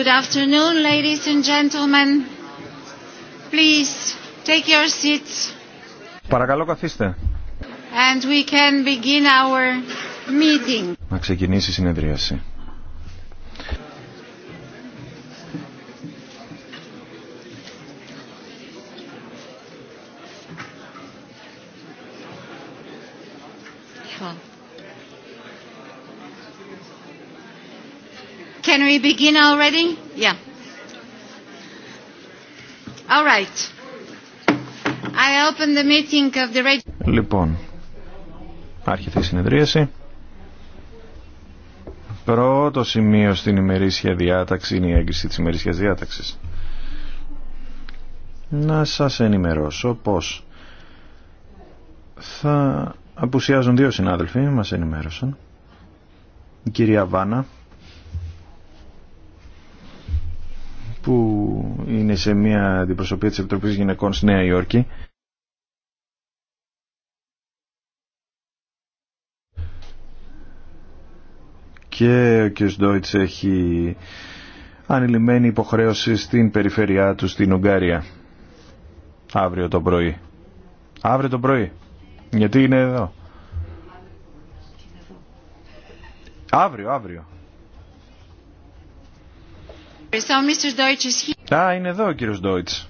Good afternoon, ladies and gentlemen. Please take your seats. Παρακαλώ καθίστε. And we can begin our meeting. Να ξεκινήσει η συνεδρίαση. we begin already? Yeah. All right. I open the meeting of the... Λοιπόν, άρχεται η συνεδρίαση. Πρώτο σημείο στην ημερήσια διάταξη είναι η έγκριση της ημερήσιας διάταξης. Να σας ενημερώσω πως θα απουσιάζουν δύο συνάδελφοι, μας ενημέρωσαν. Η κυρία Βάνα, σε μια αντιπροσωπεία της Επιτροπής Γυναικών στη Νέα Υόρκη. Και ο κ. Ντόιτς έχει ανηλυμένη υποχρέωση στην περιφέρειά του στην Ουγγάρια. Αύριο το πρωί. Αύριο το πρωί. Γιατί είναι εδώ. Αύριο, αύριο. Α, είναι εδώ ο κύριος Ντόιτς.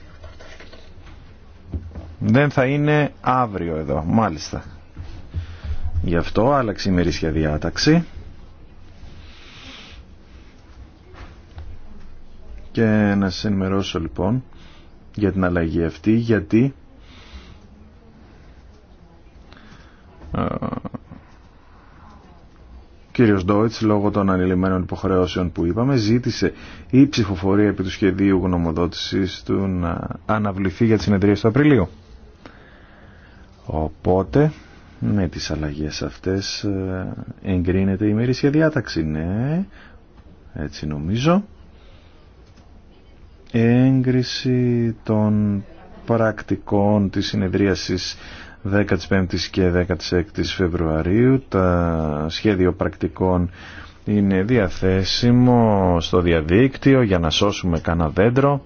Δεν θα είναι αύριο εδώ, μάλιστα. Γι' αυτό άλλαξε η μερίσια διάταξη. Και να σας ενημερώσω λοιπόν για την αλλαγή αυτή, γιατί κύριος Ντόιτς, λόγω των ανηλυμένων υποχρεώσεων που είπαμε, ζήτησε η ψηφοφορία επί του σχεδίου γνωμοδότησης του να αναβληθεί για τις συνεδρίες του Απριλίου. Οπότε, με τις αλλαγές αυτές ε, εγκρίνεται η μερίσια διάταξη, ναι, έτσι νομίζω. Έγκριση των πρακτικών της συνεδρίασης 15 και 16 Φεβρουαρίου. Τα σχέδιο πρακτικών είναι διαθέσιμο στο διαδίκτυο για να σώσουμε κανένα δέντρο.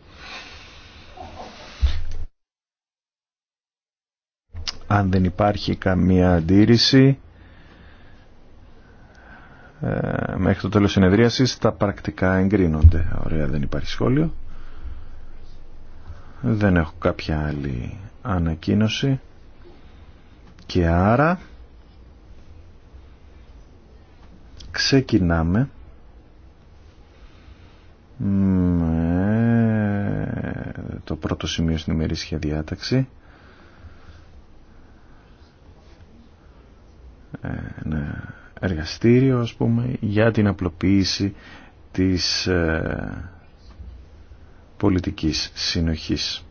Αν δεν υπάρχει καμία αντίρρηση ε, μέχρι το τέλος συνεδρίασης τα πρακτικά εγκρίνονται. Ωραία, δεν υπάρχει σχόλιο. Δεν έχω κάποια άλλη ανακοίνωση. Και άρα ξεκινάμε με το πρώτο σημείο στην ημερήσια διάταξη. Ένα εργαστήριο, ας πούμε, για την απλοποίηση της ε, πολιτικής συνοχής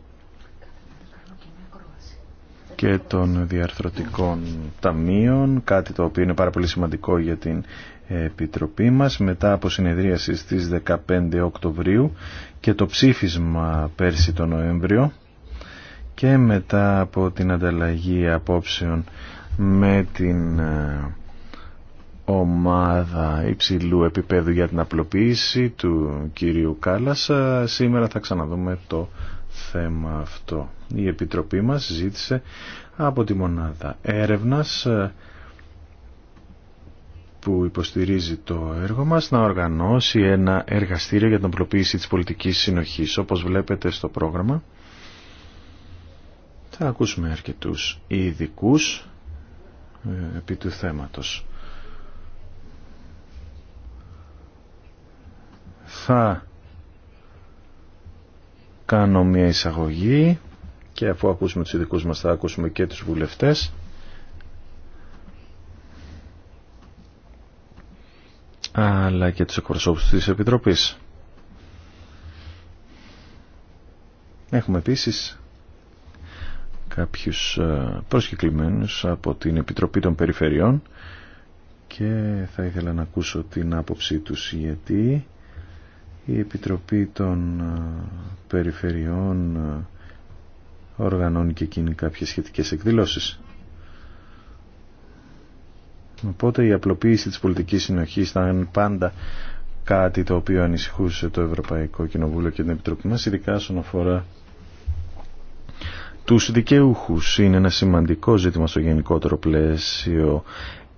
και των διαρθρωτικών ταμείων, κάτι το οποίο είναι πάρα πολύ σημαντικό για την Επιτροπή μας μετά από συνεδρίαση στις 15 Οκτωβρίου και το ψήφισμα πέρσι τον Νοέμβριο και μετά από την ανταλλαγή απόψεων με την ε, ομάδα υψηλού επίπεδου για την απλοποίηση του κυρίου Κάλασα ε, σήμερα θα ξαναδούμε το θέμα αυτό. Η Επιτροπή μας ζήτησε από τη μονάδα έρευνας ε, που υποστηρίζει το έργο μας να οργανώσει ένα εργαστήριο για την απλοποίηση της πολιτικής συνοχής. Όπως βλέπετε στο πρόγραμμα θα ακούσουμε αρκετούς ειδικού ε, επί του θέματος. Θα κάνω μια εισαγωγή και αφού ακούσουμε τους ειδικού μας θα ακούσουμε και τους βουλευτές. αλλά και τους εκπροσώπους της Επιτροπής. Έχουμε επίσης κάποιους ε, προσκεκλημένους από την Επιτροπή των Περιφερειών και θα ήθελα να ακούσω την άποψή τους γιατί η Επιτροπή των ε, Περιφερειών ε, οργανώνει και εκείνη κάποιες σχετικές εκδηλώσεις. Οπότε η απλοποίηση της πολιτικής συνοχής θα είναι πάντα κάτι το οποίο ανησυχούσε το Ευρωπαϊκό Κοινοβούλιο και την Επιτροπή μας, ειδικά όσον αφορά τους δικαιούχους. Είναι ένα σημαντικό ζήτημα στο γενικότερο πλαίσιο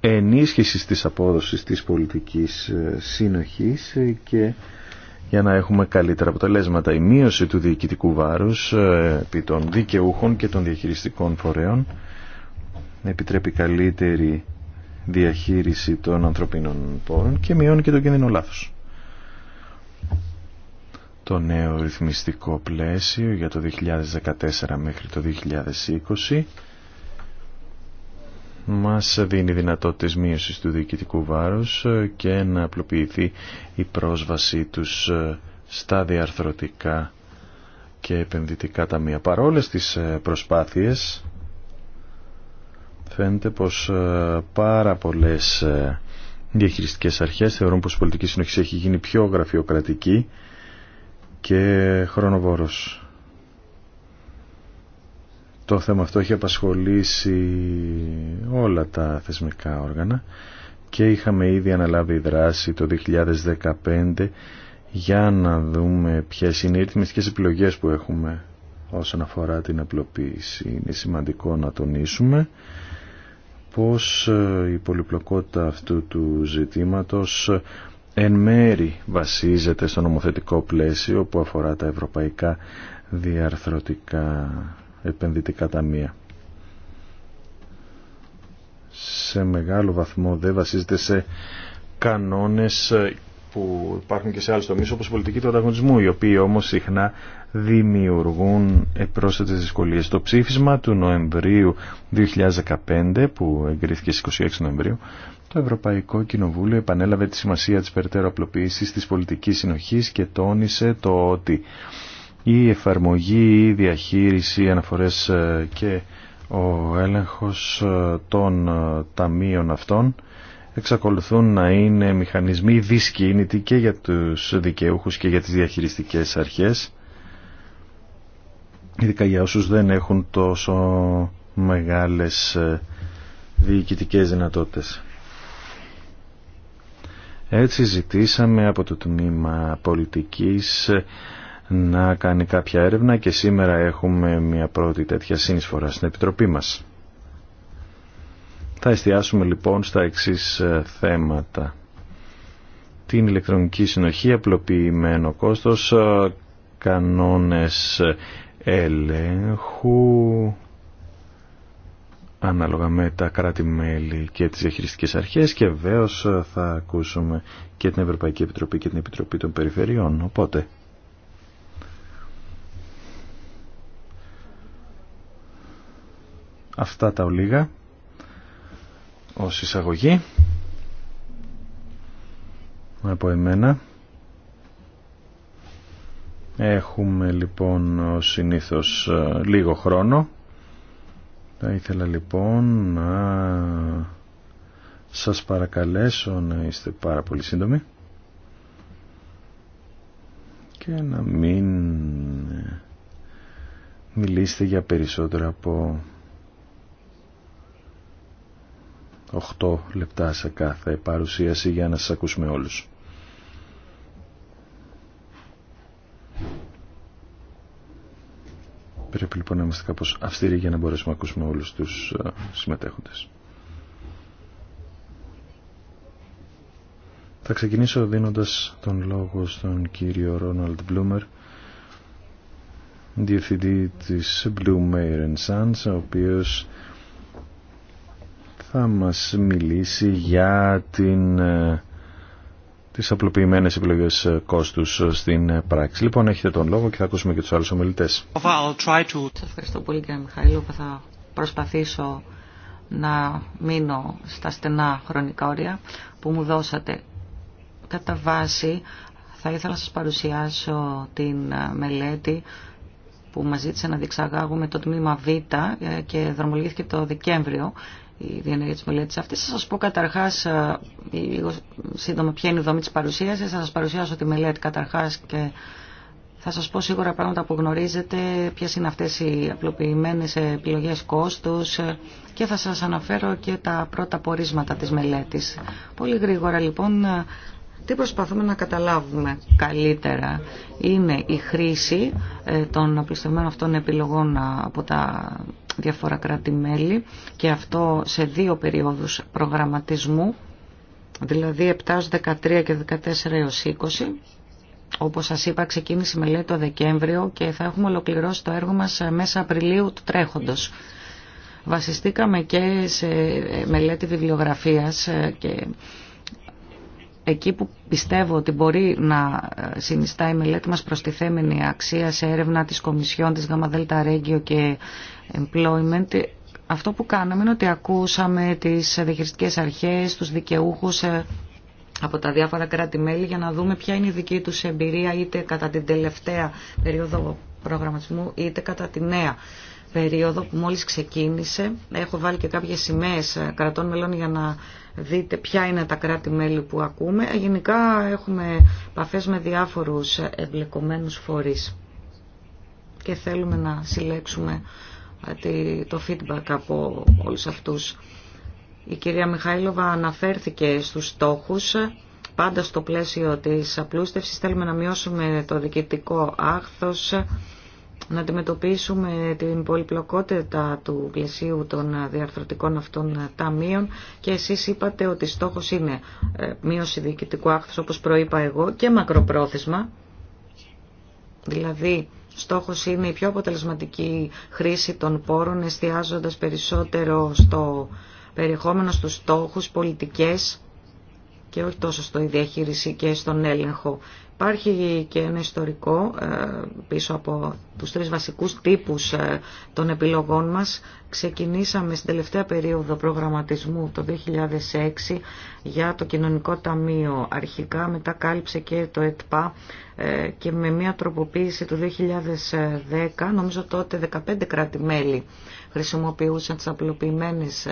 ενίσχυσης της απόδοσης της πολιτικής ε, συνοχής και για να έχουμε καλύτερα αποτελέσματα. Η μείωση του διοικητικού βάρους ε, επί των δικαιούχων και των διαχειριστικών φορέων επιτρέπει καλύτερη διαχείριση των ανθρωπίνων πόρων και μειώνει και τον κίνδυνο λάθος. Το νέο ρυθμιστικό πλαίσιο για το 2014 μέχρι το 2020 μας δίνει δυνατότητες μείωσης του διοικητικού βάρους και να απλοποιηθεί η πρόσβασή τους ε, στα διαρθρωτικά και επενδυτικά ταμεία. Παρόλες τις ε, προσπάθειες φαίνεται πως ε, πάρα πολλές διαχειριστικές αρχές θεωρούν πως η πολιτική συνοχή έχει γίνει πιο γραφειοκρατική και χρονοβόρος το θέμα αυτό έχει απασχολήσει όλα τα θεσμικά όργανα και είχαμε ήδη αναλάβει δράση το 2015 για να δούμε ποιες είναι οι ρυθμιστικές επιλογές που έχουμε όσον αφορά την απλοποίηση. Είναι σημαντικό να τονίσουμε πως ε, η πολυπλοκότητα αυτού του ζητήματος ε, εν μέρη βασίζεται στο νομοθετικό πλαίσιο που αφορά τα ευρωπαϊκά διαρθρωτικά επενδυτικά ταμεία. Σε μεγάλο βαθμό δεν βασίζεται σε κανόνες που υπάρχουν και σε άλλους τομείς όπως η πολιτική του ανταγωνισμού οι οποίοι όμως συχνά δημιουργούν πρόσθετες δυσκολίες. Το ψήφισμα του Νοεμβρίου 2015 που εγκρίθηκε στις 26 Νοεμβρίου το Ευρωπαϊκό Κοινοβούλιο επανέλαβε τη σημασία της περαιτέρω απλοποίησης της πολιτικής συνοχής και τόνισε το ότι η εφαρμογή, η διαχείριση, οι αναφορές ε, και ο έλεγχος ε, των ε, ταμείων αυτών εξακολουθούν να είναι μηχανισμοί δυσκίνητοι και για τους δικαιούχους και για τις διαχειριστικές αρχές ειδικά για όσους δεν έχουν τόσο μεγάλες διοικητικές δυνατότητες. Έτσι ζητήσαμε από το Τμήμα Πολιτικής να κάνει κάποια έρευνα και σήμερα έχουμε μια πρώτη τέτοια συνεισφορά στην Επιτροπή μας. Θα εστιάσουμε λοιπόν στα εξής ε, θέματα. Την ηλεκτρονική συνοχή, απλοποιημένο κόστος, ε, κανόνες ελέγχου ανάλογα με τα κράτη-μέλη και τις διαχειριστικές αρχές και βεβαίω ε, θα ακούσουμε και την Ευρωπαϊκή Επιτροπή και την Επιτροπή των Περιφερειών. Οπότε Αυτά τα ολίγα ως εισαγωγή από εμένα. Έχουμε λοιπόν συνήθως ε, λίγο χρόνο. Θα ήθελα λοιπόν να σας παρακαλέσω να είστε πάρα πολύ σύντομοι και να μην μιλήσετε για περισσότερα από 8 λεπτά σε κάθε παρουσίαση για να σας ακούσουμε όλους. Πρέπει λοιπόν να είμαστε κάπως αυστηροί για να μπορέσουμε να ακούσουμε όλους τους ε, συμμετέχοντες. Θα ξεκινήσω δίνοντας τον λόγο στον κύριο Ρόναλντ Μπλούμερ, διευθυντή της Blue Sons, ο οποίος θα μας μιλήσει για την, ε, τις απλοποιημένες επιλογές ε, κόστους ε, στην πράξη. Λοιπόν, έχετε τον λόγο και θα ακούσουμε και τους άλλους ομιλητές. To... ευχαριστώ πολύ κύριε Μιχαήλου που θα προσπαθήσω να μείνω στα στενά χρονικά όρια που μου δώσατε. Κατά βάση θα ήθελα να σας παρουσιάσω την μελέτη που μας ζήτησε να διεξαγάγουμε το τμήμα Β και δρομολογήθηκε το Δεκέμβριο η διενέργεια της μελέτης αυτής. Θα σας πω καταρχάς ε, λίγο σύντομα ποια είναι η δομή της παρουσίασης. Θα σας παρουσιάσω τη μελέτη καταρχάς και θα σας πω σίγουρα πράγματα που γνωρίζετε, ποιες είναι αυτές οι απλοποιημένες επιλογές κόστους και θα σας αναφέρω και τα πρώτα πορίσματα της μελέτης. Πολύ γρήγορα λοιπόν, τι προσπαθούμε να καταλάβουμε καλύτερα είναι η χρήση ε, των απλουστευμένων αυτών επιλογών από τα διαφορά κράτη-μέλη και αυτό σε δύο περίοδους προγραμματισμού, δηλαδή 7 13 και 14 έως 20. Όπως σας είπα, ξεκίνησε η μελέτη το Δεκέμβριο και θα έχουμε ολοκληρώσει το έργο μας μέσα Απριλίου του τρέχοντος. Βασιστήκαμε και σε μελέτη βιβλιογραφίας και εκεί που πιστεύω ότι μπορεί να ε, συνιστά η μελέτη μας προστιθέμενη αξία σε έρευνα της Κομισιόν, της Γαμαδέλτα ΡΕΓΙΟ και Employment, αυτό που κάναμε είναι ότι ακούσαμε τις διαχειριστικές αρχές, τους δικαιούχους ε, από τα διάφορα κράτη-μέλη για να δούμε ποια είναι η δική τους εμπειρία είτε κατά την τελευταία περίοδο προγραμματισμού είτε κατά τη νέα περίοδο που μόλις ξεκίνησε. Έχω βάλει και κάποιες σημαίες κρατών μελών για να δείτε ποια είναι τα κράτη-μέλη που ακούμε. Γενικά έχουμε επαφέ με διάφορους εμπλεκομένους φορείς και θέλουμε να συλλέξουμε ε, το feedback από όλους αυτούς. Η κυρία Μιχαήλοβα αναφέρθηκε στους στόχους πάντα στο πλαίσιο της απλούστευσης θέλουμε να μειώσουμε το διοικητικό άχθος, να αντιμετωπίσουμε την πολυπλοκότητα του πλαισίου των διαρθρωτικών αυτών ταμείων και εσείς είπατε ότι στόχος είναι ε, μείωση διοικητικού άκθους όπως προείπα εγώ και μακροπρόθεσμα, δηλαδή στόχος είναι η πιο αποτελεσματική χρήση των πόρων εστιάζοντας περισσότερο στο περιεχόμενο στους στόχους, πολιτικές και όχι τόσο στο διαχείριση και στον έλεγχο Υπάρχει και ένα ιστορικό ε, πίσω από τους τρεις βασικούς τύπους ε, των επιλογών μας. Ξεκινήσαμε στην τελευταία περίοδο προγραμματισμού το 2006 για το Κοινωνικό Ταμείο αρχικά, μετά κάλυψε και το ΕΤΠΑ ε, και με μια τροποποίηση του 2010, νομίζω τότε 15 κράτη-μέλη χρησιμοποιούσαν τις απλοποιημένες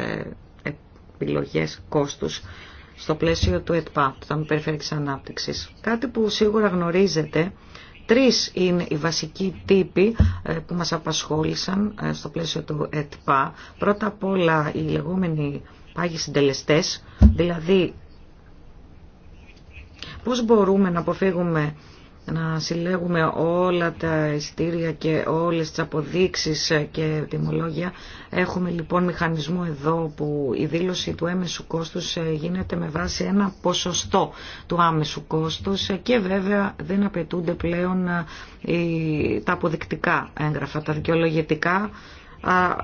επιλογές κόστους στο πλαίσιο του ΕΤΠΑ, του Ταμείου Περιφερειακής Ανάπτυξης. Κάτι που σίγουρα γνωρίζετε, τρεις είναι οι βασικοί τύποι ε, που μας απασχόλησαν ε, στο πλαίσιο του ΕΤΠΑ. Πρώτα απ' όλα οι λεγόμενοι πάγοι συντελεστές, δηλαδή πώς μπορούμε να αποφύγουμε να συλλέγουμε όλα τα εισιτήρια και όλες τις αποδείξεις και τιμολόγια. Έχουμε λοιπόν μηχανισμό εδώ που η δήλωση του έμεσου κόστους ε, γίνεται με βάση ένα ποσοστό του άμεσου κόστους ε, και βέβαια δεν απαιτούνται πλέον ε, τα αποδεικτικά έγγραφα, τα δικαιολογητικά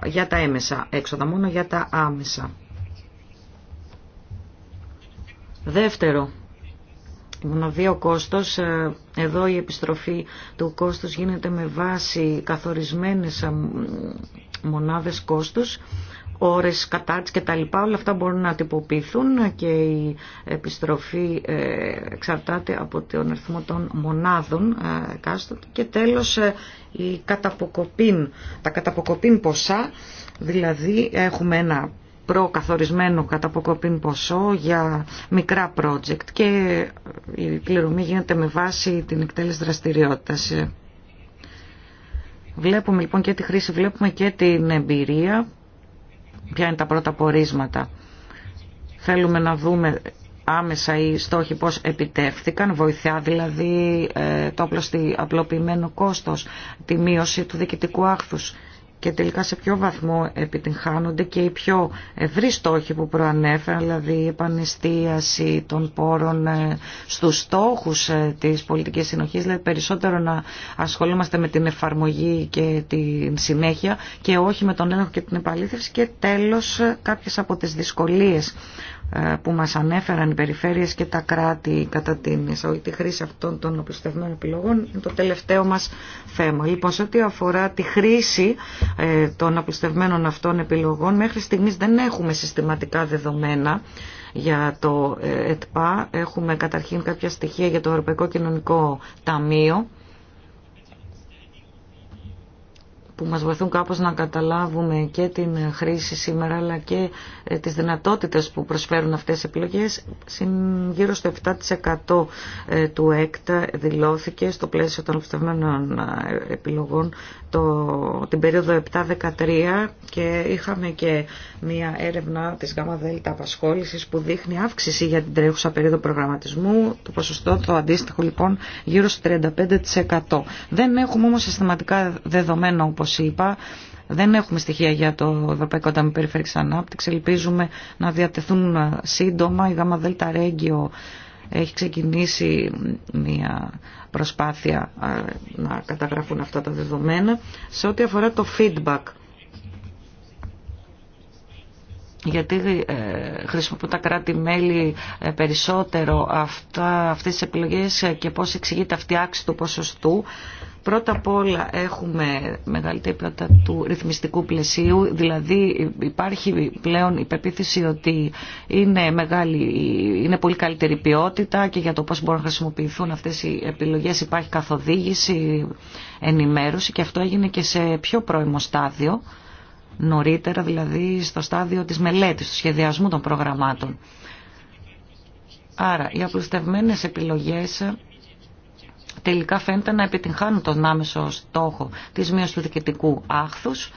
για τα έμεσα έξοδα, μόνο για τα άμεσα. Δεύτερο, ο κόστος, ε, εδώ η επιστροφή του κόστους γίνεται με βάση καθορισμένες μονάδες κόστους, ώρες κατάρτιση και τα λοιπά, όλα αυτά μπορούν να τυποποιηθούν και η επιστροφή ε, εξαρτάται από τον αριθμό των μονάδων ε, κάστοτε. και τέλος η καταποκοπήν, τα καταποκοπήν ποσά, δηλαδή έχουμε ένα προκαθορισμένο κατά αποκοπήν ποσό για μικρά project και η πληρωμή γίνεται με βάση την εκτέλεση δραστηριότητας. Βλέπουμε λοιπόν και τη χρήση, βλέπουμε και την εμπειρία, ποια είναι τα πρώτα πορίσματα. Θέλουμε να δούμε άμεσα οι στόχοι πώς επιτεύχθηκαν, βοηθά δηλαδή ε, το απλοποιημένο κόστος, τη μείωση του διοικητικού άχθους και τελικά σε ποιο βαθμό επιτυγχάνονται και οι πιο ευρύ στόχοι που προανέφερα, δηλαδή η επανεστίαση των πόρων ε, στους στόχους ε, της πολιτικής συνοχής, δηλαδή περισσότερο να ασχολούμαστε με την εφαρμογή και την συνέχεια και όχι με τον έλεγχο και την επαλήθευση και τέλος ε, κάποιες από τις δυσκολίες ε, που μας ανέφεραν οι περιφέρειες και τα κράτη κατά την εισαγωγή χρήση αυτών των οπλιστευμένων επιλογών είναι το τελευταίο μας θέμα. Λοιπόν, σε ό,τι αφορά τη χρήση ε, των οπλιστευμένων αυτών επιλογών, μέχρι στιγμής δεν έχουμε συστηματικά δεδομένα για το ε, ΕΤΠΑ. Έχουμε καταρχήν κάποια στοιχεία για το Ευρωπαϊκό Κοινωνικό Ταμείο που μας βοηθούν κάπως να καταλάβουμε και την χρήση σήμερα αλλά και ε, τις δυνατότητες που προσφέρουν αυτές οι επιλογές. Γύρω στο 7% ε, του έκτα δηλώθηκε στο πλαίσιο των αυτευμένων ε, επιλογών το, την περίοδο 7-13 και είχαμε και μια έρευνα της Δέλτα απασχόλησης που δείχνει αύξηση για την τρέχουσα περίοδο προγραμματισμού. Το ποσοστό το αντίστοιχο λοιπόν γύρω στο 35%. Δεν έχουμε όμως συστηματικά δεδομένα όπως είπα. Δεν έχουμε στοιχεία για το Ευρωπαϊκό Ταμείο Περιφέρειας Ανάπτυξη. Ελπίζουμε να διατεθούν ε, σύντομα η ΓΔ Ρέγγιο έχει ξεκινήσει μια προσπάθεια να καταγραφούν αυτά τα δεδομένα. Σε ό,τι αφορά το feedback, γιατί ε, χρησιμοποιούν τα κράτη-μέλη ε, περισσότερο αυτά, αυτές τις επιλογές και πώς εξηγείται αυτή η άξη του ποσοστού Πρώτα απ' όλα έχουμε μεγαλύτερη του ρυθμιστικού πλαισίου, δηλαδή υπάρχει πλέον η πεποίθηση ότι είναι, μεγάλη, είναι πολύ καλύτερη ποιότητα και για το πώς μπορούν να χρησιμοποιηθούν αυτές οι επιλογές υπάρχει καθοδήγηση, ενημέρωση και αυτό έγινε και σε πιο πρώιμο στάδιο, νωρίτερα δηλαδή στο στάδιο της μελέτης, του σχεδιασμού των προγραμμάτων. Άρα οι απλουστευμένες επιλογές τελικά φαίνεται να επιτυγχάνουν τον άμεσο στόχο της μείωσης του διοικητικού άχθους.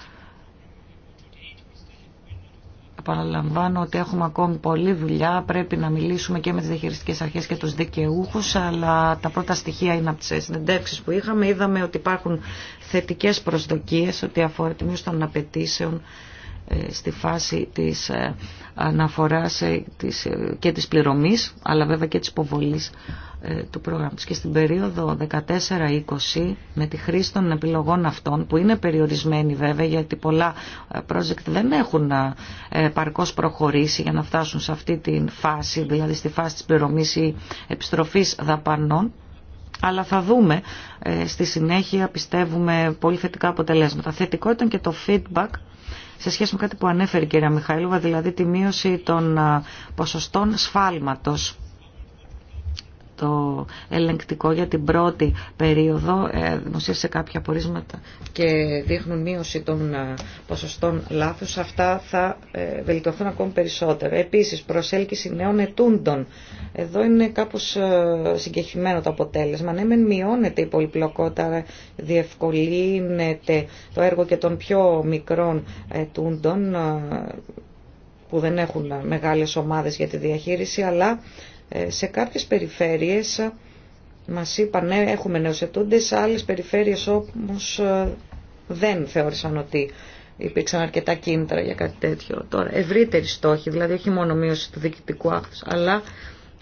Παραλαμβάνω ότι έχουμε ακόμη πολλή δουλειά, πρέπει να μιλήσουμε και με τις διαχειριστικές αρχές και τους δικαιούχους, αλλά τα πρώτα στοιχεία είναι από τις συνεντεύξεις που είχαμε. Είδαμε ότι υπάρχουν θετικές προσδοκίες ότι αφορά τη μείωση των απαιτήσεων ε, στη φάση της ε, αναφοράς ε, και της πληρωμής αλλά βέβαια και της υποβολής του προγράμματος και στην περίοδο 14-20 με τη χρήση των επιλογών αυτών που είναι περιορισμένη βέβαια γιατί πολλά project δεν έχουν παρκώς προχωρήσει για να φτάσουν σε αυτή τη φάση δηλαδή στη φάση της πληρωμής ή επιστροφής δαπανών αλλά θα δούμε στη συνέχεια πιστεύουμε πολύ θετικά αποτελέσματα. Θετικό ήταν και το feedback σε σχέση με κάτι που ανέφερε η κυρία Μιχαήλουβα, δηλαδή τη μείωση των ε, ποσοστών σφάλματος το ελεγκτικό για την πρώτη περίοδο ε, δημοσίευσε κάποια απορίσματα και δείχνουν μείωση των ε, ποσοστών λάθους. Αυτά θα ε, βελτιωθούν ακόμη περισσότερο. Επίσης, προσέλκυση νέων ετούντων. Εδώ είναι κάπως συγκεχημένο το αποτέλεσμα. Ναι, μεν μειώνεται η πολυπλοκότητα, διευκολύνεται το έργο και των πιο μικρών ετούντων που δεν έχουν μεγάλες ομάδες για τη διαχείριση, αλλά ε, σε κάποιες περιφέρειες ε, μας είπαν ναι, έχουμε νέους σε άλλες περιφέρειες όμως ε, δεν θεώρησαν ότι υπήρξαν αρκετά κίνητρα για κάτι τέτοιο. Τώρα, ευρύτερη στόχη, δηλαδή όχι μόνο μείωση του διοικητικού άκου, αλλά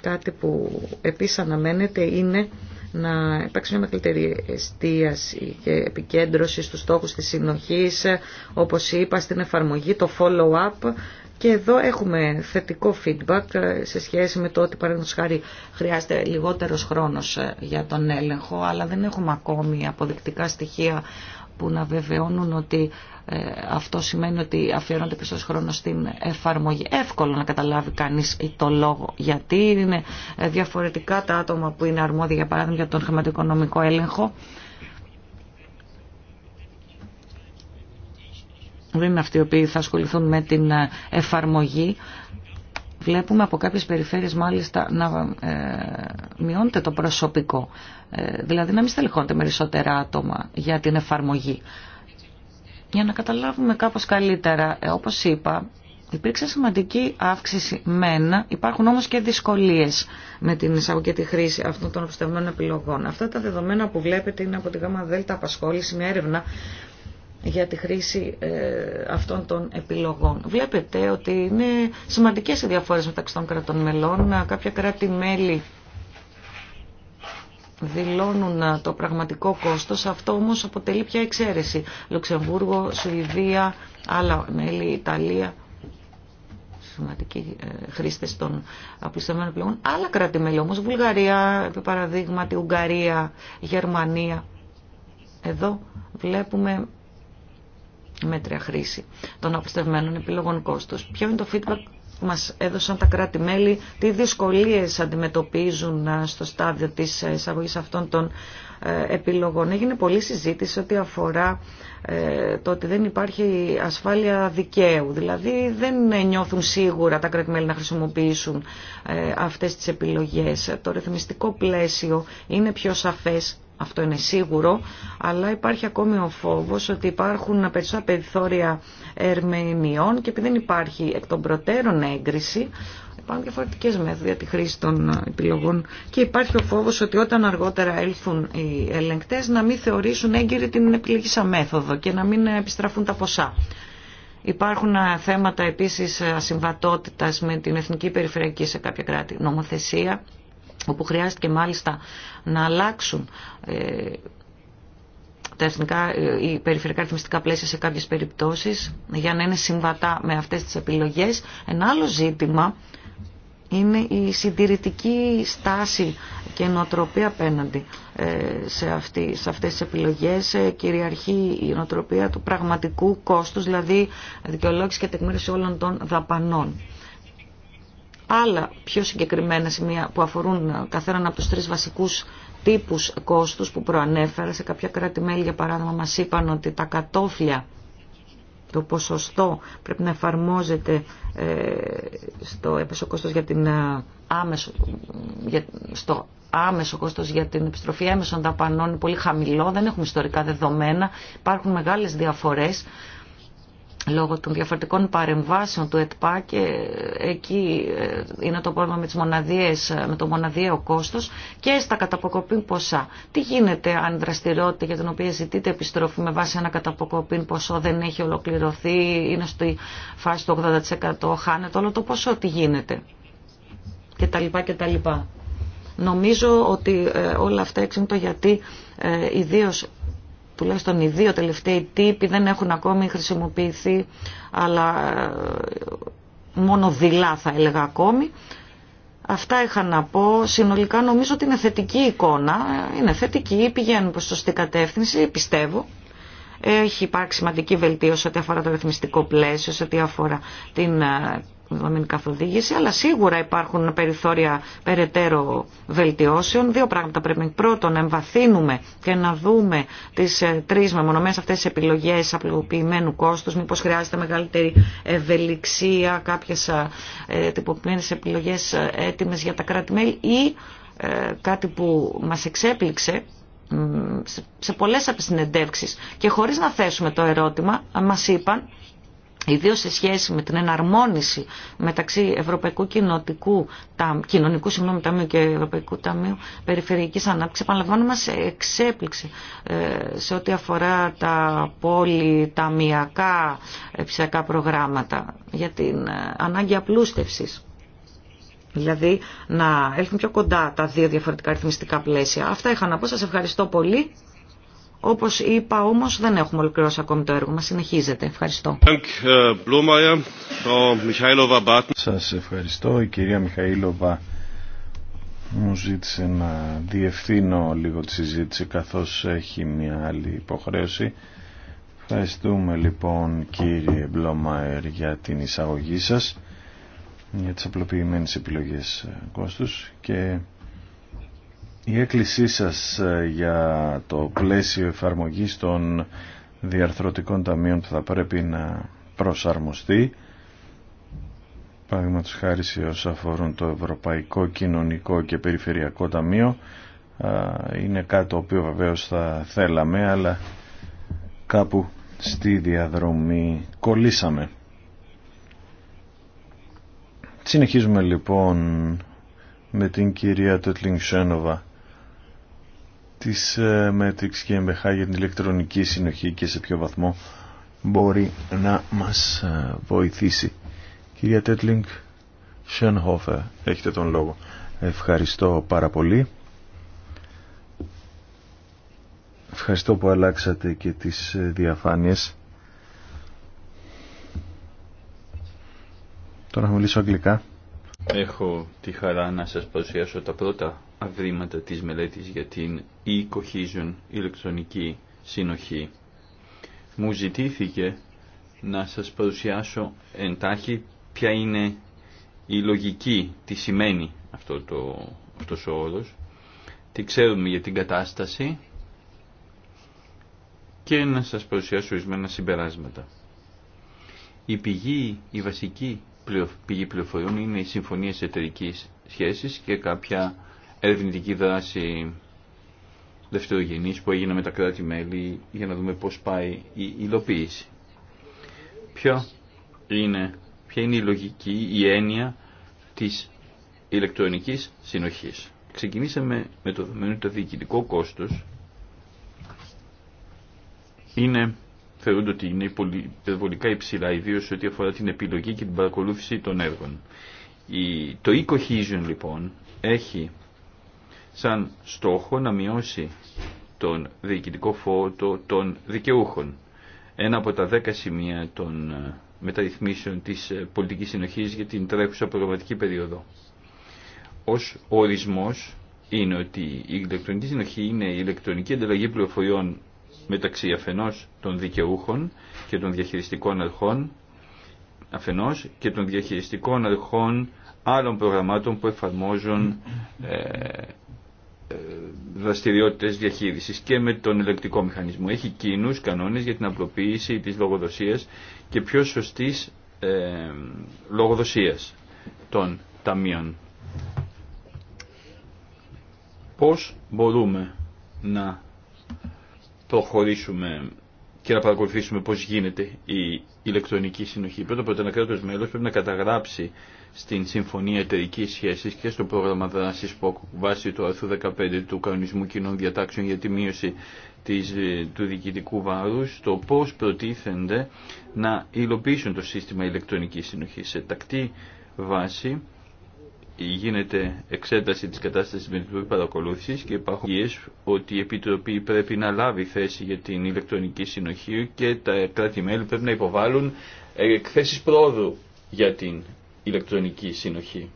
κάτι που επίσης αναμένεται είναι να υπάρξει μια μεγαλύτερη εστίαση και επικέντρωση στους στόχους της συνοχής, όπως είπα, στην εφαρμογή, το follow-up και εδώ έχουμε θετικό feedback ε, σε σχέση με το ότι παραδείγματος χάρη χρειάζεται λιγότερος χρόνος ε, για τον έλεγχο, αλλά δεν έχουμε ακόμη αποδεικτικά στοιχεία που να βεβαιώνουν ότι ε, αυτό σημαίνει ότι αφιερώνεται περισσότερο χρόνο στην εφαρμογή. Εύκολο να καταλάβει κανείς το λόγο γιατί είναι διαφορετικά τα άτομα που είναι αρμόδια για παράδειγμα για τον χρηματοοικονομικό έλεγχο δεν είναι αυτοί οι οποίοι θα ασχοληθούν με την ε, εφαρμογή. Βλέπουμε από κάποιες περιφέρειες μάλιστα να ε, μειώνεται το προσωπικό. Ε, δηλαδή να μην στελεχώνεται περισσότερα άτομα για την εφαρμογή. Για να καταλάβουμε κάπως καλύτερα, όπως είπα, υπήρξε σημαντική αύξηση μένα. υπάρχουν όμως και δυσκολίες με την εισαγωγή και τη χρήση αυτών των επιλογών. Αυτά τα δεδομένα που βλέπετε είναι από τη Δέλτα απασχόληση, μια έρευνα για τη χρήση ε, αυτών των επιλογών. Βλέπετε ότι είναι σημαντικές οι διαφορές μεταξύ των κρατών μελών. Κάποια κράτη-μέλη δηλώνουν το πραγματικό κόστος, αυτό όμως αποτελεί πια εξαίρεση. Λουξεμβούργο, Σουηδία, άλλα μέλη, Ιταλία, σημαντικοί ε, χρήστες των απλουστευμένων επιλογών. Άλλα κράτη-μέλη όμως, Βουλγαρία, επί παραδείγματι, Ουγγαρία, Γερμανία. Εδώ βλέπουμε μέτρια χρήση των αποστευμένων επιλογών κόστος. Ποιο είναι το feedback που μας έδωσαν τα κράτη-μέλη, τι δυσκολίες αντιμετωπίζουν ε, στο στάδιο της εισαγωγή αυτών των ε, επιλογών. Έγινε πολλή συζήτηση ότι αφορά ε, το ότι δεν υπάρχει ασφάλεια δικαίου. Δηλαδή δεν νιώθουν σίγουρα τα κράτη-μέλη να χρησιμοποιήσουν αυτές τις επιλογές. Το ρυθμιστικό πλαίσιο είναι πιο σαφές αυτό είναι σίγουρο, αλλά υπάρχει ακόμη ο φόβος ότι υπάρχουν περισσότερα περιθώρια ερμηνεών και επειδή δεν υπάρχει εκ των προτέρων έγκριση, υπάρχουν διαφορετικέ μέθοδοι για τη χρήση των ε, επιλογών και υπάρχει ο φόβος ότι όταν αργότερα έλθουν οι ελεγκτές να μην θεωρήσουν έγκυρη την επιλογή σαν μέθοδο και να μην επιστραφούν τα ποσά. Υπάρχουν ε, θέματα επίσης ε, ασυμβατότητας με την εθνική περιφερειακή σε κάποια κράτη νομοθεσία όπου χρειάστηκε μάλιστα να αλλάξουν ε, τα εθνικά ή ε, περιφερειακά ρυθμιστικά πλαίσια σε κάποιες περιπτώσεις για να είναι συμβατά με αυτές τις επιλογές. Ένα άλλο ζήτημα είναι η συντηρητική στάση και νοοτροπία απέναντι ε, σε, αυτή, σε αυτές τις επιλογές. Κυριαρχεί η νοοτροπία του πραγματικού κόστους, δηλαδή δικαιολόγηση και τεκμήρωση όλων των δαπανών άλλα πιο συγκεκριμένα σημεία που αφορούν καθέναν από τους τρεις βασικούς τύπους κόστους που προανέφερα. Σε κάποια κράτη-μέλη, για παράδειγμα, μας είπαν ότι τα κατόφλια, το ποσοστό πρέπει να εφαρμόζεται ε, στο κόστος για την ε, άμεσο, για, άμεσο κόστος για την επιστροφή έμεσων δαπανών είναι πολύ χαμηλό, δεν έχουμε ιστορικά δεδομένα, υπάρχουν μεγάλες διαφορές λόγω των διαφορετικών παρεμβάσεων του ΕΤΠΑ και ε, εκεί ε, είναι το πρόβλημα με, τις μοναδιές, ε, με το μοναδιαίο κόστος και στα καταποκοπήν ποσά. Τι γίνεται αν η δραστηριότητα για την οποία ζητείτε επιστροφή με βάση ένα καταποκοπήν ποσό δεν έχει ολοκληρωθεί, είναι στη φάση του 80%, χάνεται όλο το ποσό, τι γίνεται λοιπά. Νομίζω ότι όλα αυτά εξηγούν γιατί ε, ιδίως τουλάχιστον οι δύο τελευταίοι τύποι δεν έχουν ακόμη χρησιμοποιηθεί, αλλά ε, μόνο δειλά θα έλεγα ακόμη. Αυτά είχα να πω. Συνολικά νομίζω ότι είναι θετική εικόνα. Είναι θετική, πηγαίνουν προς σωστή κατεύθυνση, πιστεύω. Έχει υπάρξει σημαντική βελτίωση ό,τι αφορά το ρυθμιστικό πλαίσιο, ό,τι αφορά την ε, δομήν καθοδήγηση, αλλά σίγουρα υπάρχουν περιθώρια περαιτέρω βελτιώσεων. Δύο πράγματα πρέπει. Πρώτον, να εμβαθύνουμε και να δούμε τι ε, τρει μεμονωμένε αυτέ τι επιλογέ απλοποιημένου κόστου. Μήπω χρειάζεται μεγαλύτερη ευελιξία, κάποιε τυποποιημένε επιλογέ ε, έτοιμε για τα κράτη-μέλη ή ε, κάτι που μας εξέπληξε σε πολλές από τις συνεντεύξεις και χωρίς να θέσουμε το ερώτημα μας είπαν Ιδίως σε σχέση με την εναρμόνιση μεταξύ Ευρωπαϊκού Κοινοτικού, Κοινωνικού συγγνώμη, Ταμείου και Ευρωπαϊκού Ταμείου Περιφερειακής Ανάπτυξης, επαναλαμβάνω μας εξέπληξε ε, σε ό,τι αφορά τα πολυταμιακά ψηφιακά προγράμματα για την ε, ανάγκη απλούστευσης. Δηλαδή να έλθουν πιο κοντά τα δύο διαφορετικά ρυθμιστικά πλαίσια. Αυτά είχα να πω. Σας ευχαριστώ πολύ. Όπως είπα όμως δεν έχουμε ολοκληρώσει ακόμη το έργο μας. Συνεχίζεται. Ευχαριστώ. Ε, σας ευχαριστώ. Η κυρία Μιχαήλοβα μου ζήτησε να διευθύνω λίγο τη συζήτηση καθώς έχει μια άλλη υποχρέωση. Ευχαριστούμε λοιπόν κύριε Μπλόμαερ για την εισαγωγή σας για τις απλοποιημένες επιλογές ε, κόστους και η έκκλησή σας ε, για το πλαίσιο εφαρμογής των διαρθρωτικών ταμείων που θα πρέπει να προσαρμοστεί παραδείγματος χάρη σε όσα αφορούν το Ευρωπαϊκό Κοινωνικό και Περιφερειακό Ταμείο είναι κάτι το οποίο βεβαίως θα θέλαμε αλλά κάπου στη διαδρομή κολλήσαμε. Συνεχίζουμε λοιπόν με την κυρία Τετλινγκ της ε, Matrix και MBH για την ηλεκτρονική συνοχή και σε ποιο βαθμό μπορεί να μας ε, βοηθήσει. Κυρία Τέτλινγκ Σενχόφερ, έχετε τον λόγο. Ευχαριστώ πάρα πολύ. Ευχαριστώ που αλλάξατε και τις ε, διαφάνειες. Τώρα θα μιλήσω αγγλικά. Έχω τη χαρά να σας παρουσιάσω τα πρώτα αυρήματα της μελέτης για την e-cohesion ηλεκτρονική συνοχή. Μου ζητήθηκε να σας παρουσιάσω εντάχει ποια είναι η λογική, τι σημαίνει αυτό το, αυτός ο όρος, τι ξέρουμε για την κατάσταση και να σας παρουσιάσω ορισμένα συμπεράσματα. Η πηγή, η βασική πηγή πληροφοριών είναι οι συμφωνίες εταιρικής σχέσης και κάποια ερευνητική δράση δευτερογενής που έγινε με τα κράτη-μέλη για να δούμε πώς πάει η υλοποίηση. Ποιο είναι, ποια είναι η λογική, η έννοια της ηλεκτρονικής συνοχής. Ξεκινήσαμε με το δεδομένο ότι το διοικητικό κόστος είναι, θεωρούνται ότι είναι υπερβολικά υψηλά, ιδίω ό,τι αφορά την επιλογή και την παρακολούθηση των έργων. Η, το e λοιπόν έχει σαν στόχο να μειώσει τον διοικητικό φόρτο των δικαιούχων. Ένα από τα δέκα σημεία των ε, μεταρρυθμίσεων της ε, πολιτικής συνοχής για την τρέχουσα προγραμματική περίοδο. Ως ορισμός είναι ότι η ηλεκτρονική συνοχή είναι η ηλεκτρονική ανταλλαγή πληροφοριών μεταξύ αφενός των δικαιούχων και των διαχειριστικών αρχών αφενός και των διαχειριστικών αρχών άλλων προγραμμάτων που εφαρμόζουν ε, δραστηριότητες διαχείρισης και με τον ελεκτικό μηχανισμό. Έχει κοινούς κανόνες για την απλοποίηση της λογοδοσίας και πιο σωστής ε, λογοδοσίας των ταμείων. Πώς μπορούμε να προχωρήσουμε και να παρακολουθήσουμε πώς γίνεται η ηλεκτρονική συνοχή. Πρώτα απ' όλα ένα κράτος μέλος πρέπει να καταγράψει στην Συμφωνία Εταιρική Σχέση και στο πρόγραμμα δράση ΠΟΚ βάσει του άρθρου 15 του Κανονισμού Κοινών Διατάξεων για τη μείωση της, ε, του διοικητικού βάρου, το πώ προτίθενται να υλοποιήσουν το σύστημα ηλεκτρονική συνοχή. Σε τακτή βάση γίνεται εξέταση της κατάστασης με την παρακολούθηση και υπάρχουν υγιές ότι η Επιτροπή πρέπει να λάβει θέση για την ηλεκτρονική συνοχή και τα κράτη-μέλη πρέπει να υποβάλουν εκθέσεις πρόοδου για την ηλεκτρονική συνοχή.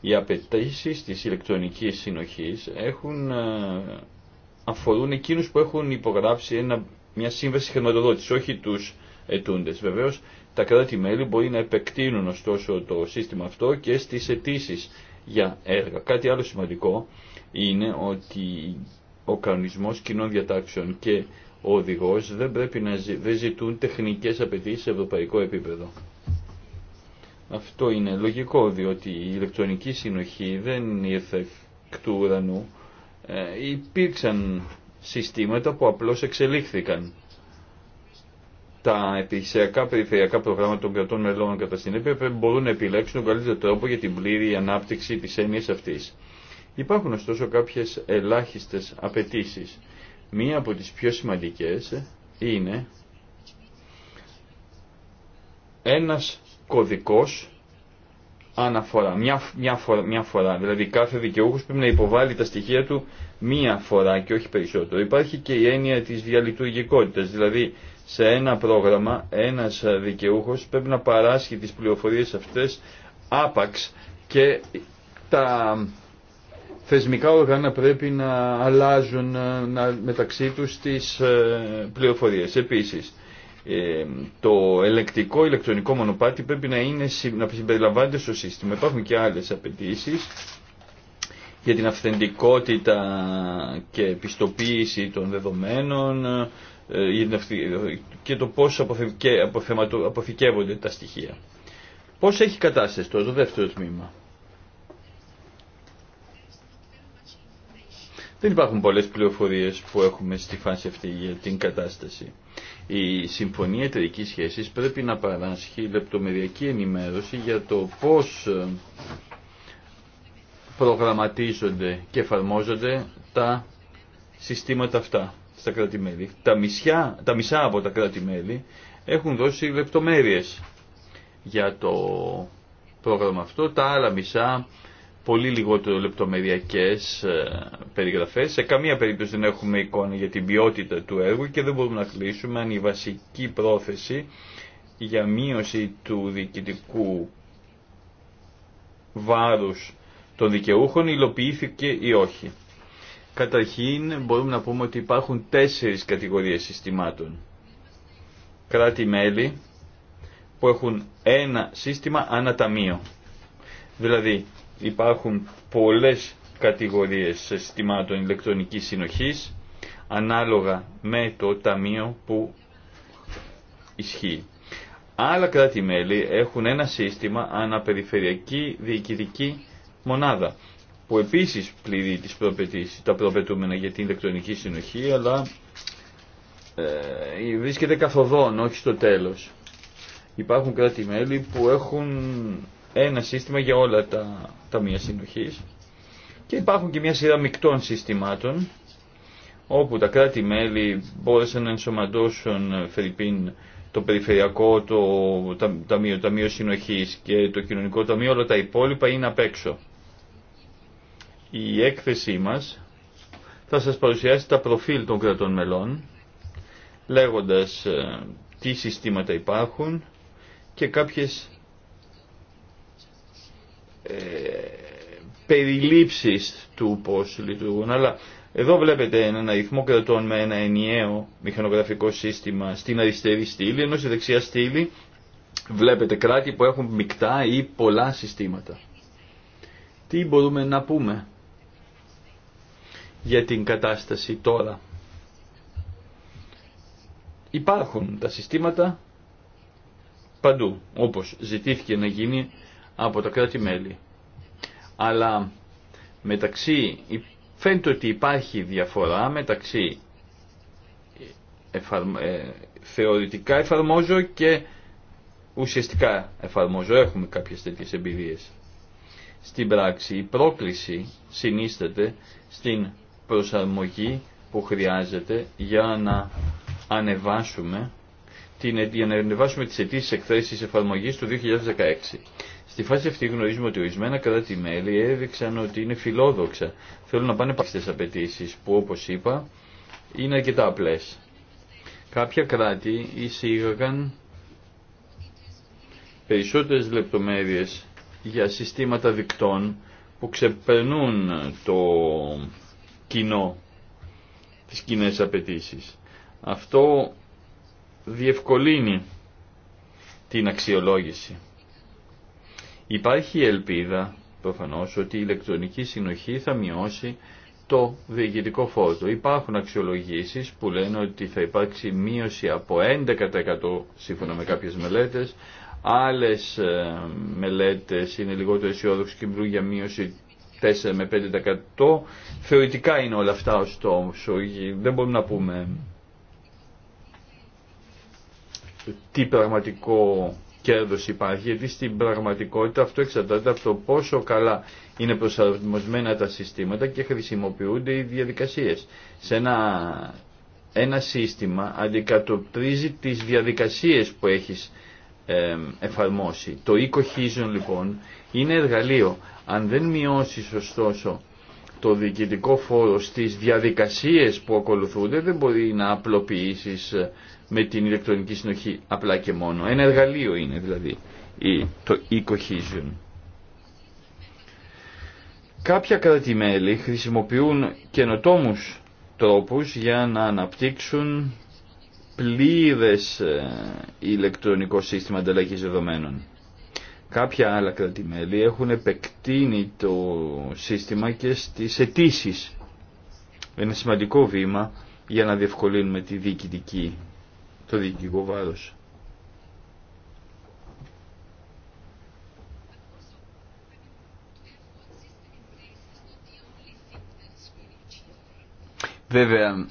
Οι απαιτήσει της ηλεκτρονικής συνοχής έχουν, ε, αφορούν εκείνους που έχουν υπογράψει μια σύμβαση χρηματοδότηση, όχι τους ετούντες. Βεβαίως, τα κράτη-μέλη μπορεί να επεκτείνουν ωστόσο το σύστημα αυτό και στις αιτήσει για έργα. Κάτι άλλο σημαντικό είναι ότι ο κανονισμός κοινών διατάξεων και ο οδηγός δεν, πρέπει να, ζητούν τεχνικές απαιτήσεις σε ευρωπαϊκό επίπεδο. Αυτό είναι λογικό, διότι η ηλεκτρονική συνοχή δεν ήρθε εκ του ουρανού. Ε, υπήρξαν συστήματα που απλώς εξελίχθηκαν. Τα επιχειρησιακά περιφερειακά προγράμματα των κρατών μελών κατά συνέπεια μπορούν να επιλέξουν τον καλύτερο τρόπο για την πλήρη ανάπτυξη της έννοιας αυτής. Υπάρχουν ωστόσο κάποιες ελάχιστες απαιτήσει. Μία από τις πιο σημαντικές είναι ένας κωδικός αναφορά. Μια, μια, φορά, μια φορά. Δηλαδή κάθε δικαιούχος πρέπει να υποβάλει τα στοιχεία του μία φορά και όχι περισσότερο. Υπάρχει και η έννοια της διαλειτουργικότητας. Δηλαδή σε ένα πρόγραμμα ένας δικαιούχος πρέπει να παράσχει τις πληροφορίες αυτές άπαξ και τα θεσμικά όργανα πρέπει να αλλάζουν μεταξύ τους τις ε, πληροφορίες. Επίσης, ε, το ελεκτικό ηλεκτρονικό μονοπάτι πρέπει να, είναι, να συμπεριλαμβάνεται στο σύστημα. Υπάρχουν και άλλες απαιτήσει για την αυθεντικότητα και επιστοποίηση των δεδομένων ε, και το πώς αποθηκεύονται τα στοιχεία. Πώς έχει κατάσταση τώρα το δεύτερο τμήμα. Δεν υπάρχουν πολλές πληροφορίες που έχουμε στη φάση αυτή για την κατάσταση. Η Συμφωνία εταιρική σχέση πρέπει να παράσχει λεπτομεριακή ενημέρωση για το πώς ε, προγραμματίζονται και εφαρμόζονται τα συστήματα αυτά στα κράτη-μέλη. Τα, τα μισά από τα κράτη-μέλη έχουν δώσει λεπτομέρειες για το πρόγραμμα αυτό, τα άλλα μισά πολύ λιγότερο λεπτομεριακές ε, περιγραφές. Σε καμία περίπτωση δεν έχουμε εικόνα για την ποιότητα του έργου και δεν μπορούμε να κλείσουμε αν η βασική πρόθεση για μείωση του διοικητικού βάρους των δικαιούχων υλοποιήθηκε ή όχι. Καταρχήν μπορούμε να πούμε ότι υπάρχουν τέσσερις κατηγορίες συστημάτων. Κράτη-μέλη που έχουν ένα σύστημα αναταμείο. Δηλαδή υπάρχουν πολλές κατηγορίες συστημάτων ηλεκτρονικής συνοχής ανάλογα με το ταμείο που ισχύει. Άλλα κράτη-μέλη έχουν ένα σύστημα αναπεριφερειακή διοικητική μονάδα που επίσης πληρεί τις τα προπετούμενα για την ηλεκτρονική συνοχή αλλά ε, βρίσκεται καθοδόν, όχι στο τέλος. Υπάρχουν κράτη-μέλη που έχουν ένα σύστημα για όλα τα ταμεία συνοχής και υπάρχουν και μια σειρά μεικτών συστημάτων όπου τα κράτη-μέλη μπόρεσαν να ενσωματώσουν το Περιφερειακό, το Ταμείο, Ταμείο Συνοχής και το Κοινωνικό Ταμείο, όλα τα υπόλοιπα είναι απ' έξω. Η έκθεσή μας θα σας παρουσιάσει τα προφίλ των κρατών μελών, λέγοντας ε, τι συστήματα υπάρχουν και κάποιες ε, περιλήψεις του πώς λειτουργούν. Αλλά εδώ βλέπετε έναν αριθμό κρατών με ένα ενιαίο μηχανογραφικό σύστημα στην αριστερή στήλη, ενώ στη δεξιά στήλη βλέπετε κράτη που έχουν μεικτά ή πολλά συστήματα. Τι μπορούμε να πούμε για την κατάσταση τώρα. Υπάρχουν τα συστήματα παντού, όπως ζητήθηκε να γίνει από τα κράτη-μέλη. Αλλά μεταξύ, φαίνεται ότι υπάρχει διαφορά μεταξύ ε, θεωρητικά εφαρμόζω και ουσιαστικά εφαρμόζω. Έχουμε κάποιες τέτοιες εμπειρίες. Στην πράξη η πρόκληση συνίσταται στην προσαρμογή που χρειάζεται για να ανεβάσουμε την, για να ανεβάσουμε τις αιτήσεις εκθέσεις εφαρμογής του 2016. Στη φάση αυτή γνωρίζουμε ότι ορισμένα κράτη-μέλη έδειξαν ότι είναι φιλόδοξα. Θέλουν να πάνε στις απαιτήσει που όπως είπα είναι αρκετά απλές. Κάποια κράτη εισήγαγαν περισσότερες λεπτομέρειες για συστήματα δικτών που ξεπερνούν το κοινό, τις κοινέ απαιτήσει. Αυτό διευκολύνει την αξιολόγηση. Υπάρχει ελπίδα προφανώς ότι η ηλεκτρονική συνοχή θα μειώσει το διοικητικό φόρτο. Υπάρχουν αξιολογήσεις που λένε ότι θα υπάρξει μείωση από 11% σύμφωνα με κάποιες μελέτες, άλλες ε, μελέτες είναι λιγότερο αισιόδοξες και μιλούν για μείωση 4 με 5%. Θεωρητικά είναι όλα αυτά ωστόσο, δεν μπορούμε να πούμε τι πραγματικό κέρδος υπάρχει, γιατί στην πραγματικότητα αυτό εξαρτάται από το πόσο καλά είναι προσαρμοσμένα τα συστήματα και χρησιμοποιούνται οι διαδικασίες. Σε ένα, σύστημα αντικατοπτρίζει τις διαδικασίες που έχεις εφαρμόσει. Το ecohesion λοιπόν είναι εργαλείο. Αν δεν μειώσεις ωστόσο το διοικητικό φόρο στις διαδικασίες που ακολουθούνται δεν μπορεί να απλοποιήσεις ε, με την ηλεκτρονική συνοχή απλά και μόνο. Ένα εργαλείο είναι δηλαδή το e-cohesion. Κάποια μελη χρησιμοποιούν καινοτόμους τρόπους για να αναπτύξουν πλήρες ε, ηλεκτρονικό σύστημα ανταλλαγής δεδομένων. Κάποια άλλα κρατημέλη έχουν επεκτείνει το σύστημα και στις αιτήσει. Ένα σημαντικό βήμα για να διευκολύνουμε τη διοικητική, το διοικητικό βάρος. Βέβαια,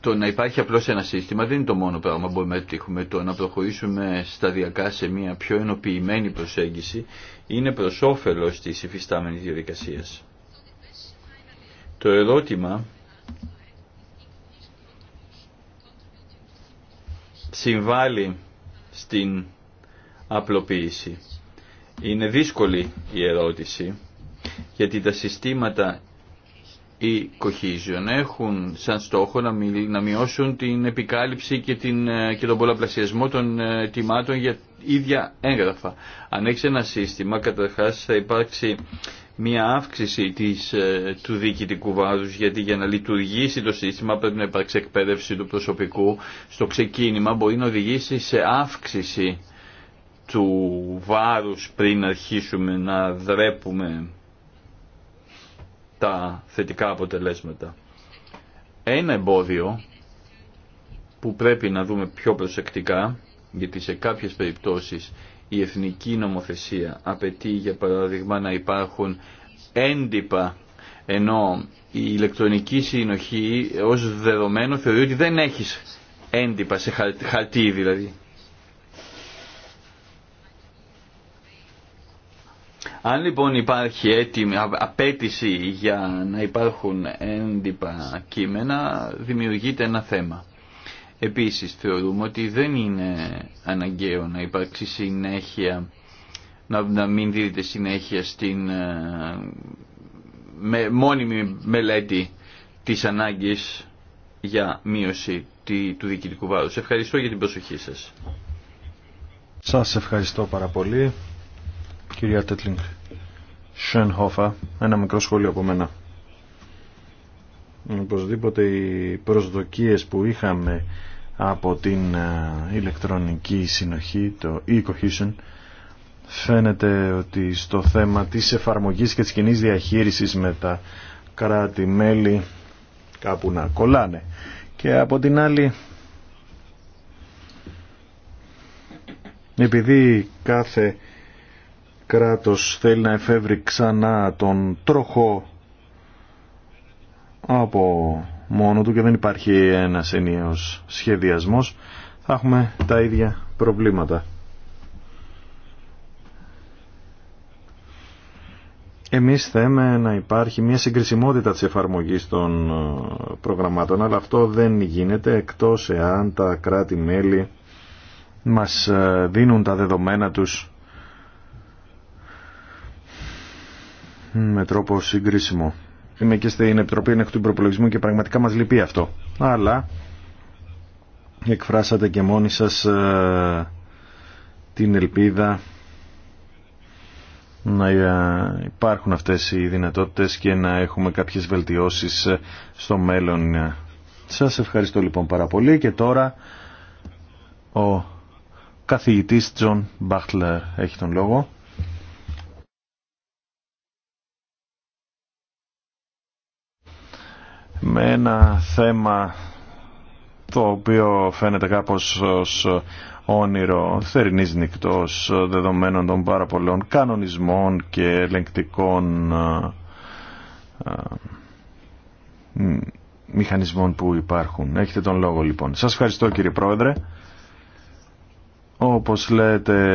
το να υπάρχει απλώς ένα σύστημα δεν είναι το μόνο πράγμα που μπορούμε να επιτύχουμε. Το να προχωρήσουμε σταδιακά σε μια πιο ενοποιημένη προσέγγιση είναι προς όφελος της υφιστάμενης διαδικασίας. Το ερώτημα συμβάλλει στην απλοποίηση. Είναι δύσκολη η ερώτηση γιατί τα συστήματα η Cohesion έχουν σαν στόχο να, μειώσουν την επικάλυψη και, την, ε, και τον πολλαπλασιασμό των ε, τιμάτων για ίδια έγγραφα. Αν έχει ένα σύστημα, καταρχά θα υπάρξει μια αύξηση της, ε, του διοικητικού βάρους γιατί για να λειτουργήσει το σύστημα πρέπει να υπάρξει εκπαίδευση του προσωπικού στο ξεκίνημα μπορεί να οδηγήσει σε αύξηση του βάρους πριν αρχίσουμε να δρέπουμε τα θετικά αποτελέσματα. Ένα εμπόδιο που πρέπει να δούμε πιο προσεκτικά, γιατί σε κάποιες περιπτώσεις η εθνική νομοθεσία απαιτεί για παράδειγμα να υπάρχουν έντυπα ενώ η ηλεκτρονική συνοχή ως δεδομένο θεωρεί ότι δεν έχεις έντυπα σε χαρτί δηλαδή Αν λοιπόν υπάρχει έτοιμη, απέτηση για να υπάρχουν έντυπα κείμενα, δημιουργείται ένα θέμα. Επίσης θεωρούμε ότι δεν είναι αναγκαίο να υπάρξει συνέχεια, να, να μην δίδεται συνέχεια στην ε, με, μόνιμη μελέτη της ανάγκης για μείωση του διοικητικού βάρους. Ευχαριστώ για την προσοχή σας. Σας ευχαριστώ πάρα πολύ. Κυρία Τέτλινγκ Σενχόφα, ένα μικρό σχόλιο από μένα. Οπωσδήποτε οι προσδοκίες που είχαμε από την ε, ηλεκτρονική συνοχή, το e-cohesion, φαίνεται ότι στο θέμα της εφαρμογής και της κοινή διαχείρισης με τα κράτη-μέλη κάπου να κολλάνε. Και από την άλλη, επειδή κάθε κράτος θέλει να εφεύρει ξανά τον τροχό από μόνο του και δεν υπάρχει ένας ενιαίος σχεδιασμός θα έχουμε τα ίδια προβλήματα. Εμείς θέμε να υπάρχει μια συγκρισιμότητα της εφαρμογής των ε, προγραμμάτων, αλλά αυτό δεν γίνεται εκτός εάν τα κράτη-μέλη μας ε, δίνουν τα δεδομένα τους με τρόπο συγκρίσιμο. Είμαι και στην Επιτροπή Ενέχου του Προπολογισμού και πραγματικά μας λυπεί αυτό. Αλλά εκφράσατε και μόνοι σας ε, την ελπίδα να ε, υπάρχουν αυτές οι δυνατότητες και να έχουμε κάποιες βελτιώσεις ε, στο μέλλον. Σας ευχαριστώ λοιπόν πάρα πολύ και τώρα ο καθηγητής Τζον Μπάχτλερ έχει τον λόγο. με ένα θέμα το οποίο φαίνεται κάπως ως όνειρο θερινής νυχτός δεδομένων των πάρα πολλών κανονισμών και ελεγκτικών μηχανισμών που υπάρχουν. Έχετε τον λόγο λοιπόν. Σας ευχαριστώ κύριε Πρόεδρε. Όπως λέτε,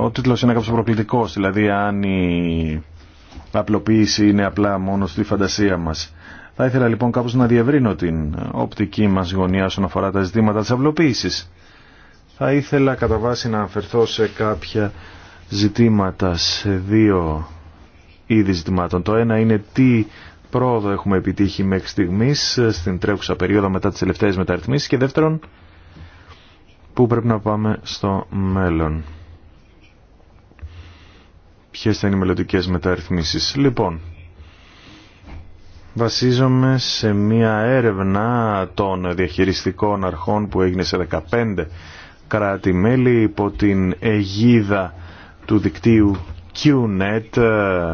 ο τίτλος είναι κάπως προκλητικός, δηλαδή αν η απλοποίηση είναι απλά μόνο στη φαντασία μας. Θα ήθελα λοιπόν κάπως να διευρύνω την οπτική μας γωνία όσον αφορά τα ζητήματα της αυλοποίησης. Θα ήθελα κατά βάση να αναφερθώ σε κάποια ζητήματα, σε δύο είδη ζητημάτων. Το ένα είναι τι πρόοδο έχουμε επιτύχει μέχρι στιγμής στην τρέχουσα περίοδο μετά τις τελευταίες μεταρρυθμίσεις και δεύτερον πού πρέπει να πάμε στο μέλλον. Ποιες θα είναι οι μελλοντικές μεταρρυθμίσεις. Λοιπόν, βασίζομαι σε μια έρευνα των διαχειριστικών αρχών που έγινε σε 15 κράτη-μέλη υπό την αιγίδα του δικτύου QNET, ε,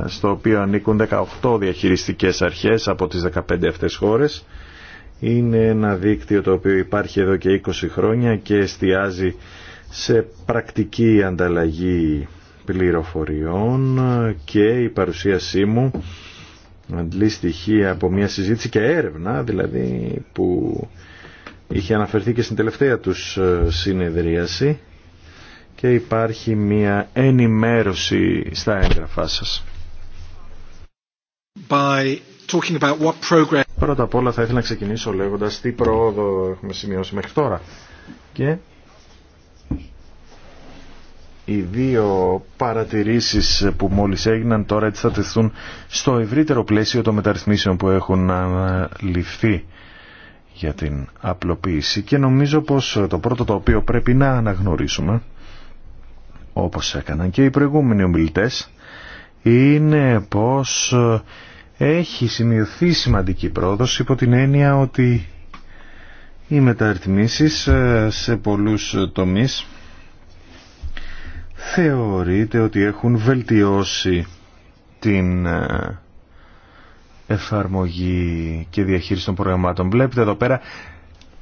στο οποίο ανήκουν 18 διαχειριστικές αρχές από τις 15 αυτές χώρες. Είναι ένα δίκτυο το οποίο υπάρχει εδώ και 20 χρόνια και εστιάζει σε πρακτική ανταλλαγή πληροφοριών και η παρουσίασή μου αντλεί στοιχεία από μια συζήτηση και έρευνα δηλαδή που είχε αναφερθεί και στην τελευταία τους ε, συνεδρίαση και υπάρχει μια ενημέρωση στα έγγραφά σας. By Πρώτα απ' όλα θα ήθελα να ξεκινήσω λέγοντας τι πρόοδο έχουμε σημειώσει μέχρι τώρα και οι δύο παρατηρήσεις που μόλις έγιναν τώρα έτσι θα τεθούν στο ευρύτερο πλαίσιο των μεταρρυθμίσεων που έχουν αναλυφθεί για την απλοποίηση και νομίζω πως το πρώτο το οποίο πρέπει να αναγνωρίσουμε όπως έκαναν και οι προηγούμενοι ομιλητές είναι πως έχει σημειωθεί σημαντική πρόοδος υπό την έννοια ότι οι μεταρρυθμίσεις σε πολλούς τομείς Θεωρείται ότι έχουν βελτιώσει την ε, εφαρμογή και διαχείριση των προγραμμάτων. Βλέπετε εδώ πέρα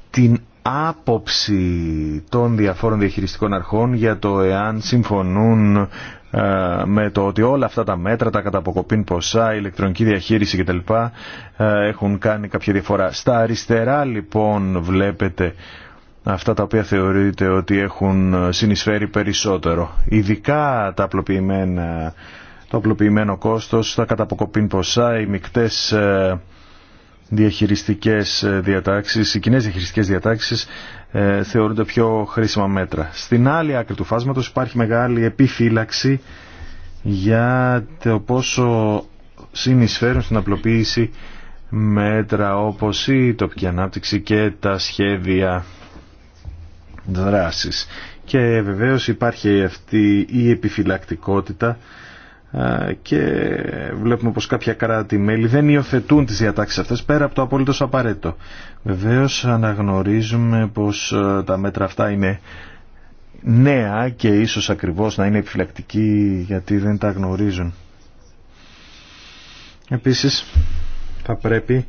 την άποψη των διαφόρων διαχειριστικών αρχών για το εάν συμφωνούν ε, με το ότι όλα αυτά τα μέτρα, τα καταποκοπήν ποσά, η ηλεκτρονική διαχείριση κτλ. Ε, έχουν κάνει κάποια διαφορά. Στα αριστερά λοιπόν βλέπετε αυτά τα οποία θεωρείται ότι έχουν ε, συνεισφέρει περισσότερο. Ειδικά τα το απλοποιημένο κόστος, τα καταποκοπήν ποσά, οι μικτές ε, ε, διαχειριστικές διατάξεις, οι κοινέ διαχειριστικές διατάξεις θεωρούνται πιο χρήσιμα μέτρα. Στην άλλη άκρη του φάσματος υπάρχει μεγάλη επιφύλαξη για το πόσο συνεισφέρουν στην απλοποίηση μέτρα όπως η τοπική ανάπτυξη και τα σχέδια δράσεις. Και βεβαίως υπάρχει αυτή η επιφυλακτικότητα και βλέπουμε πως κάποια κράτη-μέλη δεν υιοθετούν τις διατάξεις αυτές πέρα από το απολύτως απαραίτητο. Βεβαίως αναγνωρίζουμε πως τα μέτρα αυτά είναι νέα και ίσως ακριβώς να είναι επιφυλακτικοί γιατί δεν τα γνωρίζουν. Επίσης θα πρέπει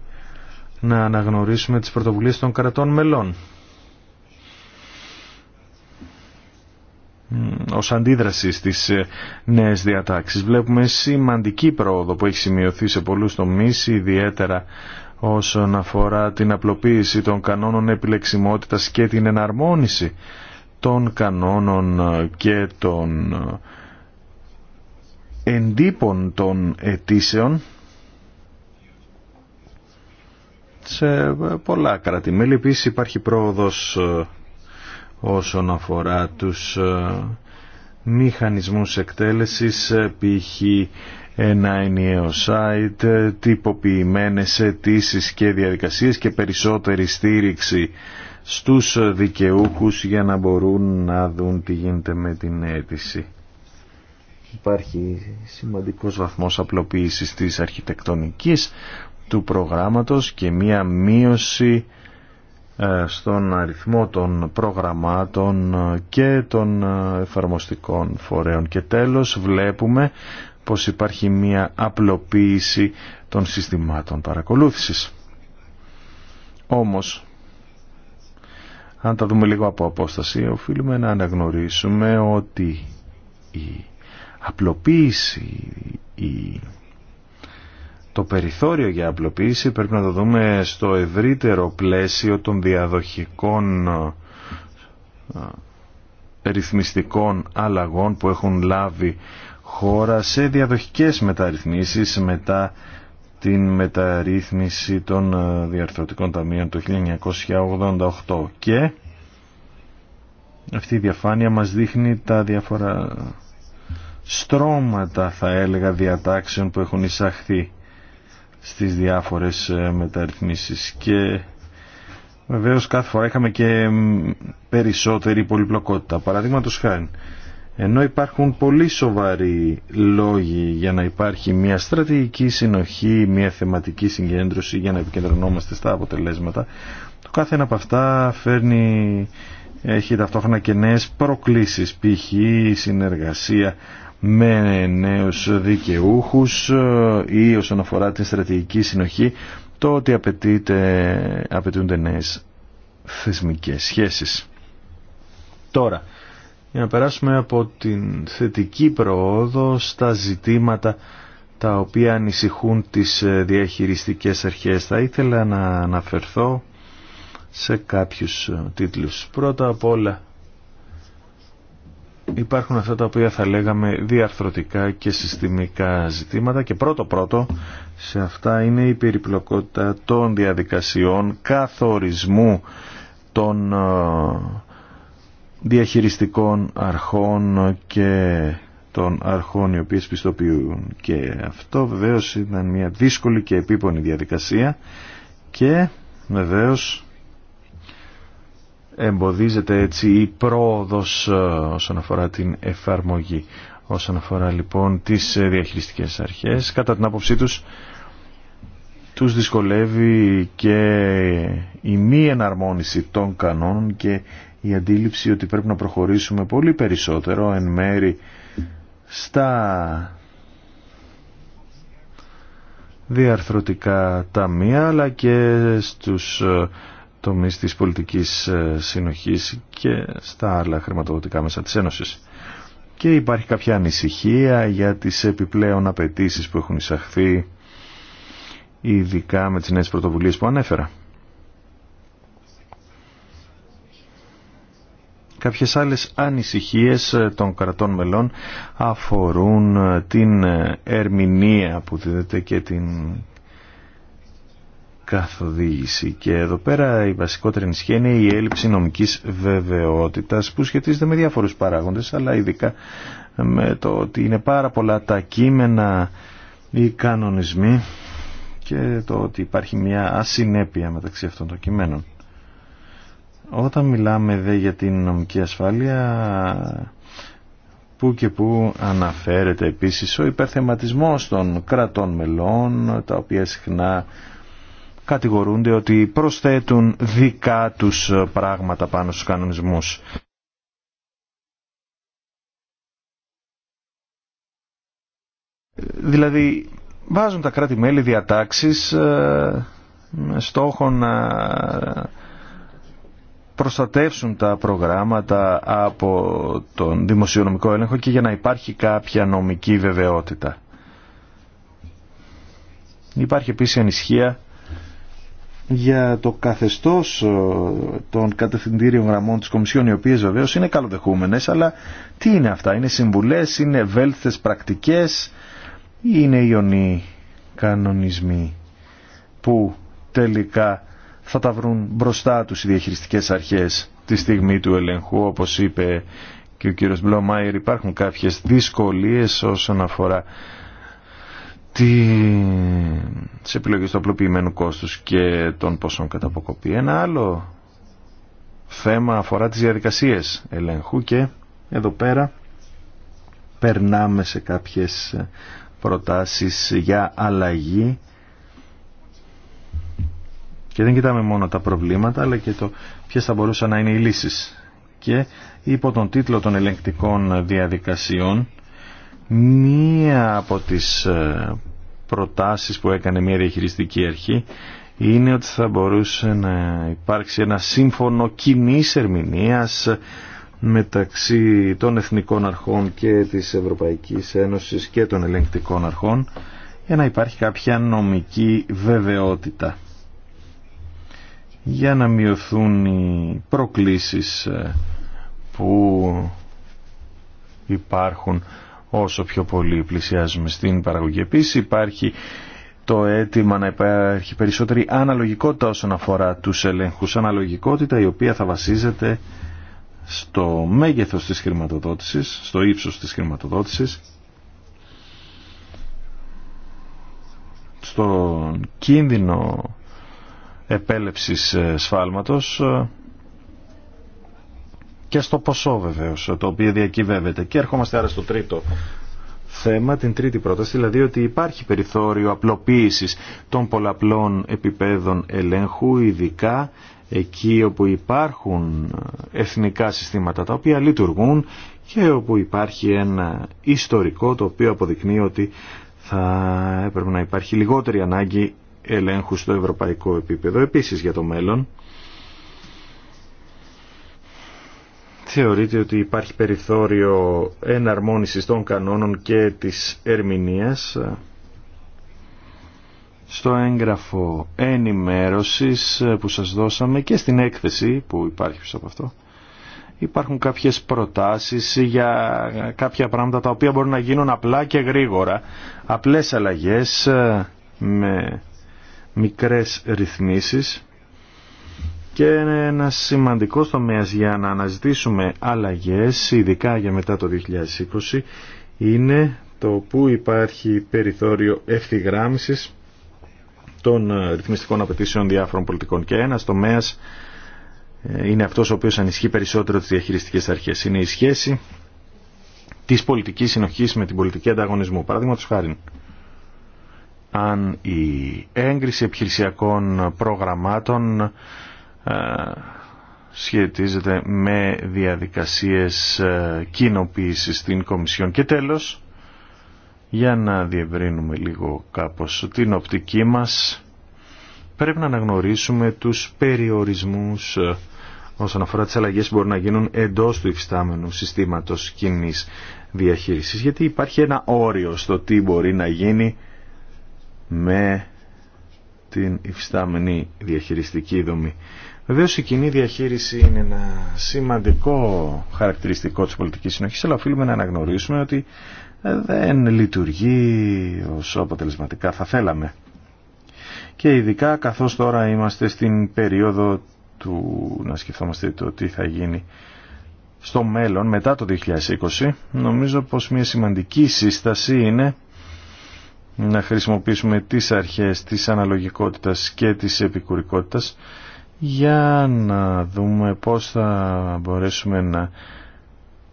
να αναγνωρίσουμε τις πρωτοβουλίες των κρατών μελών ως αντίδραση στις ε, νέες διατάξεις. Βλέπουμε σημαντική πρόοδο που έχει σημειωθεί σε πολλούς τομείς, ιδιαίτερα όσον αφορά την απλοποίηση των κανόνων επιλεξιμότητας και την εναρμόνιση των κανόνων ε, και των ε, εντύπων των αιτήσεων σε πολλά κράτη-μέλη. Επίσης υπάρχει πρόοδος όσον αφορά τους ε, μηχανισμούς εκτέλεσης ε, π.χ. ένα ενιαίο site, ε, τυποποιημένες αιτήσει και διαδικασίες και περισσότερη στήριξη στους δικαιούχους για να μπορούν να δουν τι γίνεται με την αίτηση. Υπάρχει σημαντικός βαθμός απλοποίησης της αρχιτεκτονικής του προγράμματος και μία μείωση ε, στον αριθμό των προγραμμάτων ε, και των ε, εφαρμοστικών φορέων. Και τέλος βλέπουμε πως υπάρχει μία απλοποίηση των συστημάτων παρακολούθησης. Όμως, αν τα δούμε λίγο από απόσταση, οφείλουμε να αναγνωρίσουμε ότι η απλοποίηση, η το περιθώριο για απλοποίηση πρέπει να το δούμε στο ευρύτερο πλαίσιο των διαδοχικών ε, ρυθμιστικών αλλαγών που έχουν λάβει χώρα σε διαδοχικές μεταρρυθμίσεις μετά την μεταρρύθμιση των ε, διαρθρωτικών ταμείων το 1988 και αυτή η διαφάνεια μας δείχνει τα διάφορα στρώματα θα έλεγα διατάξεων που έχουν εισαχθεί στις διάφορες ε, μεταρρυθμίσεις και βεβαίως κάθε φορά είχαμε και περισσότερη πολυπλοκότητα. Παραδείγματο χάρη, ενώ υπάρχουν πολύ σοβαροί λόγοι για να υπάρχει μια στρατηγική συνοχή, μια θεματική συγκέντρωση για να επικεντρωνόμαστε στα αποτελέσματα, το κάθε ένα από αυτά φέρνει έχει ταυτόχρονα και νέε προκλήσεις, π.χ. συνεργασία με νέους δικαιούχους ε, ή όσον αφορά την στρατηγική συνοχή το ότι απαιτείται, απαιτούνται νέες θεσμικές σχέσεις. Τώρα, για να περάσουμε από την θετική προόδο στα ζητήματα τα οποία ανησυχούν τις ε, διαχειριστικές αρχές. Θα ήθελα να αναφερθώ σε κάποιους ε, τίτλους. Πρώτα απ' όλα υπάρχουν αυτά τα οποία θα λέγαμε διαρθρωτικά και συστημικά ζητήματα και πρώτο πρώτο σε αυτά είναι η περιπλοκότητα των διαδικασιών καθορισμού των ε, διαχειριστικών αρχών και των αρχών οι οποίες πιστοποιούν και αυτό βεβαίως ήταν μια δύσκολη και επίπονη διαδικασία και βεβαίως εμποδίζεται έτσι η πρόοδος ε, όσον αφορά την εφαρμογή. Όσον αφορά λοιπόν τις ε, διαχειριστικές αρχές, κατά την άποψή τους, τους δυσκολεύει και η μη εναρμόνιση των κανόνων και η αντίληψη ότι πρέπει να προχωρήσουμε πολύ περισσότερο εν μέρη στα διαρθρωτικά ταμεία αλλά και στους ε, Τομεί της πολιτικής ε, συνοχής και στα άλλα χρηματοδοτικά μέσα της Ένωσης. Και υπάρχει κάποια ανησυχία για τις επιπλέον απαιτήσει που έχουν εισαχθεί ειδικά με τις νέες πρωτοβουλίες που ανέφερα. Κάποιες άλλες ανησυχίες ε, των κρατών μελών αφορούν ε, την ερμηνεία που δίδεται και την καθοδήγηση. Και εδώ πέρα η βασικότερη ενισχύα είναι η έλλειψη νομικής βεβαιότητας που σχετίζεται με διάφορους παράγοντες αλλά ειδικά με το ότι είναι πάρα πολλά τα κείμενα ή κανονισμοί και το ότι υπάρχει μια ασυνέπεια μεταξύ αυτών των κειμένων. Όταν μιλάμε δε για την νομική ασφάλεια που και που αναφέρεται επίσης ο υπερθεματισμός των κρατών μελών τα οποία συχνά κατηγορούνται ότι προσθέτουν δικά τους πράγματα πάνω στους κανονισμούς. Δηλαδή βάζουν τα κράτη-μέλη διατάξεις ε, με στόχο να προστατεύσουν τα προγράμματα από τον δημοσιονομικό έλεγχο και για να υπάρχει κάποια νομική βεβαιότητα. Υπάρχει επίσης ανησυχία για το καθεστώς ε, των κατευθυντήριων γραμμών της Κομισιόν, οι οποίες βεβαίως είναι καλοδεχούμενες, αλλά τι είναι αυτά, είναι συμβουλές, είναι πρακτικέ πρακτικές, είναι ιονοί κανονισμοί που τελικά θα τα βρουν μπροστά τους οι διαχειριστικές αρχές τη στιγμή του ελεγχού, όπως είπε και ο κύριος Μπλομάιερ, υπάρχουν κάποιες δυσκολίες όσον αφορά τις επιλογές του απλοποιημένου κόστους και των ποσών κατά Ένα άλλο θέμα αφορά τις διαδικασίες ελέγχου και εδώ πέρα περνάμε σε κάποιες προτάσεις για αλλαγή και δεν κοιτάμε μόνο τα προβλήματα αλλά και το ποιες θα μπορούσαν να είναι οι λύσεις. Και υπό τον τίτλο των ελεγκτικών διαδικασιών Μία από τις ε, προτάσεις που έκανε μια διαχειριστική αρχή είναι ότι θα μπορούσε να υπάρξει ένα σύμφωνο κοινή ερμηνεία μεταξύ των εθνικών αρχών και της Ευρωπαϊκής Ένωσης και των ελεγκτικών αρχών για να υπάρχει κάποια νομική βεβαιότητα για να μειωθούν οι προκλήσεις ε, που υπάρχουν όσο πιο πολύ πλησιάζουμε στην παραγωγή. Επίσης υπάρχει το αίτημα να υπάρχει περισσότερη αναλογικότητα όσον αφορά τους ελέγχους. Αναλογικότητα η οποία θα βασίζεται στο μέγεθος της χρηματοδότησης, στο ύψος της χρηματοδότησης, στον κίνδυνο επέλευσης σφάλματος και στο ποσό βεβαίω, το οποίο διακυβεύεται. Και ερχόμαστε άρα στο τρίτο θέμα, την τρίτη πρόταση, δηλαδή ότι υπάρχει περιθώριο απλοποίηση των πολλαπλών επιπέδων ελέγχου, ειδικά εκεί όπου υπάρχουν εθνικά συστήματα τα οποία λειτουργούν και όπου υπάρχει ένα ιστορικό το οποίο αποδεικνύει ότι θα έπρεπε να υπάρχει λιγότερη ανάγκη ελέγχου στο ευρωπαϊκό επίπεδο. Επίσης για το μέλλον θεωρείτε ότι υπάρχει περιθώριο εναρμόνισης των κανόνων και της ερμηνείας στο έγγραφο ενημέρωσης που σας δώσαμε και στην έκθεση που υπάρχει πίσω αυτό υπάρχουν κάποιες προτάσεις για κάποια πράγματα τα οποία μπορούν να γίνουν απλά και γρήγορα απλές αλλαγές ε, με μικρές ρυθμίσεις και ένα σημαντικό τομέα για να αναζητήσουμε αλλαγές, ειδικά για μετά το 2020, είναι το που υπάρχει περιθώριο ευθυγράμμισης των ε, ρυθμιστικών απαιτήσεων διάφορων πολιτικών. Και ένας τομέα ε, είναι αυτός ο οποίο ανισχύει περισσότερο τι διαχειριστικέ αρχές. Είναι η σχέση της πολιτικής συνοχή με την πολιτική ανταγωνισμού. Παραδείγματο χάρη, αν η έγκριση επιχειρησιακών προγραμμάτων σχετίζεται με διαδικασίες κοινοποίησης στην Κομισιόν. Και τέλος, για να διευρύνουμε λίγο κάπως την οπτική μας, πρέπει να αναγνωρίσουμε τους περιορισμούς όσον αφορά τις αλλαγές που μπορούν να γίνουν εντός του υφιστάμενου συστήματος κοινή διαχείρισης, γιατί υπάρχει ένα όριο στο τι μπορεί να γίνει με την υφιστάμενη διαχειριστική δομή. Βεβαίω η κοινή διαχείριση είναι ένα σημαντικό χαρακτηριστικό της πολιτικής συνοχής, αλλά οφείλουμε να αναγνωρίσουμε ότι ε, δεν λειτουργεί όσο αποτελεσματικά θα θέλαμε. Και ειδικά καθώς τώρα είμαστε στην περίοδο του να σκεφτόμαστε το τι θα γίνει στο μέλλον μετά το 2020, νομίζω πως μια σημαντική σύσταση είναι να χρησιμοποιήσουμε τις αρχές της αναλογικότητας και της επικουρικότητας για να δούμε πώς θα μπορέσουμε να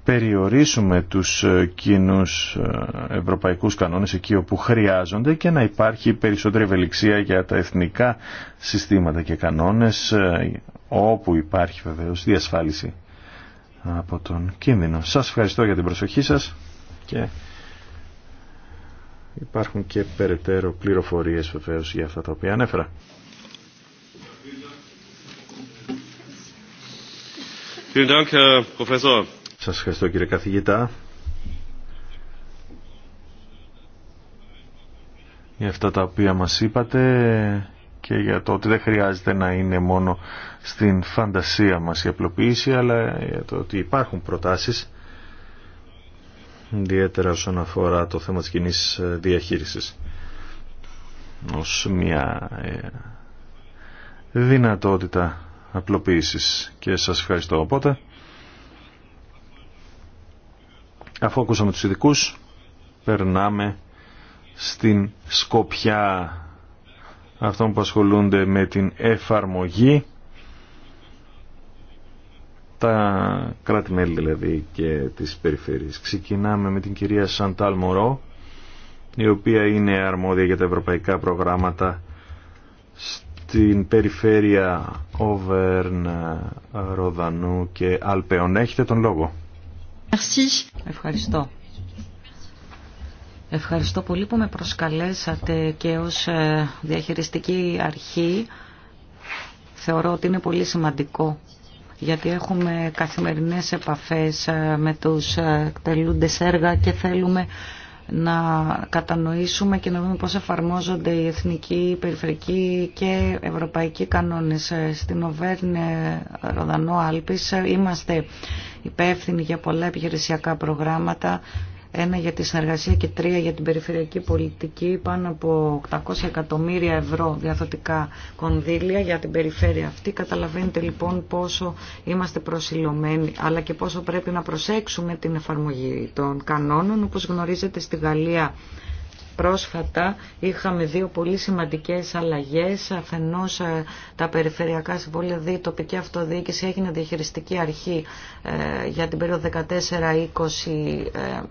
περιορίσουμε τους ε, κοινούς ε, ευρωπαϊκούς κανόνες εκεί όπου χρειάζονται και να υπάρχει περισσότερη ευελιξία για τα εθνικά συστήματα και κανόνες ε, όπου υπάρχει βεβαίως διασφάλιση από τον κίνδυνο. Σας ευχαριστώ για την προσοχή σας και υπάρχουν και περαιτέρω πληροφορίες βεβαίως για αυτά τα οποία ανέφερα. Σας ευχαριστώ κύριε καθηγητά για αυτά τα οποία μας είπατε και για το ότι δεν χρειάζεται να είναι μόνο στην φαντασία μας η απλοποίηση αλλά για το ότι υπάρχουν προτάσεις ιδιαίτερα όσον αφορά το θέμα της κοινής διαχείρισης ως μια ε, δυνατότητα απλοποίησης και σας ευχαριστώ. Οπότε, αφού ακούσαμε τους ειδικού, περνάμε στην σκοπιά αυτών που ασχολούνται με την εφαρμογή τα κράτη-μέλη δηλαδή και τις περιφέρειες. Ξεκινάμε με την κυρία Σαντάλ Μωρό η οποία είναι αρμόδια για τα ευρωπαϊκά προγράμματα την περιφέρεια Όβερν, Ροδανού και Αλπέων. Έχετε τον λόγο. Ευχαριστώ. Ευχαριστώ πολύ που με προσκαλέσατε και ως ε, διαχειριστική αρχή. Θεωρώ ότι είναι πολύ σημαντικό γιατί έχουμε καθημερινές επαφές ε, με τους ε, εκτελούντες έργα και θέλουμε να κατανοήσουμε και να δούμε πώς εφαρμόζονται οι εθνικοί, περιφερικοί και ευρωπαϊκοί κανόνες. Ε, στην Οβέρνη Ροδανό Άλπης ε, είμαστε υπεύθυνοι για πολλά επιχειρησιακά προγράμματα ένα για τη συνεργασία και τρία για την περιφερειακή πολιτική, πάνω από 800 εκατομμύρια ευρώ διαθωτικά κονδύλια για την περιφέρεια αυτή. Καταλαβαίνετε λοιπόν πόσο είμαστε προσιλωμένοι, αλλά και πόσο πρέπει να προσέξουμε την εφαρμογή των κανόνων. Όπως γνωρίζετε στη Γαλλία Πρόσφατα είχαμε δύο πολύ σημαντικές αλλαγές. Αφενός ε, τα περιφερειακά συμβόλαια, δηλαδή η τοπική αυτοδιοίκηση έγινε διαχειριστική αρχή ε, για την περίοδο 14-20 ε,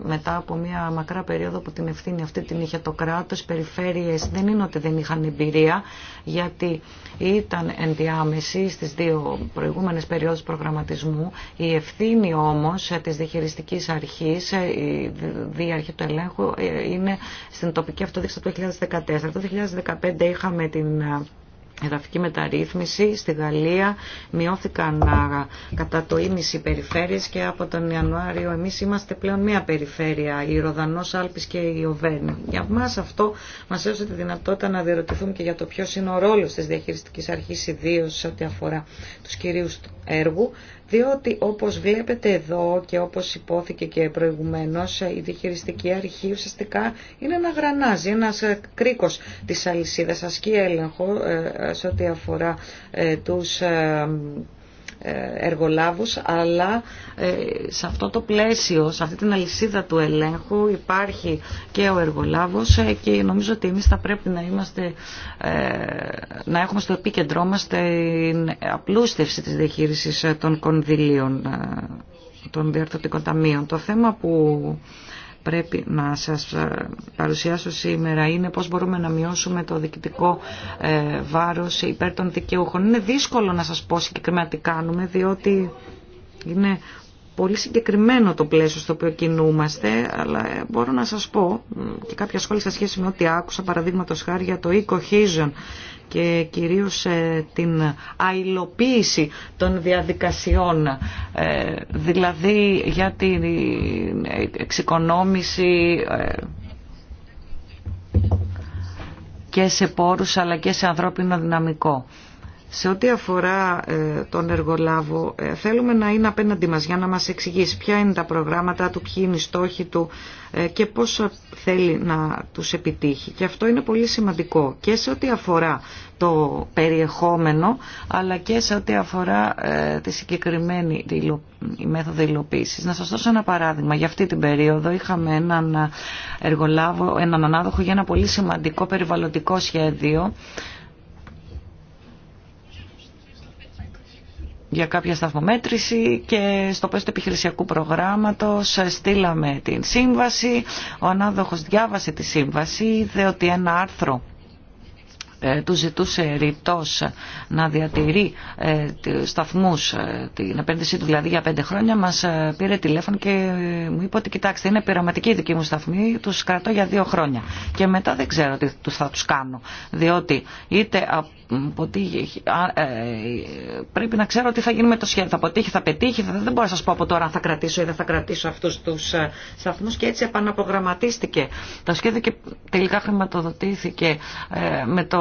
μετά από μια μακρά περίοδο που την ευθύνη αυτή την είχε το κράτος. Οι περιφέρειες δεν είναι ότι δεν είχαν εμπειρία γιατί ήταν ενδιάμεση στις δύο προηγούμενες περιόδους προγραμματισμού. Η ευθύνη όμως της διαχειριστικής αρχής, η διαρχή του ελέγχου είναι στην τοπική αυτοδίκηση το 2014. Το 2015 είχαμε την ε, εδαφική μεταρρύθμιση στη Γαλλία μειώθηκαν ε, κατά το ίμιση οι περιφέρειες και από τον Ιανουάριο εμείς είμαστε πλέον μία περιφέρεια, η Ροδανός, Άλπης και η Οβέρνη. Για μας αυτό μας έδωσε τη δυνατότητα να διερωτηθούμε και για το ποιος είναι ο ρόλος της διαχειριστικής αρχής ιδίως σε ό,τι αφορά τους κυρίους έργου διότι όπως βλέπετε εδώ και όπως υπόθηκε και προηγουμένως η διχειριστική αρχή ουσιαστικά είναι ένα γρανάζι, ένας ε, κρίκος της αλυσίδας, ασκεί έλεγχο ε, ε, σε ό,τι αφορά τους ε, εργολάβους, αλλά ε, σε αυτό το πλαίσιο, σε αυτή την αλυσίδα του ελέγχου υπάρχει και ο εργολάβος ε, και νομίζω ότι εμείς θα πρέπει να, είμαστε, να έχουμε στο επίκεντρό μας την απλούστευση της διαχείρισης των κονδυλίων των διαρθωτικών ταμείων. Το θέμα που πρέπει να σας ε, παρουσιάσω σήμερα είναι πώς μπορούμε να μειώσουμε το διοικητικό ε, βάρος υπέρ των δικαιούχων. Είναι δύσκολο να σας πω συγκεκριμένα τι κάνουμε, διότι είναι πολύ συγκεκριμένο το πλαίσιο στο οποίο κινούμαστε, αλλά ε, μπορώ να σας πω και κάποια σχόλια σε σχέση με ό,τι άκουσα, παραδείγματος χάρη για το e-cohesion και κυρίως ε, την αϊλοποίηση των διαδικασιών, ε, δηλαδή για την εξοικονόμηση ε, και σε πόρους αλλά και σε ανθρώπινο δυναμικό. Σε ό,τι αφορά ε, τον εργολάβο, ε, θέλουμε να είναι απέναντι μας για να μας εξηγήσει ποια είναι τα προγράμματα του, ποιοι είναι οι στόχοι του ε, και πώς θέλει να τους επιτύχει. Και αυτό είναι πολύ σημαντικό και σε ό,τι αφορά το περιεχόμενο, αλλά και σε ό,τι αφορά τη συγκεκριμένη η μέθοδο υλοποίησης. Να σας δώσω ένα παράδειγμα. Για αυτή την περίοδο είχαμε έναν εργολάβο, έναν ανάδοχο για ένα πολύ σημαντικό περιβαλλοντικό σχέδιο για κάποια σταθμομέτρηση και στο πέστο του επιχειρησιακού προγράμματος στείλαμε την σύμβαση. Ο ανάδοχος διάβασε τη σύμβαση, είδε ότι ένα άρθρο ε, του ζητούσε ρητός να διατηρεί ε, σταθμούς ε, την επένδυσή του δηλαδή για πέντε χρόνια μας πήρε τηλέφωνο και μου είπε ότι κοιτάξτε είναι πειραματική η δική μου σταθμή τους κρατώ για δύο χρόνια και μετά δεν ξέρω τι θα τους κάνω διότι είτε ε, Πρέπει να ξέρω τι θα γίνει με το σχέδιο. Θα αποτύχει, θα πετύχει. Δεν μπορώ να σα πω από τώρα αν θα κρατήσω ή δεν θα κρατήσω αυτού του ε, σταθμού. Και έτσι επαναπρογραμματίστηκε το σχέδιο και τελικά χρηματοδοτήθηκε ε, με το,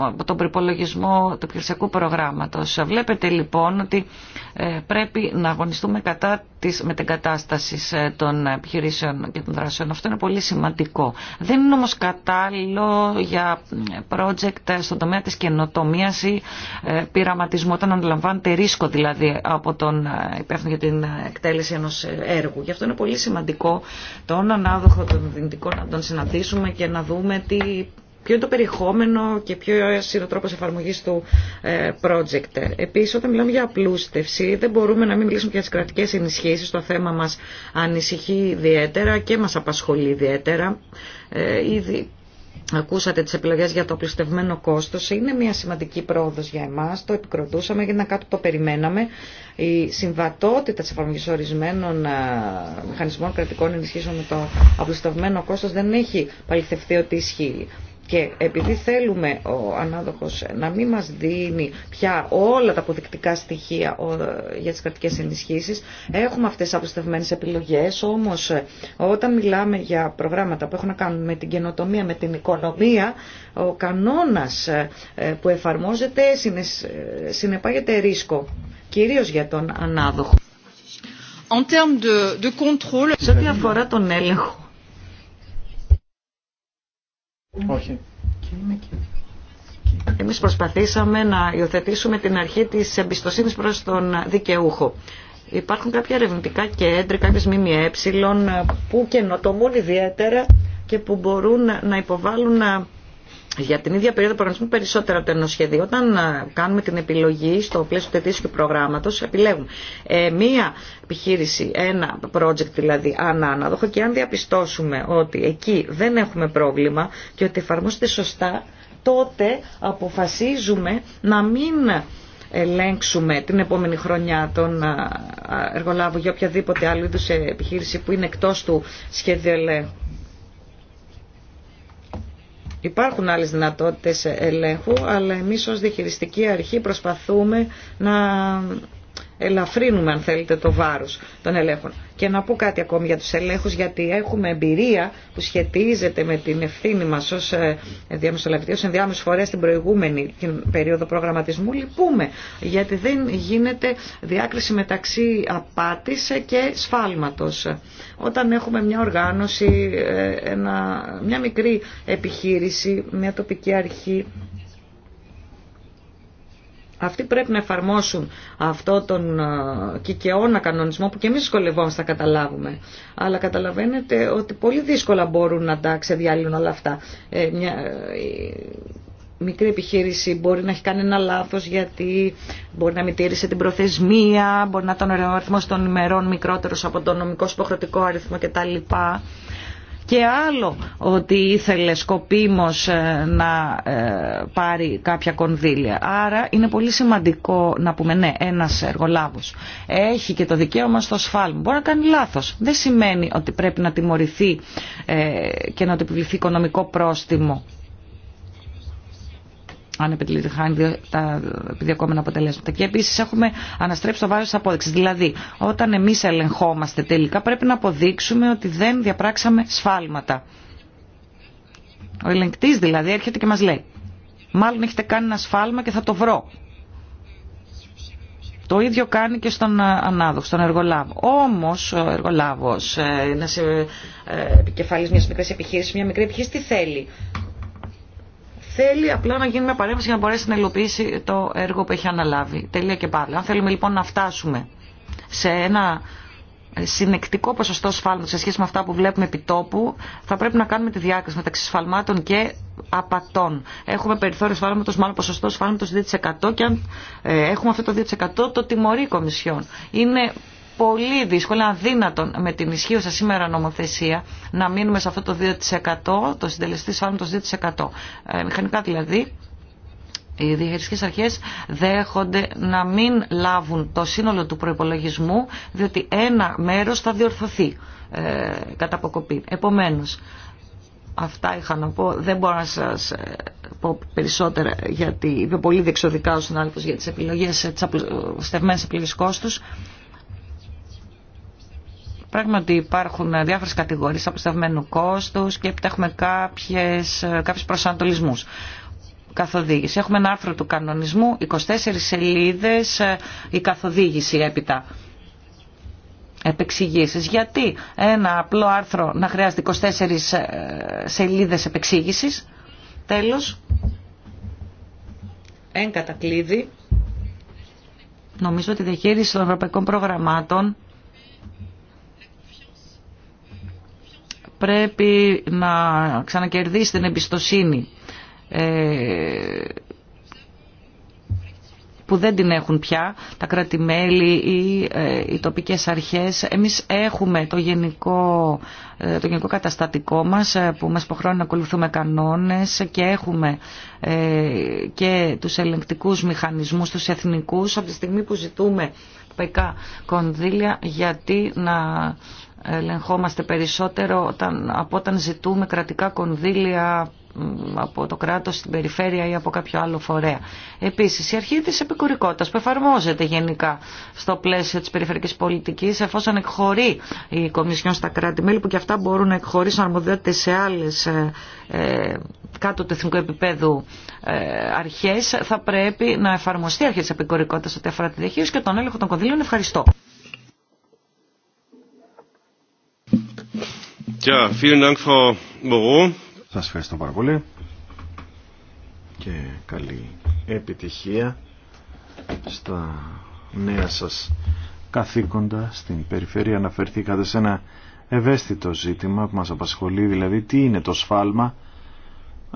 από τον προπολογισμό του πλησιακού προγράμματο. Βλέπετε λοιπόν ότι ε, πρέπει να αγωνιστούμε κατά της κατάσταση ε, των επιχειρήσεων και των δράσεων. Αυτό είναι πολύ σημαντικό. Δεν είναι όμως κατάλληλο για ε, project ε, στον τομέα της καινοτομίας ή πειραματισμού, όταν αντιλαμβάνεται ρίσκο δηλαδή από τον υπεύθυνο για την εκτέλεση ενός έργου. Γι' αυτό είναι πολύ σημαντικό τον ανάδοχο των δυνητικών να τον συναντήσουμε και να δούμε τι ποιο είναι το περιεχόμενο και ποιο είναι ο τρόπος εφαρμογής του ε, project. Επίσης, όταν μιλάμε για απλούστευση, δεν μπορούμε να μην μιλήσουμε για τις κρατικές ενισχύσεις. Το θέμα μας ανησυχεί ιδιαίτερα και μας απασχολεί ιδιαίτερα. Ε, ήδη ακούσατε τις επιλογές για το απλουστευμένο κόστος. Είναι μια σημαντική πρόοδος για εμάς. Το επικροτούσαμε γιατί να κάτω το περιμέναμε. Η συμβατότητα της εφαρμογής ορισμένων ε, μηχανισμών κρατικών ενισχύσεων με το απλουστευμένο κόστος δεν έχει παληθευτεί ότι ισχύει. Και επειδή θέλουμε ο ανάδοχος να μην μας δίνει πια όλα τα αποδεικτικά στοιχεία για τις κρατικές ενισχύσεις, έχουμε αυτές τις αποστευμένες επιλογές, όμως όταν μιλάμε για προγράμματα που έχουν να κάνουν με την καινοτομία, με την οικονομία, ο κανόνας ε, που εφαρμόζεται ε, συνεπάγεται ρίσκο, κυρίως για τον ανάδοχο. Σε ό,τι αφορά τον έλεγχο, όχι. Εμείς προσπαθήσαμε να υιοθετήσουμε την αρχή της εμπιστοσύνης προς τον δικαιούχο. Υπάρχουν κάποια ερευνητικά κέντρα, κάποιες ΜΜΕ που καινοτομούν ιδιαίτερα και που μπορούν να υποβάλουν για την ίδια περίοδο προγραμματισμού περισσότερα από το Όταν κάνουμε την επιλογή στο πλαίσιο του ετήσιου προγράμματο, επιλέγουμε ε, μία επιχείρηση, ένα project δηλαδή, ανάναδοχο και αν διαπιστώσουμε ότι εκεί δεν έχουμε πρόβλημα και ότι εφαρμόζεται σωστά, τότε αποφασίζουμε να μην ελέγξουμε την επόμενη χρονιά τον εργολάβο για οποιαδήποτε άλλη είδους ε, επιχείρηση που είναι εκτός του σχέδιου ελέγχου. Υπάρχουν άλλες δυνατότητες ελέγχου, αλλά εμείς ως διαχειριστική αρχή προσπαθούμε να ελαφρύνουμε αν θέλετε το βάρος των ελέγχων. Και να πω κάτι ακόμη για τους ελέγχους γιατί έχουμε εμπειρία που σχετίζεται με την ευθύνη μας ως ε, διαμεσολαβητή, ως ενδιάμεση φορέα στην προηγούμενη περίοδο προγραμματισμού. Λυπούμε γιατί δεν γίνεται διάκριση μεταξύ απάτης και σφάλματος. Όταν έχουμε μια οργάνωση, ε, ένα, μια μικρή επιχείρηση, μια τοπική αρχή, αυτοί πρέπει να εφαρμόσουν αυτό τον κικαιώνα ε, κανονισμό που και εμείς σχολευόμαστε, να καταλάβουμε. Αλλά καταλαβαίνετε ότι πολύ δύσκολα μπορούν να τα ξεδιαλύνουν όλα αυτά. Ε, μικρή επιχείρηση μπορεί να έχει κάνει ένα λάθος γιατί μπορεί να μην τήρησε την προθεσμία, μπορεί να ήταν ο αριθμό των ημερών μικρότερος από τον νομικό υποχρεωτικό αριθμό κτλ. Και άλλο ότι ήθελε σκοπίμως ε, να ε, πάρει κάποια κονδύλια. Άρα είναι πολύ σημαντικό να πούμε ναι, ένας εργολάβος έχει και το δικαίωμα στο σφάλμα. Μπορεί να κάνει λάθος. Δεν σημαίνει ότι πρέπει να τιμωρηθεί ε, και να του επιβληθεί οικονομικό πρόστιμο αν χάνει τα επιδιακόμενα αποτελέσματα. Και επίση έχουμε αναστρέψει το βάρο τη απόδειξη. Δηλαδή, όταν εμεί ελεγχόμαστε τελικά, πρέπει να αποδείξουμε ότι δεν διαπράξαμε σφάλματα. Ο ελεγκτή δηλαδή έρχεται και μα λέει, μάλλον έχετε κάνει ένα σφάλμα και θα το βρω. Το ίδιο κάνει και στον ε, ανάδοχο, στον εργολάβο. Όμω ο εργολάβο, ε, ένα ε, επικεφαλή μια μικρή επιχείρηση, μια μικρή επιχείρηση, τι θέλει. Θέλει απλά να γίνει μια παρέμβαση για να μπορέσει να υλοποιήσει το έργο που έχει αναλάβει. Τελεία και πάλι. Αν θέλουμε λοιπόν να φτάσουμε σε ένα ε, συνεκτικό ποσοστό σφάλματος σε σχέση με αυτά που βλέπουμε επιτόπου, θα πρέπει να κάνουμε τη διάκριση μεταξύ σφαλμάτων και απατών. Έχουμε περιθώριο σφάλματος, μάλλον ποσοστό σφάλματος 2% και αν ε, έχουμε αυτό το 2% το τιμωρεί η Κομισιόν. Είναι πολύ δύσκολο, δύνατον με την ισχύουσα σήμερα νομοθεσία να μείνουμε σε αυτό το 2%, το συντελεστή σφάλμα το 2%. Ε, μηχανικά δηλαδή, οι διαχειριστικές αρχές δέχονται να μην λάβουν το σύνολο του προϋπολογισμού, διότι ένα μέρος θα διορθωθεί ε, κατά αποκοπή. Επομένως, αυτά είχα να πω. Δεν μπορώ να σας ε, πω περισσότερα, γιατί είπε πολύ διεξοδικά ο συνάδελφος για τις επιλογές, ε, τις στευμένες επιλογές κόστους. Πράγματι υπάρχουν διάφορες κατηγορίες αποσταυμένου κόστους και έχουμε κάποιες, κάποιους προσανατολισμούς. Καθοδήγηση. Έχουμε ένα άρθρο του κανονισμού, 24 σελίδες, ε, η καθοδήγηση έπειτα επεξηγήσεις. Γιατί ένα απλό άρθρο να χρειάζεται 24 ε, σελίδες επεξήγησης. Τέλος, εν κατακλείδη, νομίζω ότι η διαχείριση των ευρωπαϊκών προγραμμάτων πρέπει να ξανακερδίσει την εμπιστοσύνη ε, που δεν την έχουν πια τα κράτη-μέλη ή ε, οι τοπικές αρχές. Εμείς έχουμε το γενικό, ε, το γενικό καταστατικό μας ε, που μας υποχρεώνει να ακολουθούμε κανόνες και έχουμε και τους ελεγκτικούς μηχανισμούς, τους εθνικούς, από τη στιγμή που ζητούμε πεκά κονδύλια γιατί να ελεγχόμαστε περισσότερο όταν, από όταν ζητούμε κρατικά κονδύλια από το κράτος στην περιφέρεια ή από κάποιο άλλο φορέα. Επίσης, η αρχή της επικουρικότητας που εφαρμόζεται γενικά στο πλαίσιο της περιφερειακής πολιτικής εφόσον εκχωρεί η Κομισιόν στα κράτη-μέλη που και αυτά μπορούν να εκχωρήσουν αρμοδιότητες σε άλλες ε, ε κάτω του εθνικού επίπεδου ε, αρχές θα πρέπει να εφαρμοστεί η αρχή της επικουρικότητας ότι αφορά τη διαχείριση και τον έλεγχο των κονδύλων. Ευχαριστώ. Ja, vielen Dank, Frau Moreau. Σας ευχαριστώ πάρα πολύ και καλή επιτυχία στα νέα σας καθήκοντα στην περιφέρεια αναφερθήκατε σε ένα ευαίσθητο ζήτημα που μας απασχολεί δηλαδή τι είναι το σφάλμα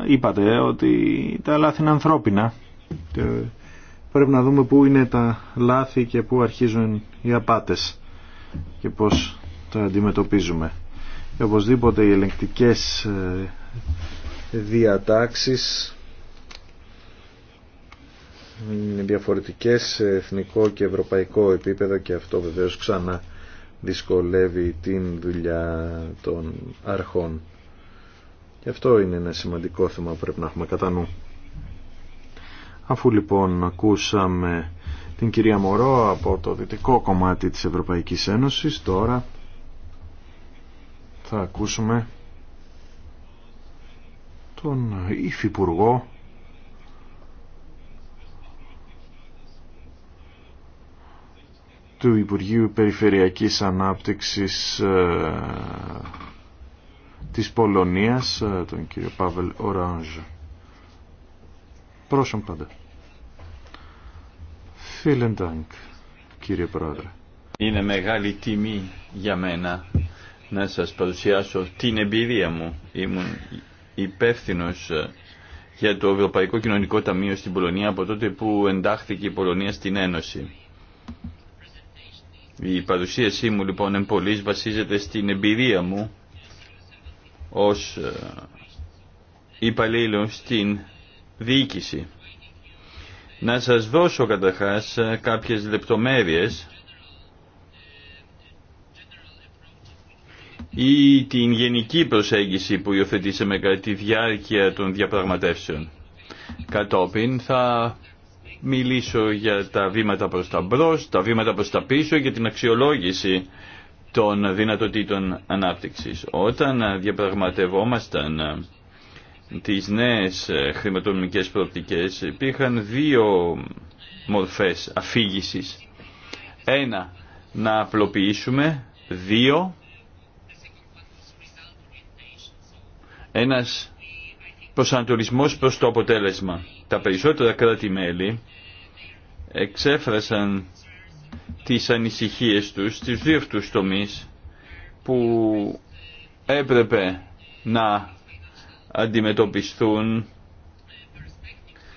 είπατε ότι τα λάθη είναι ανθρώπινα και πρέπει να δούμε πού είναι τα λάθη και πού αρχίζουν οι απάτες και πώς τα αντιμετωπίζουμε και οπωσδήποτε οι ελεγκτικές ε, διατάξεις είναι διαφορετικές σε εθνικό και ευρωπαϊκό επίπεδο και αυτό βεβαίως ξανά δυσκολεύει την δουλειά των αρχών. Και αυτό είναι ένα σημαντικό θέμα που πρέπει να έχουμε κατά νου. Αφού λοιπόν ακούσαμε την κυρία Μωρό από το δυτικό κομμάτι της Ευρωπαϊκής Ένωσης, τώρα θα ακούσουμε τον Υφυπουργό του Υπουργείου Περιφερειακής Ανάπτυξης ε, της Πολωνίας, ε, τον κύριο Πάβελ Οράνζ. Πρόσον πάντα. Φίλεν τάγκ, κύριε Πρόεδρε. Είναι μεγάλη τιμή για μένα να σας παρουσιάσω την εμπειρία μου. Ήμουν υπεύθυνο ε, για το Ευρωπαϊκό Κοινωνικό Ταμείο στην Πολωνία από τότε που εντάχθηκε η Πολωνία στην Ένωση. Η παρουσίασή μου λοιπόν εν βασίζεται στην εμπειρία μου ως ε, υπαλλήλων στην διοίκηση. Να σας δώσω καταρχάς κάποιες λεπτομέρειες ή την γενική προσέγγιση που υιοθετήσαμε κατά τη διάρκεια των διαπραγματεύσεων. Κατόπιν θα μιλήσω για τα βήματα προς τα μπρος, τα βήματα προς τα πίσω και την αξιολόγηση των δυνατοτήτων ανάπτυξης. Όταν διαπραγματευόμασταν ε, τις νέες ε, χρηματονομικές προοπτικές υπήρχαν δύο μορφές αφήγησης. Ένα, να απλοποιήσουμε. Δύο, ένας προσανατολισμός προς το αποτέλεσμα. Τα περισσότερα κράτη-μέλη εξέφρασαν τις ανησυχίες τους στις δύο αυτούς τομείς που έπρεπε να αντιμετωπιστούν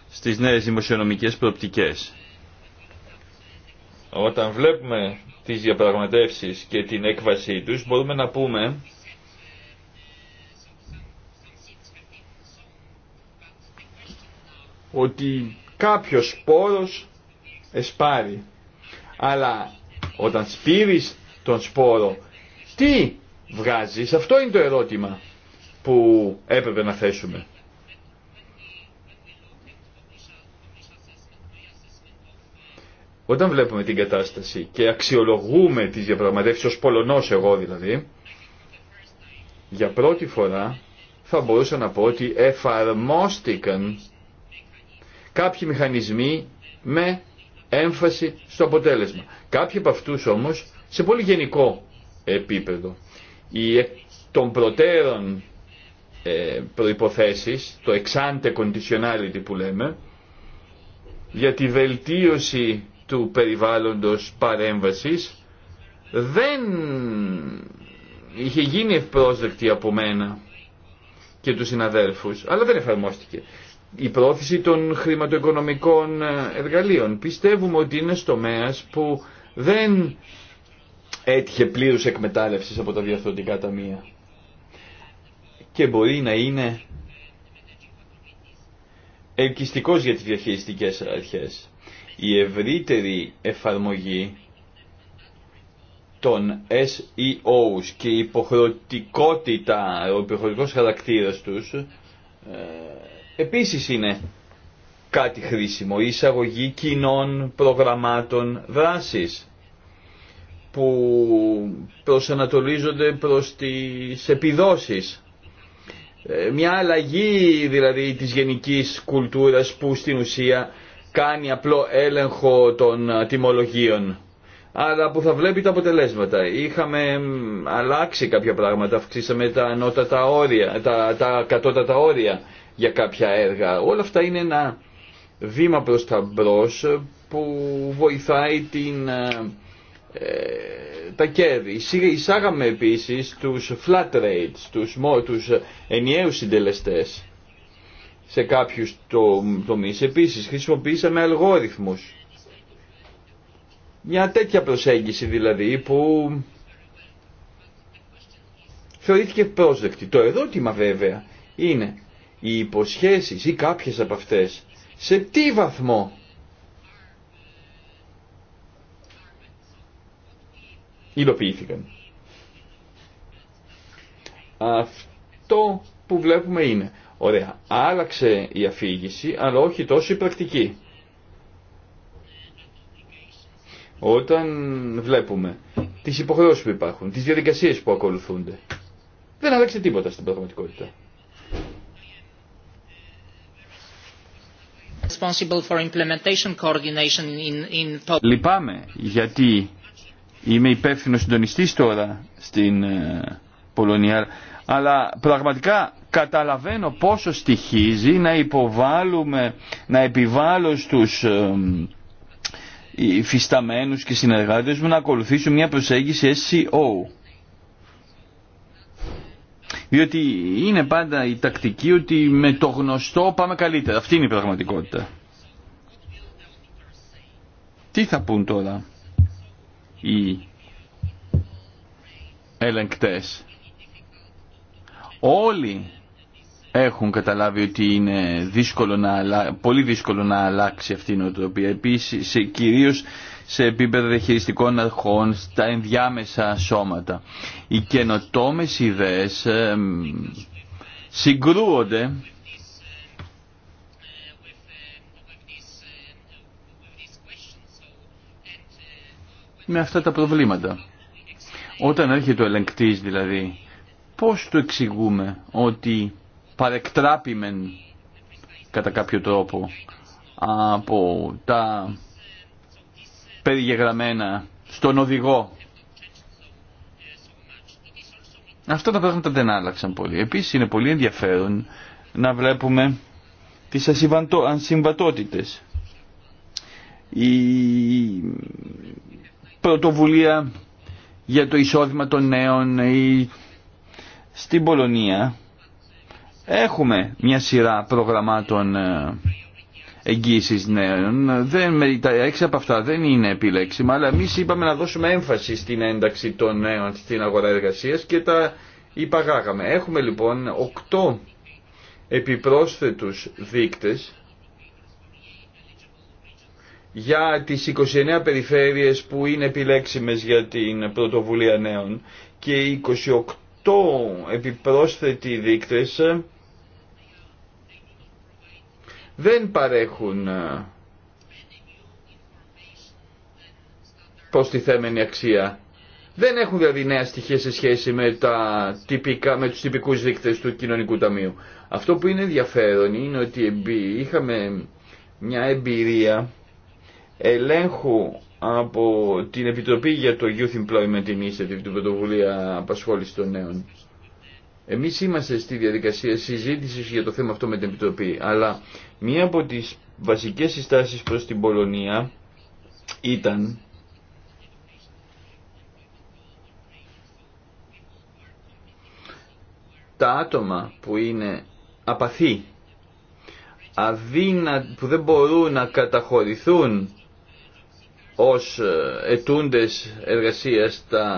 στις νέες δημοσιονομικές προοπτικές. Όταν βλέπουμε τις διαπραγματεύσεις και την έκβασή τους μπορούμε να πούμε ότι κάποιος σπόρος εσπάρει. Αλλά όταν σπείρεις τον σπόρο, τι βγάζεις, αυτό είναι το ερώτημα που έπρεπε να θέσουμε. Όταν βλέπουμε την κατάσταση και αξιολογούμε τις διαπραγματεύσεις ως Πολωνός εγώ δηλαδή, για πρώτη φορά θα μπορούσα να πω ότι εφαρμόστηκαν κάποιοι μηχανισμοί με έμφαση στο αποτέλεσμα. Κάποιοι από αυτούς όμως σε πολύ γενικό επίπεδο. Οι των προτέρων ε, προϋποθέσεις, το εξάντε conditionality που λέμε, για τη βελτίωση του περιβάλλοντος παρέμβασης, δεν είχε γίνει ευπρόσδεκτη από μένα και τους συναδέλφους, αλλά δεν εφαρμόστηκε η πρόθεση των χρηματοοικονομικών ε, εργαλείων. Πιστεύουμε ότι είναι στομέα που δεν έτυχε πλήρους εκμετάλλευσης από τα διαθροντικά ταμεία και μπορεί να είναι ελκυστικός για τις διαχειριστικές αρχές. Η ευρύτερη εφαρμογή των SEOs και η υποχρεωτικότητα, ο υποχρεωτικός χαρακτήρας τους ε, επίσης είναι κάτι χρήσιμο, η εισαγωγή κοινών προγραμμάτων δράσης που προσανατολίζονται προς τις επιδόσεις. Ε, μια αλλαγή δηλαδή της γενικής κουλτούρας που στην ουσία κάνει απλό έλεγχο των τιμολογίων αλλά που θα βλέπει τα αποτελέσματα. Είχαμε αλλάξει κάποια πράγματα, αυξήσαμε τα ανώτατα όρια, τα, τα κατώτατα όρια για κάποια έργα. Όλα αυτά είναι ένα βήμα προς τα μπρος που βοηθάει την, ε, ε, τα κέρδη. Εισάγαμε επίσης τους flat rates, τους, τους ενιαίους συντελεστές σε κάποιους τομείς. Επίσης χρησιμοποίησαμε αλγόριθμους. Μια τέτοια προσέγγιση δηλαδή που θεωρήθηκε πρόσδεκτη. Το ερώτημα βέβαια είναι οι υποσχέσεις ή κάποιες από αυτές σε τι βαθμό υλοποιήθηκαν. Αυτό που βλέπουμε είναι, ωραία, άλλαξε η αφήγηση, αλλά όχι τόσο η πρακτική. Όταν βλέπουμε τις υποχρεώσεις που υπάρχουν, τις διαδικασίες που ακολουθούνται, δεν άλλαξε τίποτα στην πραγματικότητα. Λυπάμαι γιατί είμαι υπεύθυνο συντονιστή τώρα στην ε, Πολωνία, αλλά πραγματικά καταλαβαίνω πόσο στοιχίζει να υποβάλουμε, να επιβάλλω στους ε, υφισταμένους και συνεργάτες μου να ακολουθήσουν μια προσέγγιση SEO διότι είναι πάντα η τακτική ότι με το γνωστό πάμε καλύτερα. Αυτή είναι η πραγματικότητα. Τι θα πούν τώρα οι ελεγκτές. Όλοι έχουν καταλάβει ότι είναι δύσκολο να, πολύ δύσκολο να αλλάξει αυτή η νοοτροπία. Επίσης, σε, κυρίως σε επίπεδο διαχειριστικών αρχών, στα ενδιάμεσα σώματα. Οι καινοτόμες ιδέες ε, συγκρούονται με αυτά τα προβλήματα. Όταν έρχεται ο ελεγκτής δηλαδή, πώς το εξηγούμε ότι παρεκτράπημεν κατά κάποιο τρόπο από τα περιγεγραμμένα στον οδηγό. Αυτά τα πράγματα δεν άλλαξαν πολύ. Επίσης είναι πολύ ενδιαφέρον να βλέπουμε τις ασυμβατότητες. Η πρωτοβουλία για το εισόδημα των νέων η... στην Πολωνία Έχουμε μια σειρά προγραμμάτων ε, εγγύηση νέων. Δεν, τα έξι από αυτά δεν είναι επιλέξιμα, αλλά εμεί είπαμε να δώσουμε έμφαση στην ένταξη των νέων στην αγορά εργασία και τα υπαγάγαμε. Έχουμε λοιπόν οκτώ επιπρόσθετους δείκτες για τις 29 περιφέρειες που είναι επιλέξιμες για την πρωτοβουλία νέων και 28 επιπρόσθετοι δείκτες δεν παρέχουν ε, προστιθέμενη αξία. Δεν έχουν δηλαδή νέα στοιχεία σε σχέση με, τα τυπικά, με τους τυπικούς δείκτες του κοινωνικού ταμείου. Αυτό που είναι ενδιαφέρον είναι ότι είχαμε μια εμπειρία ελέγχου από την Επιτροπή για το Youth Employment Initiative, την πρωτοβουλία απασχόληση των νέων. Εμείς είμαστε στη διαδικασία συζήτησης για το θέμα αυτό με την Επιτροπή, αλλά Μία από τις βασικές συστάσεις προς την Πολωνία ήταν τα άτομα που είναι απαθή, αδύνα, που δεν μπορούν να καταχωρηθούν ως ε, ετούντες εργασίας στα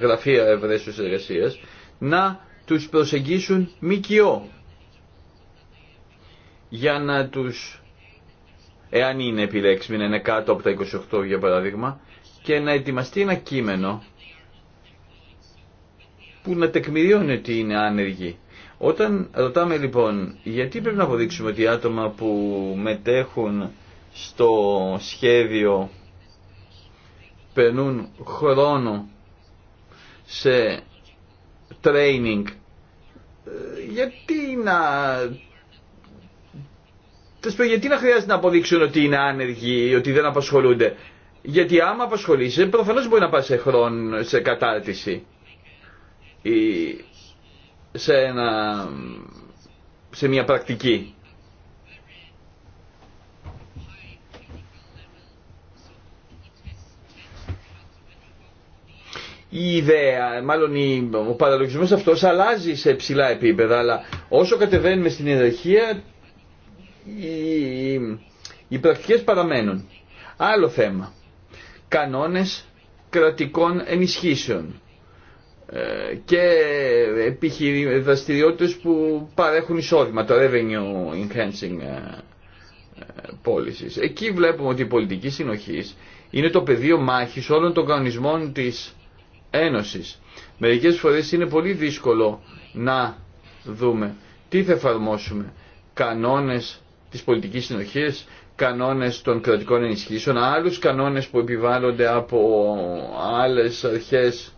γραφεία ευρέσεως εργασίας, να τους προσεγγίσουν μικιό για να τους, εάν είναι επιλέξιμοι, να είναι κάτω από τα 28 για παράδειγμα, και να ετοιμαστεί ένα κείμενο που να τεκμηριώνει ότι είναι άνεργοι. Όταν ρωτάμε λοιπόν γιατί πρέπει να αποδείξουμε ότι άτομα που μετέχουν στο σχέδιο περνούν χρόνο σε training ε, γιατί να Τέλο γιατί να χρειάζεται να αποδείξουν ότι είναι άνεργοι ή ότι δεν απασχολούνται. Γιατί άμα απασχολείσαι, προφανώ μπορεί να πα σε χρόνο, σε κατάρτιση ή σε, σε μια πρακτική. η ιδέα, μάλλον η, ο παραλογισμό αυτός... αλλάζει σε ψηλά επίπεδα, αλλά όσο κατεβαίνουμε στην ιεραρχία, οι, οι παραμένουν. Άλλο θέμα. Κανόνες κρατικών ενισχύσεων ε, και δραστηριότητε που παρέχουν εισόδημα, το revenue enhancing ε, ε, policies. Εκεί βλέπουμε ότι η πολιτική συνοχή είναι το πεδίο μάχης όλων των κανονισμών της Ένωσης. Μερικές φορές είναι πολύ δύσκολο να δούμε τι θα εφαρμόσουμε. Κανόνες τις πολιτικές συνοχής, κανόνες των κρατικών ενισχύσεων, άλλους κανόνες που επιβάλλονται από άλλες αρχές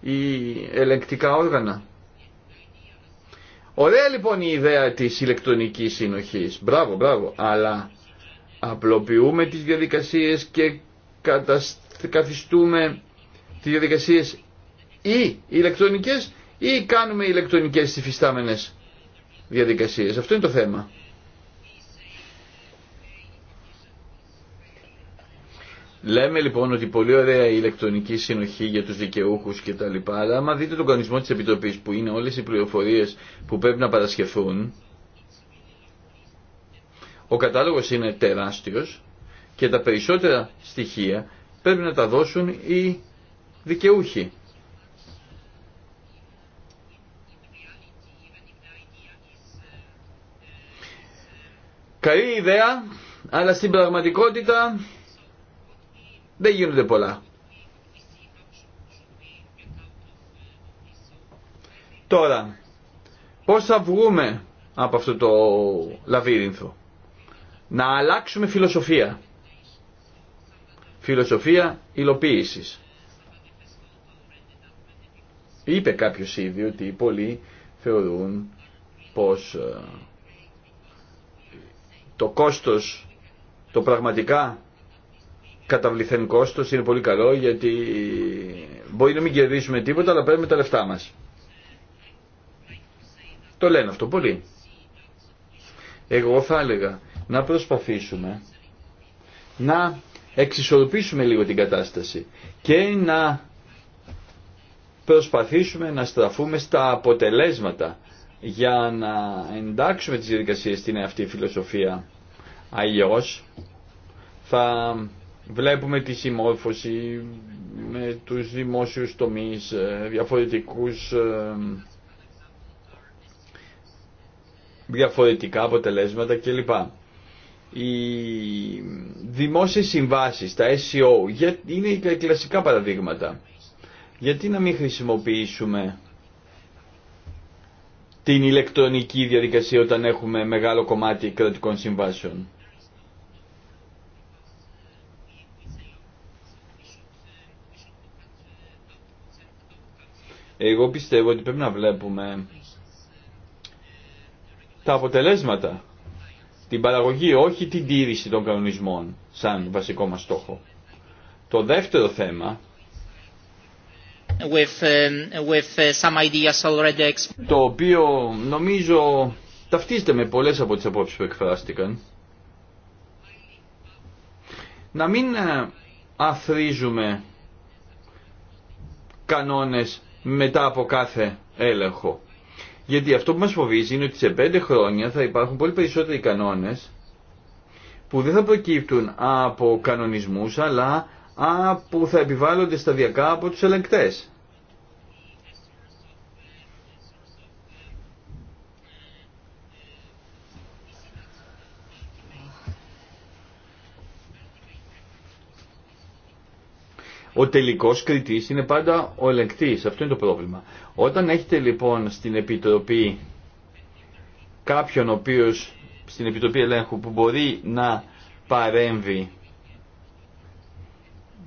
ή ελεγκτικά όργανα. Ωραία λοιπόν η ιδέα της ηλεκτρονικής συνοχής. Μπράβο, μπράβο. Αλλά απλοποιούμε τις διαδικασίες και καθιστούμε τις διαδικασίες ή ηλεκτρονικές ή κάνουμε ηλεκτρονικές συμφιστάμενες διαδικασίες. Αυτό είναι το θέμα. Λέμε λοιπόν ότι πολύ ωραία η ηλεκτρονική συνοχή για τους δικαιούχους και τα λοιπά, αλλά άμα δείτε τον κανονισμό της Επιτροπής που είναι όλες οι πληροφορίες που πρέπει να παρασχεφούν. ο κατάλογος είναι τεράστιος και τα περισσότερα στοιχεία πρέπει να τα δώσουν οι δικαιούχοι. Καλή ιδέα, αλλά στην πραγματικότητα δεν γίνονται πολλά. Τώρα, πώς θα βγούμε από αυτό το λαβύρινθο. Να αλλάξουμε φιλοσοφία. Φιλοσοφία υλοποίησης. Είπε κάποιος ήδη ότι πολλοί θεωρούν πως ε, το κόστος, το πραγματικά καταβληθέν κόστος, είναι πολύ καλό γιατί μπορεί να μην κερδίσουμε τίποτα αλλά παίρνουμε τα λεφτά μας. Το λένε αυτό πολύ. Εγώ θα έλεγα να προσπαθήσουμε να εξισορροπήσουμε λίγο την κατάσταση και να προσπαθήσουμε να στραφούμε στα αποτελέσματα για να εντάξουμε τις διαδικασίες στην αυτή φιλοσοφία. Αλλιώς θα Βλέπουμε τη συμμόρφωση με τους δημόσιους τομείς, ε, διαφορετικούς, ε, διαφορετικά αποτελέσματα κλπ. Οι δημόσιες συμβάσεις, τα SEO, είναι οι κλασικά παραδείγματα. Γιατί να μην χρησιμοποιήσουμε την ηλεκτρονική διαδικασία όταν έχουμε μεγάλο κομμάτι κρατικών συμβάσεων. Εγώ πιστεύω ότι πρέπει να βλέπουμε τα αποτελέσματα, την παραγωγή, όχι την τήρηση των κανονισμών σαν βασικό μας στόχο. Το δεύτερο θέμα, um, uh, το οποίο νομίζω ταυτίζεται με πολλές από τις απόψεις που εκφράστηκαν, να μην ε, αθρίζουμε κανόνες μετά από κάθε έλεγχο. Γιατί αυτό που μας φοβίζει είναι ότι σε πέντε χρόνια θα υπάρχουν πολύ περισσότεροι κανόνες που δεν θα προκύπτουν από κανονισμούς αλλά που θα επιβάλλονται σταδιακά από τους ελεγκτές. ο τελικός κριτής είναι πάντα ο ελεγκτή. Αυτό είναι το πρόβλημα. Όταν έχετε λοιπόν στην Επιτροπή κάποιον ο οποίο στην Επιτροπή Ελέγχου που μπορεί να παρέμβει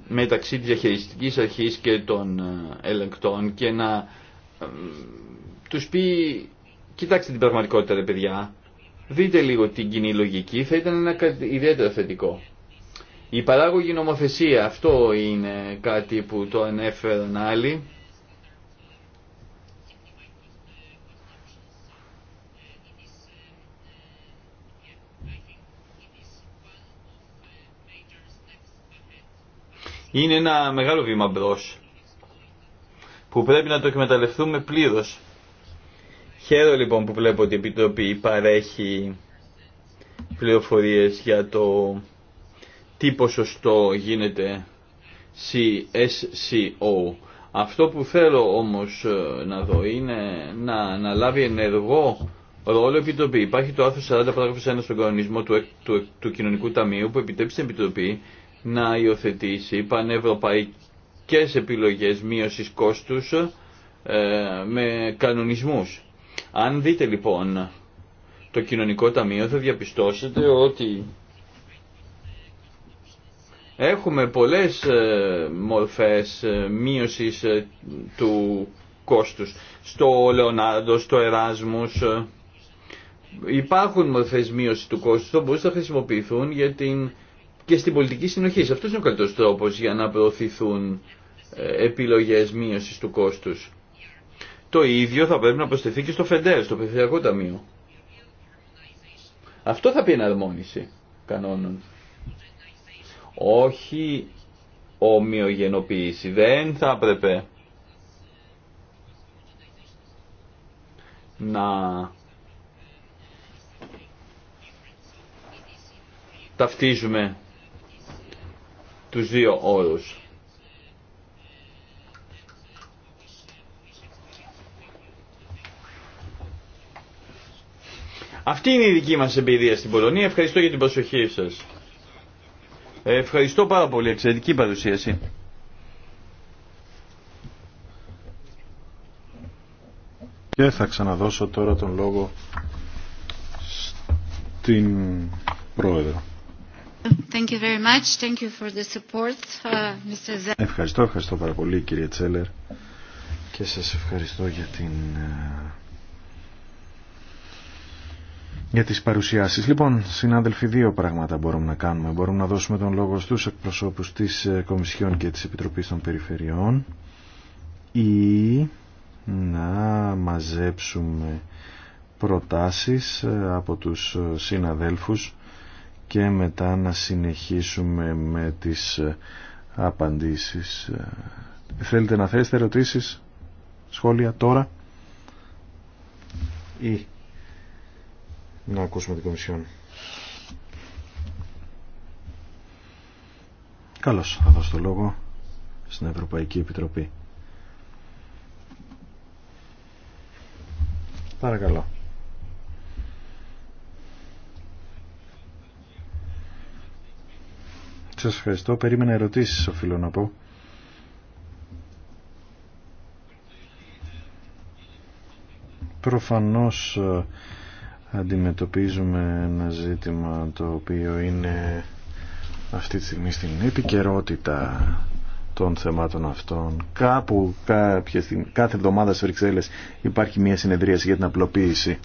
μεταξύ της διαχειριστικής αρχής και των ε, ελεγκτών και να ε, τους πει κοιτάξτε την πραγματικότητα ρε παιδιά δείτε λίγο την κοινή λογική θα ήταν ένα ιδιαίτερα θετικό η παράγωγη νομοθεσία, αυτό είναι κάτι που το ανέφεραν άλλοι. Είναι ένα μεγάλο βήμα μπρος που πρέπει να το εκμεταλλευτούμε πλήρως. Χαίρομαι λοιπόν που βλέπω ότι η Επιτροπή παρέχει πληροφορίες για το τι ποσοστό γίνεται CSCO. Αυτό που θέλω όμως ε, να δω είναι να, να λάβει ενεργό ρόλο επιτροπή. Υπάρχει το άρθρο 40 παράγραφος 1 στον κανονισμό του, του, του Κοινωνικού Ταμείου που επιτρέπει στην επιτροπή να υιοθετήσει πανευρωπαϊκές επιλογές μείωσης κόστους ε, με κανονισμούς. Αν δείτε λοιπόν το Κοινωνικό Ταμείο θα διαπιστώσετε ότι Έχουμε πολλές ε, μορφές ε, μείωσης ε, του κόστους. Στο Λεωνάρντο, στο Εράσμους υπάρχουν μορφές μείωσης του κόστους που μπορούν να χρησιμοποιηθούν για την... και στην πολιτική συνοχή. Αυτό είναι ο καλύτερος τρόπος για να προωθηθούν επιλογές μείωσης του κόστους. Το ίδιο θα πρέπει να προσθεθεί και στο ΦΕΝΤΕΡ, στο Περιφερειακό Ταμείο. Αυτό θα πει εναρμόνιση κανόνων όχι ομοιογενοποίηση. Δεν θα έπρεπε να ταυτίζουμε τους δύο όρους. Αυτή είναι η δική μας εμπειρία στην Πολωνία. Ευχαριστώ για την προσοχή σας. Ευχαριστώ πάρα πολύ, εξαιρετική παρουσίαση. Και θα ξαναδώσω τώρα τον λόγο στην Πρόεδρο. Thank you very much. Thank you for the support, uh, Mr. Ευχαριστώ, ευχαριστώ πάρα πολύ κύριε Τσέλερ και σας ευχαριστώ για την ε, για τις παρουσιάσεις. Λοιπόν, συνάδελφοι, δύο πράγματα μπορούμε να κάνουμε. Μπορούμε να δώσουμε τον λόγο στους εκπροσώπους της ε, Κομισιόν και της Επιτροπής των Περιφερειών ή να μαζέψουμε προτάσεις ε, από τους ε, συναδέλφους και μετά να συνεχίσουμε με τις απαντήσεις. Θέλετε να θέσετε ερωτήσεις, σχόλια τώρα ή να ακούσουμε την Κομισιόν. Καλώς, θα δώσω το λόγο στην Ευρωπαϊκή Επιτροπή. Παρακαλώ. Σας ευχαριστώ. Περίμενα ερωτήσεις, οφείλω να πω. Προφανώς ε, αντιμετωπίζουμε ένα ζήτημα το οποίο είναι αυτή τη στιγμή στην επικαιρότητα των θεμάτων αυτών. Κάπου κάποια στιγμή, κάθε εβδομάδα στις Βρυξέλλες υπάρχει μια συνεδρίαση για την απλοποίηση.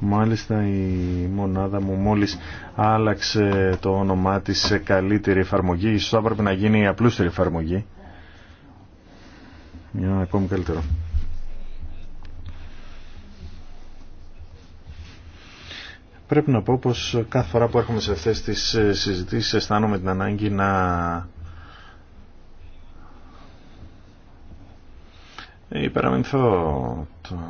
Μάλιστα η μονάδα μου μόλις άλλαξε το όνομά της σε καλύτερη εφαρμογή. Ίσως θα έπρεπε να γίνει η απλούστερη εφαρμογή. μια ακόμη καλύτερο. Πρέπει να πω πως κάθε φορά που έρχομαι σε αυτές τις ε, συζητήσεις αισθάνομαι την ανάγκη να υπεραμεινθώ των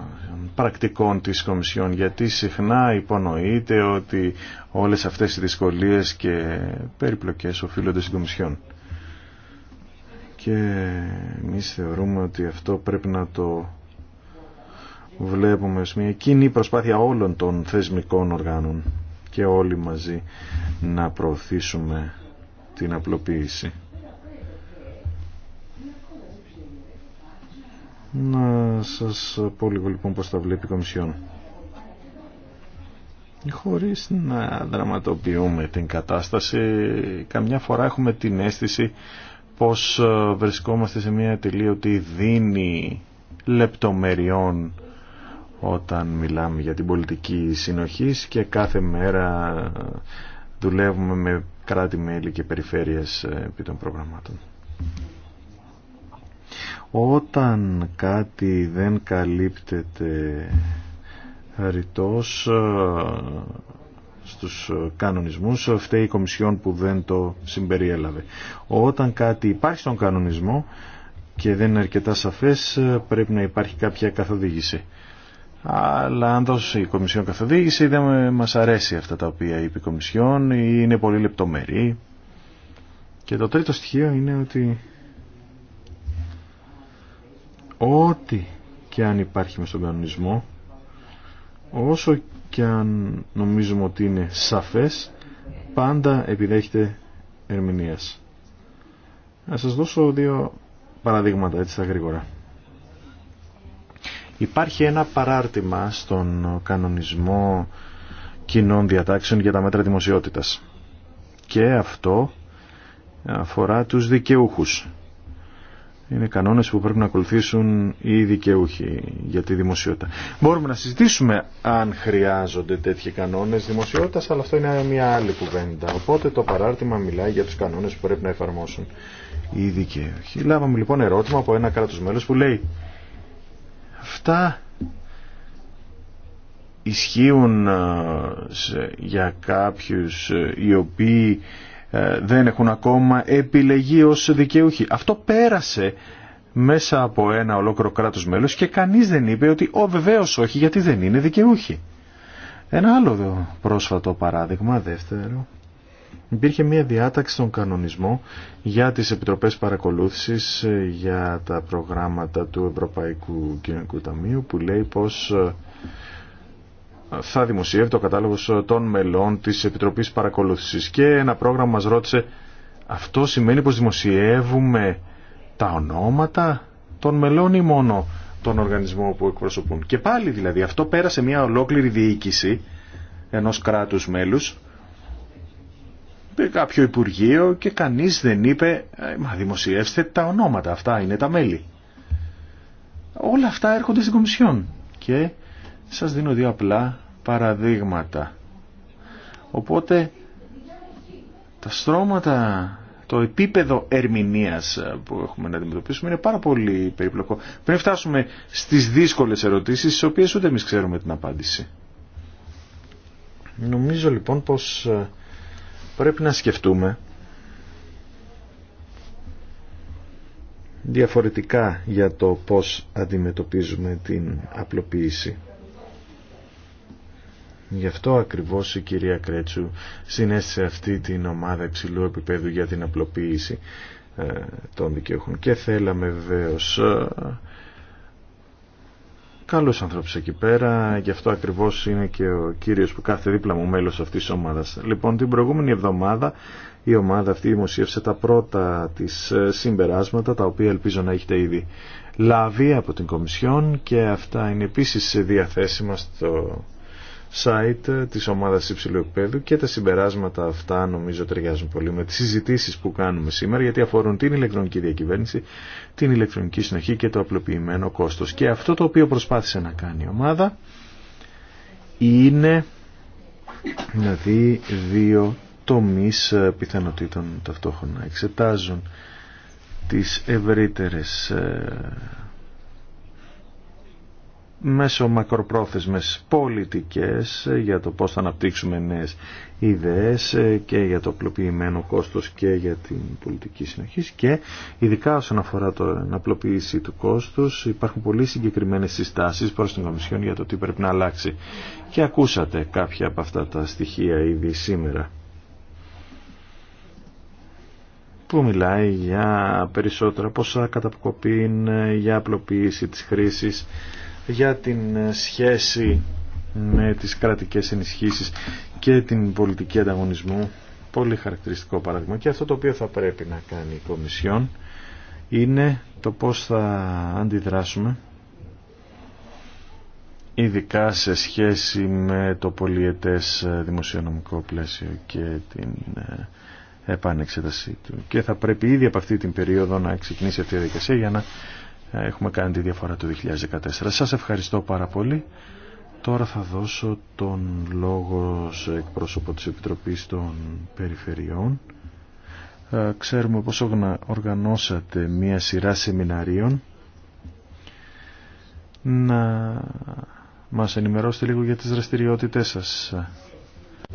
πρακτικών της Κομισιόν γιατί συχνά υπονοείται ότι όλες αυτές οι δυσκολίες και περιπλοκές οφείλονται στην Κομισιόν και εμεί θεωρούμε ότι αυτό πρέπει να το βλέπουμε σε μια κοινή προσπάθεια όλων των θεσμικών οργάνων και όλοι μαζί να προωθήσουμε την απλοποίηση. Να σας πω λίγο λοιπόν πώς τα βλέπει η Κομισιόν. Χωρίς να δραματοποιούμε την κατάσταση, καμιά φορά έχουμε την αίσθηση πως ε, βρισκόμαστε σε μια τελείωτη δίνη λεπτομεριών όταν μιλάμε για την πολιτική συνοχής και κάθε μέρα δουλεύουμε με κράτη-μέλη και περιφέρειες ε, επί των προγραμμάτων. Όταν κάτι δεν καλύπτεται ρητός ε, στους κανονισμούς, φταίει η Κομισιόν που δεν το συμπεριέλαβε. Όταν κάτι υπάρχει στον κανονισμό και δεν είναι αρκετά σαφές, ε, πρέπει να υπάρχει κάποια καθοδήγηση. Αλλά αν δώσει η Κομισιόν καθοδήγηση, δεν μας αρέσει αυτά τα οποία είπε η Κομισιόν, ή είναι πολύ λεπτομερή. Και το τρίτο στοιχείο είναι ότι ό,τι και αν υπάρχει με στον κανονισμό, όσο και αν νομίζουμε ότι είναι σαφές, πάντα επιδέχεται ερμηνείας. Να σας δώσω δύο παραδείγματα έτσι τα γρήγορα. Υπάρχει ένα παράρτημα στον κανονισμό κοινών διατάξεων για τα μέτρα δημοσιότητας. Και αυτό αφορά τους δικαιούχους. Είναι κανόνες που πρέπει να ακολουθήσουν οι δικαιούχοι για τη δημοσιότητα. Μπορούμε να συζητήσουμε αν χρειάζονται τέτοιοι κανόνες δημοσιότητας, αλλά αυτό είναι μια άλλη κουβέντα. Οπότε το παράρτημα μιλάει για τους κανόνες που πρέπει να εφαρμόσουν οι δικαιούχοι. Λάβαμε λοιπόν ερώτημα από ένα κράτος μέλος που λέει αυτά ισχύουν ε, για κάποιους ε, οι οποίοι ε, δεν έχουν ακόμα επιλεγεί ως δικαιούχοι. Αυτό πέρασε μέσα από ένα ολόκληρο κράτος μέλος και κανείς δεν είπε ότι «Ο βεβαίως όχι γιατί δεν είναι δικαιούχοι». Ένα άλλο πρόσφατο παράδειγμα, δεύτερο, υπήρχε μια διάταξη στον κανονισμό για τις επιτροπές παρακολούθησης ε, για τα προγράμματα του Ευρωπαϊκού Κοινωνικού Ταμείου που λέει πως ε, θα δημοσιεύει το κατάλογο ε, των μελών της Επιτροπής Παρακολούθησης και ένα πρόγραμμα μας ρώτησε αυτό σημαίνει πως δημοσιεύουμε τα ονόματα των μελών ή μόνο τον οργανισμό που εκπροσωπούν. Και πάλι δηλαδή αυτό πέρασε μια ολόκληρη διοίκηση ενός κράτους μέλους κάποιο Υπουργείο και κανείς δεν είπε «Ε, «Μα δημοσιεύστε τα ονόματα, αυτά είναι τα μέλη». Όλα αυτά έρχονται στην Κομισιόν και σας δίνω δύο απλά παραδείγματα. Οπότε τα στρώματα, το επίπεδο ερμηνείας που έχουμε να αντιμετωπίσουμε είναι πάρα πολύ περιπλοκό. Πριν φτάσουμε στις δύσκολες ερωτήσεις, στις οποίες ούτε εμείς ξέρουμε την απάντηση. Νομίζω λοιπόν πως ε, πρέπει να σκεφτούμε διαφορετικά για το πώς αντιμετωπίζουμε την απλοποίηση. Γι' αυτό ακριβώς η κυρία Κρέτσου συνέστησε αυτή την ομάδα υψηλού επίπεδου για την απλοποίηση ε, των δικαιούχων και θέλαμε βεβαίως ε, Καλός ανθρώπου εκεί πέρα, γι' αυτό ακριβώς είναι και ο κύριος που κάθε δίπλα μου μέλος αυτής τη ομάδας. Λοιπόν, την προηγούμενη εβδομάδα η ομάδα αυτή δημοσίευσε τα πρώτα τη ε, συμπεράσματα, τα οποία ελπίζω να έχετε ήδη λάβει από την Κομισιόν και αυτά είναι επίσης διαθέσιμα στο site της ομάδας υψηλού επίπεδου και τα συμπεράσματα αυτά νομίζω ταιριάζουν πολύ με τις συζητήσεις που κάνουμε σήμερα γιατί αφορούν την ηλεκτρονική διακυβέρνηση, την ηλεκτρονική συνοχή και το απλοποιημένο κόστος. Και αυτό το οποίο προσπάθησε να κάνει η ομάδα είναι να δει δύο τομείς πιθανότητων ταυτόχρονα. Εξετάζουν τις ευρύτερες ε, μέσω μακροπρόθεσμες πολιτικές για το πώς θα αναπτύξουμε νέες ιδέες και για το απλοποιημένο κόστος και για την πολιτική συνοχή και ειδικά όσον αφορά την απλοποίηση του κόστους υπάρχουν πολύ συγκεκριμένες συστάσεις προς την Κομισιόν για το τι πρέπει να αλλάξει και ακούσατε κάποια από αυτά τα στοιχεία ήδη σήμερα που μιλάει για περισσότερα ποσά καταποκοπήν, για απλοποίηση της χρήσης για την ε, σχέση με τις κρατικές ενισχύσεις και την πολιτική ανταγωνισμού. Πολύ χαρακτηριστικό παράδειγμα. Και αυτό το οποίο θα πρέπει να κάνει η Κομισιόν είναι το πώς θα αντιδράσουμε ειδικά σε σχέση με το πολιετές ε, δημοσιονομικό πλαίσιο και την ε, επανεξέτασή του. Και θα πρέπει ήδη από αυτή την περίοδο να ξεκινήσει αυτή η διαδικασία για να ε, έχουμε κάνει τη διαφορά το 2014. Σας ευχαριστώ πάρα πολύ. Τώρα θα δώσω τον λόγο σε εκπρόσωπο της Επιτροπής των Περιφερειών. Ε, ξέρουμε πως οργανώσατε μία σειρά σεμιναρίων. Να μας ενημερώσετε λίγο για τις δραστηριότητές σας.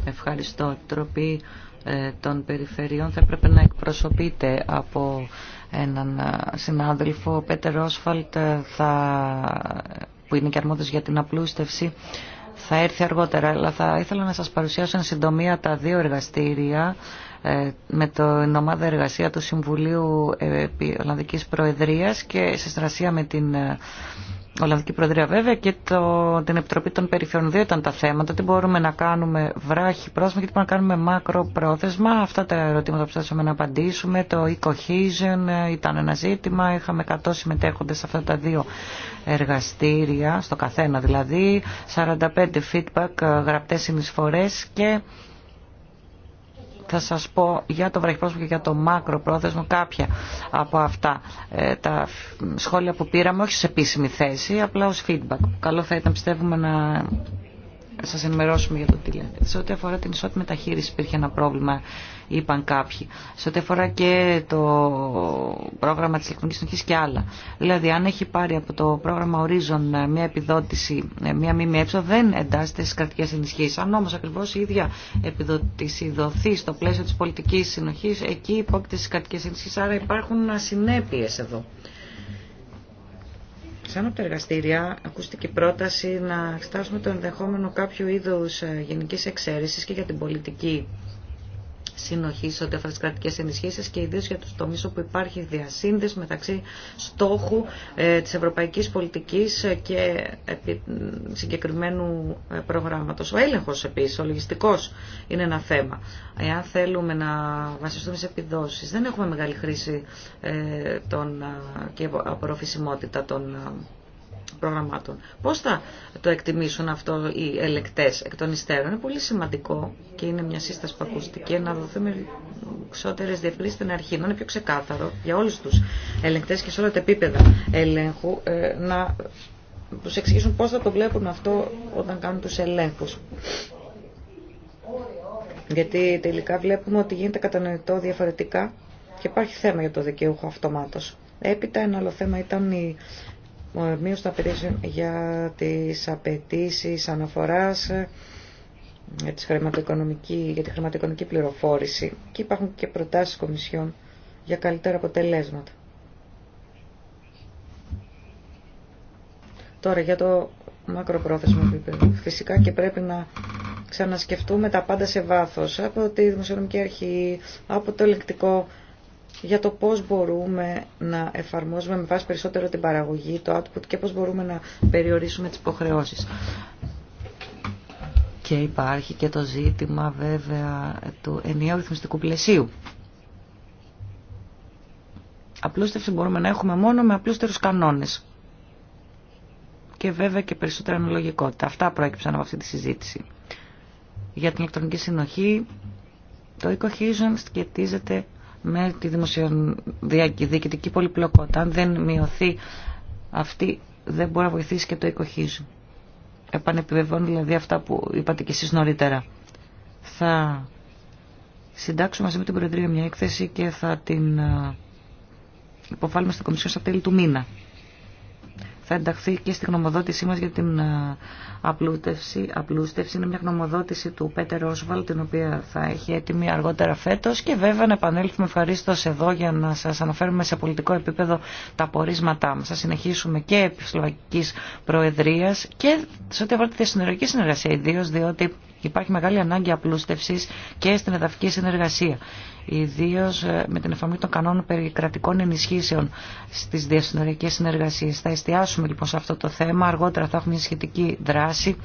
Ευχαριστώ. Η Επιτροπή ε, των Περιφερειών θα έπρεπε να εκπροσωπείτε από έναν ε, συνάδελφο, ο Πέτερ Όσφαλτ, ε, θα... που είναι και αρμόδιος για την απλούστευση, θα έρθει αργότερα, αλλά θα ήθελα να σας παρουσιάσω εν συντομία τα δύο εργαστήρια ε, με την ομάδα εργασία του Συμβουλίου Ολλανδικής Προεδρίας και σε συνεργασία με την Ολλανδική Προεδρία βέβαια και το, την Επιτροπή των Περιφερειών. Δύο ήταν τα θέματα. Τι μπορούμε να κάνουμε βράχη πρόθεσμα και τι μπορούμε να κάνουμε μάκρο πρόθεσμα. Αυτά τα ερωτήματα που θέσαμε να απαντήσουμε. Το ecohesion ήταν ένα ζήτημα. Είχαμε 100 συμμετέχοντες σε αυτά τα δύο εργαστήρια, στο καθένα δηλαδή. 45 feedback, γραπτές συνεισφορές και θα σας πω για το βραχυπρόσωπο και για το μακροπρόθεσμο κάποια από αυτά ε, τα σχόλια που πήραμε, όχι σε επίσημη θέση, απλά ως feedback. Καλό θα ήταν πιστεύουμε να σας ενημερώσουμε για το τι λέτε. Σε ό,τι αφορά την ισότητα μεταχείριση υπήρχε ένα πρόβλημα είπαν κάποιοι. Σε ό,τι αφορά και το πρόγραμμα της ηλεκτρονικής συνοχής και άλλα. Δηλαδή, αν έχει πάρει από το πρόγραμμα Horizon ε, μια επιδότηση, ε, μια ΜΜΕ, δεν εντάσσεται στις κρατικές ενισχύσεις. Αν όμως ακριβώς η ίδια επιδότηση δοθεί στο πλαίσιο της πολιτικής συνοχής, εκεί υπόκειται στις κρατικές ενισχύσεις, άρα υπάρχουν ασυνέπειες εδώ. Σαν από τα εργαστήρια ακούστηκε η πρόταση να εξετάσουμε το ενδεχόμενο κάποιου είδους ε, γενικής εξαίρεσης και για την πολιτική συνοχή ό,τι αφορά τι κρατικέ ενισχύσει και ιδίω για του τομεί όπου υπάρχει διασύνδεση μεταξύ στόχου ε, τη ευρωπαϊκή πολιτική και συγκεκριμένου ε, προγράμματο. Ο έλεγχο επίση, ο λογιστικό είναι ένα θέμα. Εάν θέλουμε να βασιστούμε σε επιδόσει, δεν έχουμε μεγάλη χρήση ε, ε, και απορροφησιμότητα των προγραμμάτων. Πώς θα το εκτιμήσουν αυτό οι ελεκτέ εκ των υστέρων. Είναι πολύ σημαντικό και είναι μια σύσταση που ακούστηκε να δοθούμε εξωτερές διευκρινήσει στην αρχή. Να είναι πιο ξεκάθαρο για όλου του ελεκτές και σε όλα τα επίπεδα ελέγχου ε, να του εξηγήσουν πώ θα το βλέπουν αυτό όταν κάνουν του ελέγχου. Γιατί τελικά βλέπουμε ότι γίνεται κατανοητό διαφορετικά και υπάρχει θέμα για το δικαιούχο αυτομάτως. Έπειτα ένα άλλο θέμα ήταν η μείωση των απαιτήσεων για τις απαιτήσει αναφοράς για, για τη χρηματοοικονομική πληροφόρηση και υπάρχουν και προτάσεις κομισιών για καλύτερα αποτελέσματα. Τώρα για το μακροπρόθεσμο επίπεδο. Φυσικά και πρέπει να ξανασκεφτούμε τα πάντα σε βάθος από τη Δημοσιονομική Αρχή, από το ελεκτικό για το πώς μπορούμε να εφαρμόζουμε με βάση περισσότερο την παραγωγή, το output και πώς μπορούμε να περιορίσουμε τις υποχρεώσεις. Και υπάρχει και το ζήτημα βέβαια του ενιαίου ρυθμιστικού πλαισίου. Απλούστευση μπορούμε να έχουμε μόνο με απλούστερους κανόνες. Και βέβαια και περισσότερη αναλογικότητα. Αυτά προέκυψαν από αυτή τη συζήτηση. Για την ηλεκτρονική συνοχή, το EcoHusion σχετίζεται με τη διοικητική πολυπλοκότητα. Αν δεν μειωθεί αυτή, δεν μπορεί να βοηθήσει και το οικοχίζου. Επανεπιβεβαιώνω δηλαδή αυτά που είπατε κι εσείς νωρίτερα. Θα συντάξω μαζί με την Προεδρία μια έκθεση και θα την ε, υποβάλουμε στην Κομισιόν στα τέλη του μήνα θα ενταχθεί και στη γνωμοδότησή μας για την ε, απλούστευση. απλούστευση. Είναι μια γνωμοδότηση του Πέτερ Όσβαλ, την οποία θα έχει έτοιμη αργότερα φέτος και βέβαια να επανέλθουμε ευχαρίστως εδώ για να σας αναφέρουμε σε πολιτικό επίπεδο τα πορίσματά μας. Θα συνεχίσουμε και επί Σλοβακικής Προεδρίας και σε ό,τι αφορά τη συνεργασία, ιδίω διότι Υπάρχει μεγάλη ανάγκη απλούστευση και στην εδαφική συνεργασία, ιδίω ε, με την εφαρμογή των κανόνων περί κρατικών ενισχύσεων στι διασυνοριακέ συνεργασίε. Θα εστιάσουμε λοιπόν σε αυτό το θέμα, αργότερα θα έχουμε σχετική δράση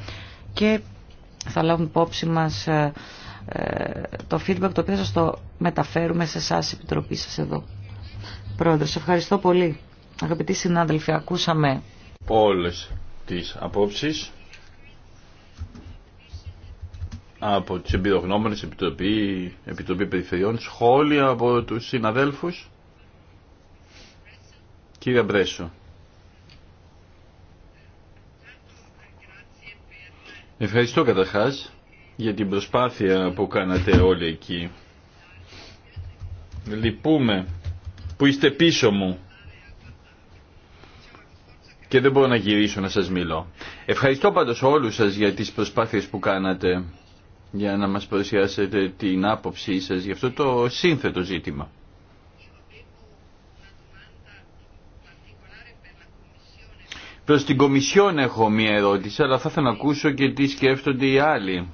και θα λάβουμε υπόψη μα ε, ε, το feedback το οποίο σας το μεταφέρουμε σε εσά η Επιτροπή σας εδώ. Πρόεδρος, ευχαριστώ πολύ. Αγαπητοί συνάδελφοι, ακούσαμε όλες τις απόψεις από τις εμπειρογνώμονες Επιτροπή, Επιτροπή Περιφερειών, σχόλια από τους συναδέλφους. Κύριε Μπρέσο. Ευχαριστώ καταρχάς για την προσπάθεια που κάνατε όλοι εκεί. Λυπούμε που είστε πίσω μου και δεν μπορώ να γυρίσω να σας μιλώ. Ευχαριστώ πάντως όλους σας για τις προσπάθειες που κάνατε για να μας παρουσιάσετε την άποψή σας για αυτό το σύνθετο ζήτημα. Προς την Κομισιόν έχω μία ερώτηση, αλλά θα ήθελα να ακούσω και τι σκέφτονται οι άλλοι.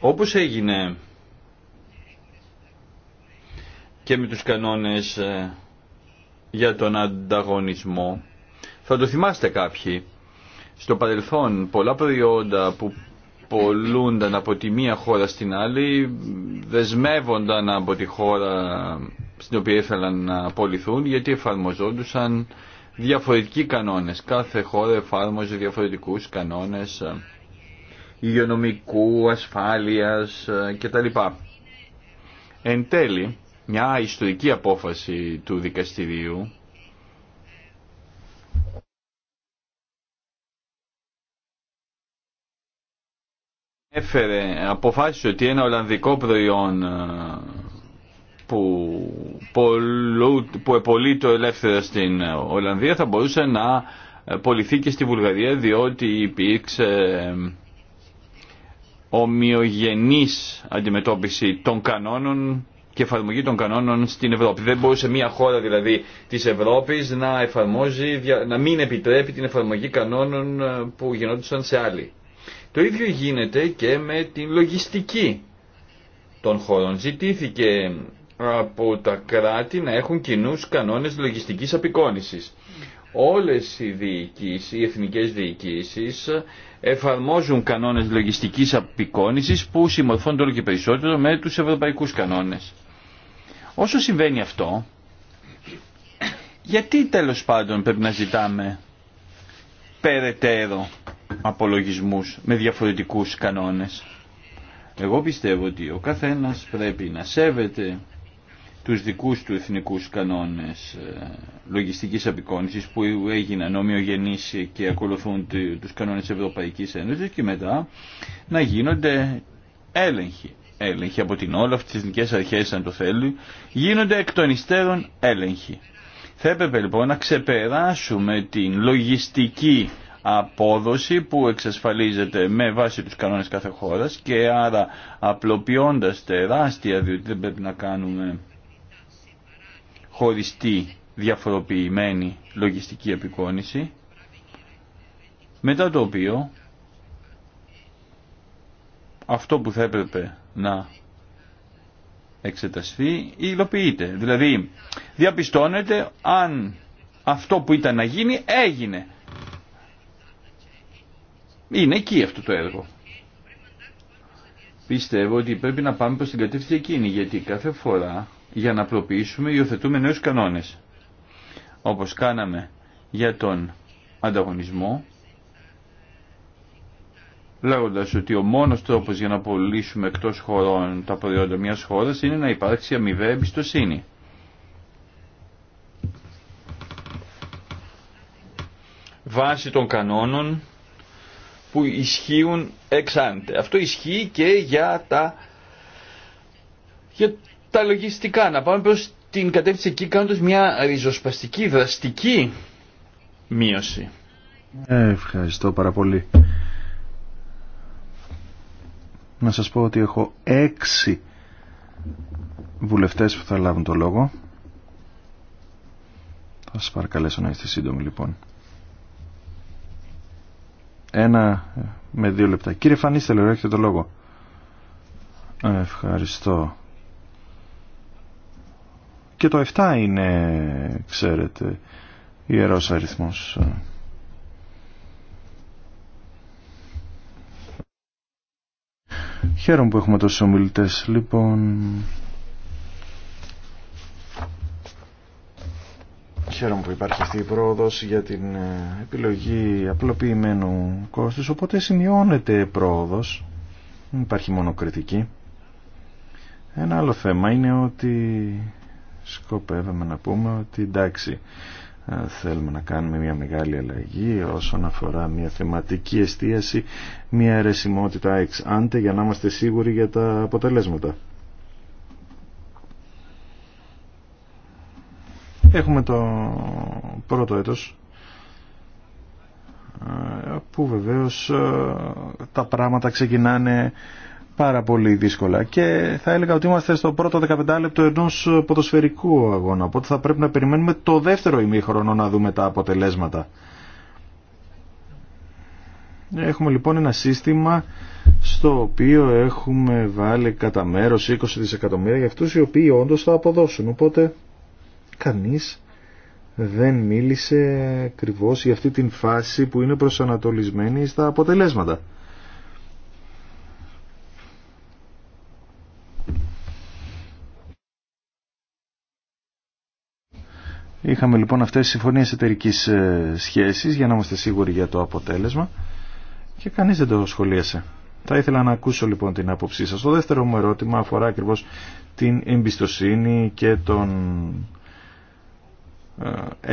Όπως έγινε και με τους κανόνες ε, για τον ανταγωνισμό, θα το θυμάστε κάποιοι, στο παρελθόν πολλά προϊόντα που πολλούνταν από τη μία χώρα στην άλλη δεσμεύονταν από τη χώρα στην οποία ήθελαν να απολυθούν γιατί εφαρμοζόντουσαν διαφορετικοί κανόνες. Κάθε χώρα εφάρμοζε διαφορετικούς κανόνες υγειονομικού, ασφάλειας ε, κτλ. Εν τέλει, μια ιστορική απόφαση του δικαστηρίου έφερε, αποφάσισε ότι ένα Ολλανδικό προϊόν ε, που, πολλού, που επολύτω ελεύθερα στην Ολλανδία θα μπορούσε να ε, πολιθεί και στη Βουλγαρία διότι υπήρξε ε, ομοιογενής αντιμετώπιση των κανόνων και εφαρμογή των κανόνων στην Ευρώπη. Δεν μπορούσε μια χώρα δηλαδή της Ευρώπης να εφαρμόζει, να μην επιτρέπει την εφαρμογή κανόνων που γινόντουσαν σε άλλη. Το ίδιο γίνεται και με την λογιστική των χωρών. Ζητήθηκε από τα κράτη να έχουν κοινού κανόνες λογιστικής απεικόνησης. Όλες οι διοικήσεις, οι εθνικές διοικήσεις εφαρμόζουν κανόνες λογιστικής απεικόνησης που συμμορφώνται όλο και περισσότερο με τους ευρωπαϊκούς κανόνες. Όσο συμβαίνει αυτό, γιατί τέλος πάντων πρέπει να ζητάμε περαιτέρω απολογισμούς με διαφορετικούς κανόνες. Εγώ πιστεύω ότι ο καθένας πρέπει να σέβεται τους δικούς του εθνικούς κανόνες ε, λογιστικής απεικόνησης που έγιναν ομοιογενείς και ακολουθούν τους κανόνες Ευρωπαϊκής Ένωσης και μετά να γίνονται έλεγχοι. Έλεγχοι από την όλα τις εθνικές αρχές αν το θέλει, γίνονται εκ των υστέρων έλεγχοι. Θα έπρεπε λοιπόν να ξεπεράσουμε την λογιστική απόδοση που εξασφαλίζεται με βάση τους κανόνες κάθε χώρας και άρα απλοποιώντας τεράστια διότι δεν πρέπει να κάνουμε χωριστή διαφοροποιημένη λογιστική επικόνηση μετά το οποίο αυτό που θα έπρεπε να εξεταστεί υλοποιείται. Δηλαδή διαπιστώνεται αν αυτό που ήταν να γίνει έγινε. Είναι εκεί αυτό το έργο. Πιστεύω ότι πρέπει να πάμε προς την κατεύθυνση εκείνη, γιατί κάθε φορά για να προποιήσουμε υιοθετούμε νέους κανόνες. Όπως κάναμε για τον ανταγωνισμό, λέγοντας ότι ο μόνος τρόπος για να πωλήσουμε εκτός χωρών τα προϊόντα μιας χώρας είναι να υπάρξει αμοιβαία εμπιστοσύνη. Βάσει των κανόνων που ισχύουν εξάντε. Αυτό ισχύει και για τα, για τα λογιστικά. Να πάμε προς την κατεύθυνση εκεί κάνοντας μια ριζοσπαστική, δραστική μείωση. Ε, ευχαριστώ πάρα πολύ. Να σας πω ότι έχω έξι βουλευτές που θα λάβουν το λόγο. Θα σας παρακαλέσω να είστε σύντομοι λοιπόν. Ένα με δύο λεπτά. Κύριε λέω, έχετε το λόγο. Ε, ευχαριστώ. Και το 7 είναι, ξέρετε, ιερός αριθμός. Χαίρομαι που έχουμε τόσους ομιλητές. Λοιπόν, Χαίρομαι που υπάρχει αυτή η πρόοδος για την ε, επιλογή απλοποιημένου κόστους, οπότε σημειώνεται πρόοδος, δεν υπάρχει μόνο κριτική. Ένα άλλο θέμα είναι ότι σκοπεύαμε να πούμε ότι εντάξει, ε, θέλουμε να κάνουμε μια μεγάλη αλλαγή όσον αφορά μια θεματική εστίαση, μια αιρεσιμότητα εξάντε για να είμαστε σίγουροι για τα αποτελέσματα. Έχουμε το πρώτο έτος ε, που βεβαίως ε, τα πράγματα ξεκινάνε πάρα πολύ δύσκολα και θα έλεγα ότι είμαστε στο πρώτο 15 λεπτό ενός ποδοσφαιρικού αγώνα οπότε θα πρέπει να περιμένουμε το δεύτερο ημίχρονο να δούμε τα αποτελέσματα. Έχουμε λοιπόν ένα σύστημα στο οποίο έχουμε βάλει κατά μέρος 20 δισεκατομμύρια για αυτούς οι οποίοι όντως θα αποδώσουν οπότε κανείς δεν μίλησε ακριβώ για αυτή την φάση που είναι προσανατολισμένη στα αποτελέσματα. Είχαμε λοιπόν αυτές τις συμφωνίες εταιρικής ε, σχέσης για να είμαστε σίγουροι για το αποτέλεσμα και κανείς δεν το σχολίασε. Θα ήθελα να ακούσω λοιπόν την άποψή σας. Το δεύτερο μου ερώτημα αφορά ακριβώς την εμπιστοσύνη και τον ε,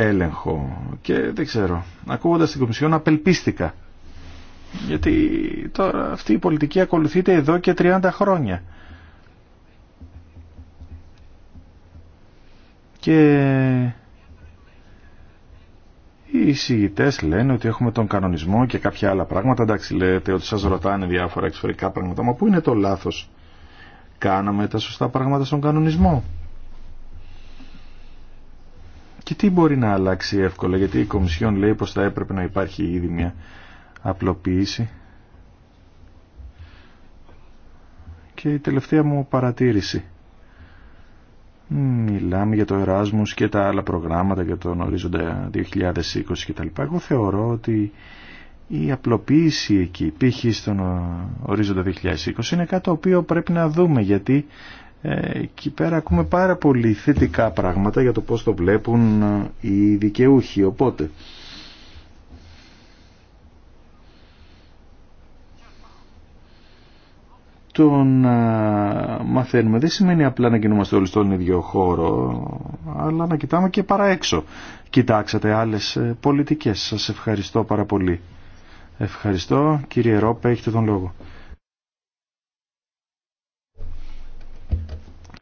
έλεγχο και δεν ξέρω. Ακούγοντας την Κομισιόν απελπίστηκα. Γιατί τώρα αυτή η πολιτική ακολουθείται εδώ και 30 χρόνια. Και οι εισηγητέ λένε ότι έχουμε τον κανονισμό και κάποια άλλα πράγματα. Εντάξει, λέτε ότι σας ρωτάνε διάφορα εξωτερικά πράγματα. Μα πού είναι το λάθος. Κάναμε τα σωστά πράγματα στον κανονισμό. Και τι μπορεί να αλλάξει εύκολα, γιατί η Κομισιόν λέει πως θα έπρεπε να υπάρχει ήδη μια απλοποίηση. Και η τελευταία μου παρατήρηση. Μιλάμε για το Εράσμους και τα άλλα προγράμματα για τον ορίζοντα 2020 κτλ. Εγώ θεωρώ ότι η απλοποίηση εκεί, π.χ. στον ορίζοντα 2020, είναι κάτι το οποίο πρέπει να δούμε γιατί ε, εκεί πέρα ακούμε πάρα πολύ θετικά πράγματα για το πώς το βλέπουν ε, οι δικαιούχοι. Οπότε, το να μαθαίνουμε δεν σημαίνει απλά να κινούμαστε όλοι στον ίδιο χώρο, αλλά να κοιτάμε και παρά έξω. Κοιτάξατε άλλες ε, πολιτικές. Σας ευχαριστώ πάρα πολύ. Ευχαριστώ. Κύριε Ρόπε, έχετε τον λόγο.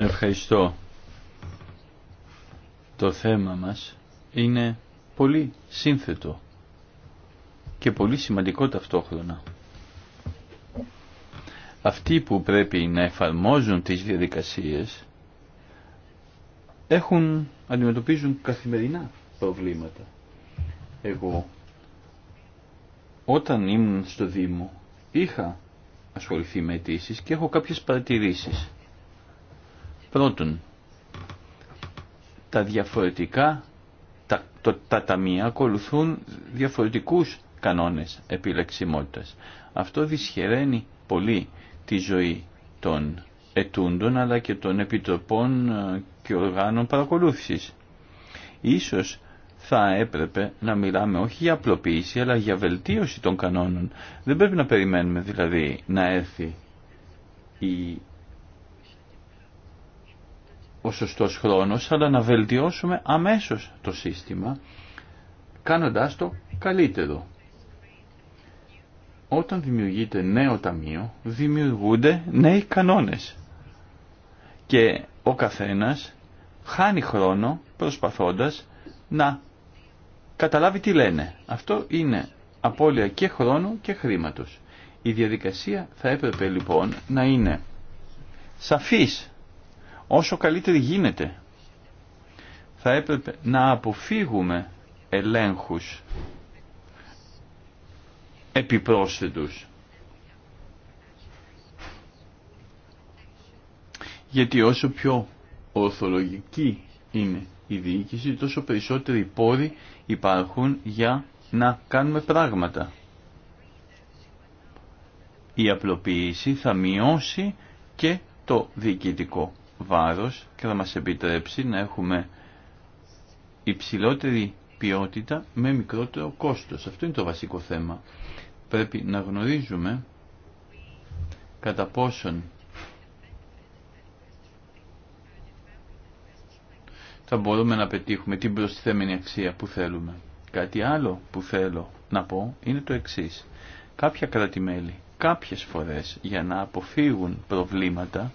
Ευχαριστώ. Το θέμα μας είναι πολύ σύνθετο και πολύ σημαντικό ταυτόχρονα. Αυτοί που πρέπει να εφαρμόζουν τις διαδικασίες έχουν, αντιμετωπίζουν καθημερινά προβλήματα. Εγώ όταν ήμουν στο Δήμο είχα ασχοληθεί με αιτήσει και έχω κάποιες παρατηρήσεις. Πρώτον, τα διαφορετικά, τα, το, τα ταμεία ακολουθούν διαφορετικούς κανόνες επιλεξιμότητας. Αυτό δυσχεραίνει πολύ τη ζωή των ετούντων αλλά και των επιτροπών ε, και οργάνων παρακολούθησης. Ίσως θα έπρεπε να μιλάμε όχι για απλοποίηση αλλά για βελτίωση των κανόνων. Δεν πρέπει να περιμένουμε δηλαδή να έρθει η ο σωστός χρόνος, αλλά να βελτιώσουμε αμέσως το σύστημα, κάνοντάς το καλύτερο. Όταν δημιουργείται νέο ταμείο, δημιουργούνται νέοι κανόνες. Και ο καθένας χάνει χρόνο προσπαθώντας να καταλάβει τι λένε. Αυτό είναι απώλεια και χρόνου και χρήματος. Η διαδικασία θα έπρεπε λοιπόν να είναι σαφής όσο καλύτερη γίνεται. Θα έπρεπε να αποφύγουμε ελέγχους επιπρόσθετους. Γιατί όσο πιο ορθολογική είναι η διοίκηση, τόσο περισσότεροι πόροι υπάρχουν για να κάνουμε πράγματα. Η απλοποίηση θα μειώσει και το διοικητικό βάρος και θα μας επιτρέψει να έχουμε υψηλότερη ποιότητα με μικρότερο κόστος. Αυτό είναι το βασικό θέμα. Πρέπει να γνωρίζουμε κατά πόσον θα μπορούμε να πετύχουμε την προσθέμενη αξία που θέλουμε. Κάτι άλλο που θέλω να πω είναι το εξής. Κάποια κράτη-μέλη κάποιες φορές για να αποφύγουν προβλήματα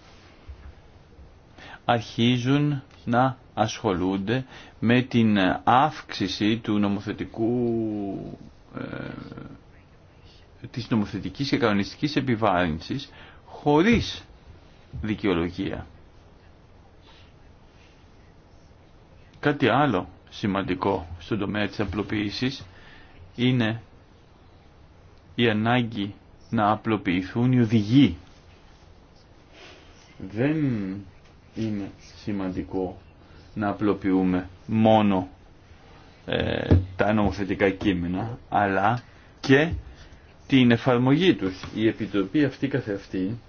αρχίζουν να ασχολούνται με την αύξηση του νομοθετικού ε, της νομοθετικής και κανονιστικής επιβάρυνσης χωρίς δικαιολογία. Κάτι άλλο σημαντικό στον τομέα της απλοποίησης είναι η ανάγκη να απλοποιηθούν οι οδηγοί. Δεν είναι σημαντικό να απλοποιούμε μόνο ε, τα νομοθετικά κείμενα, αλλά και την εφαρμογή τους. Η Επιτροπή αυτή αυτή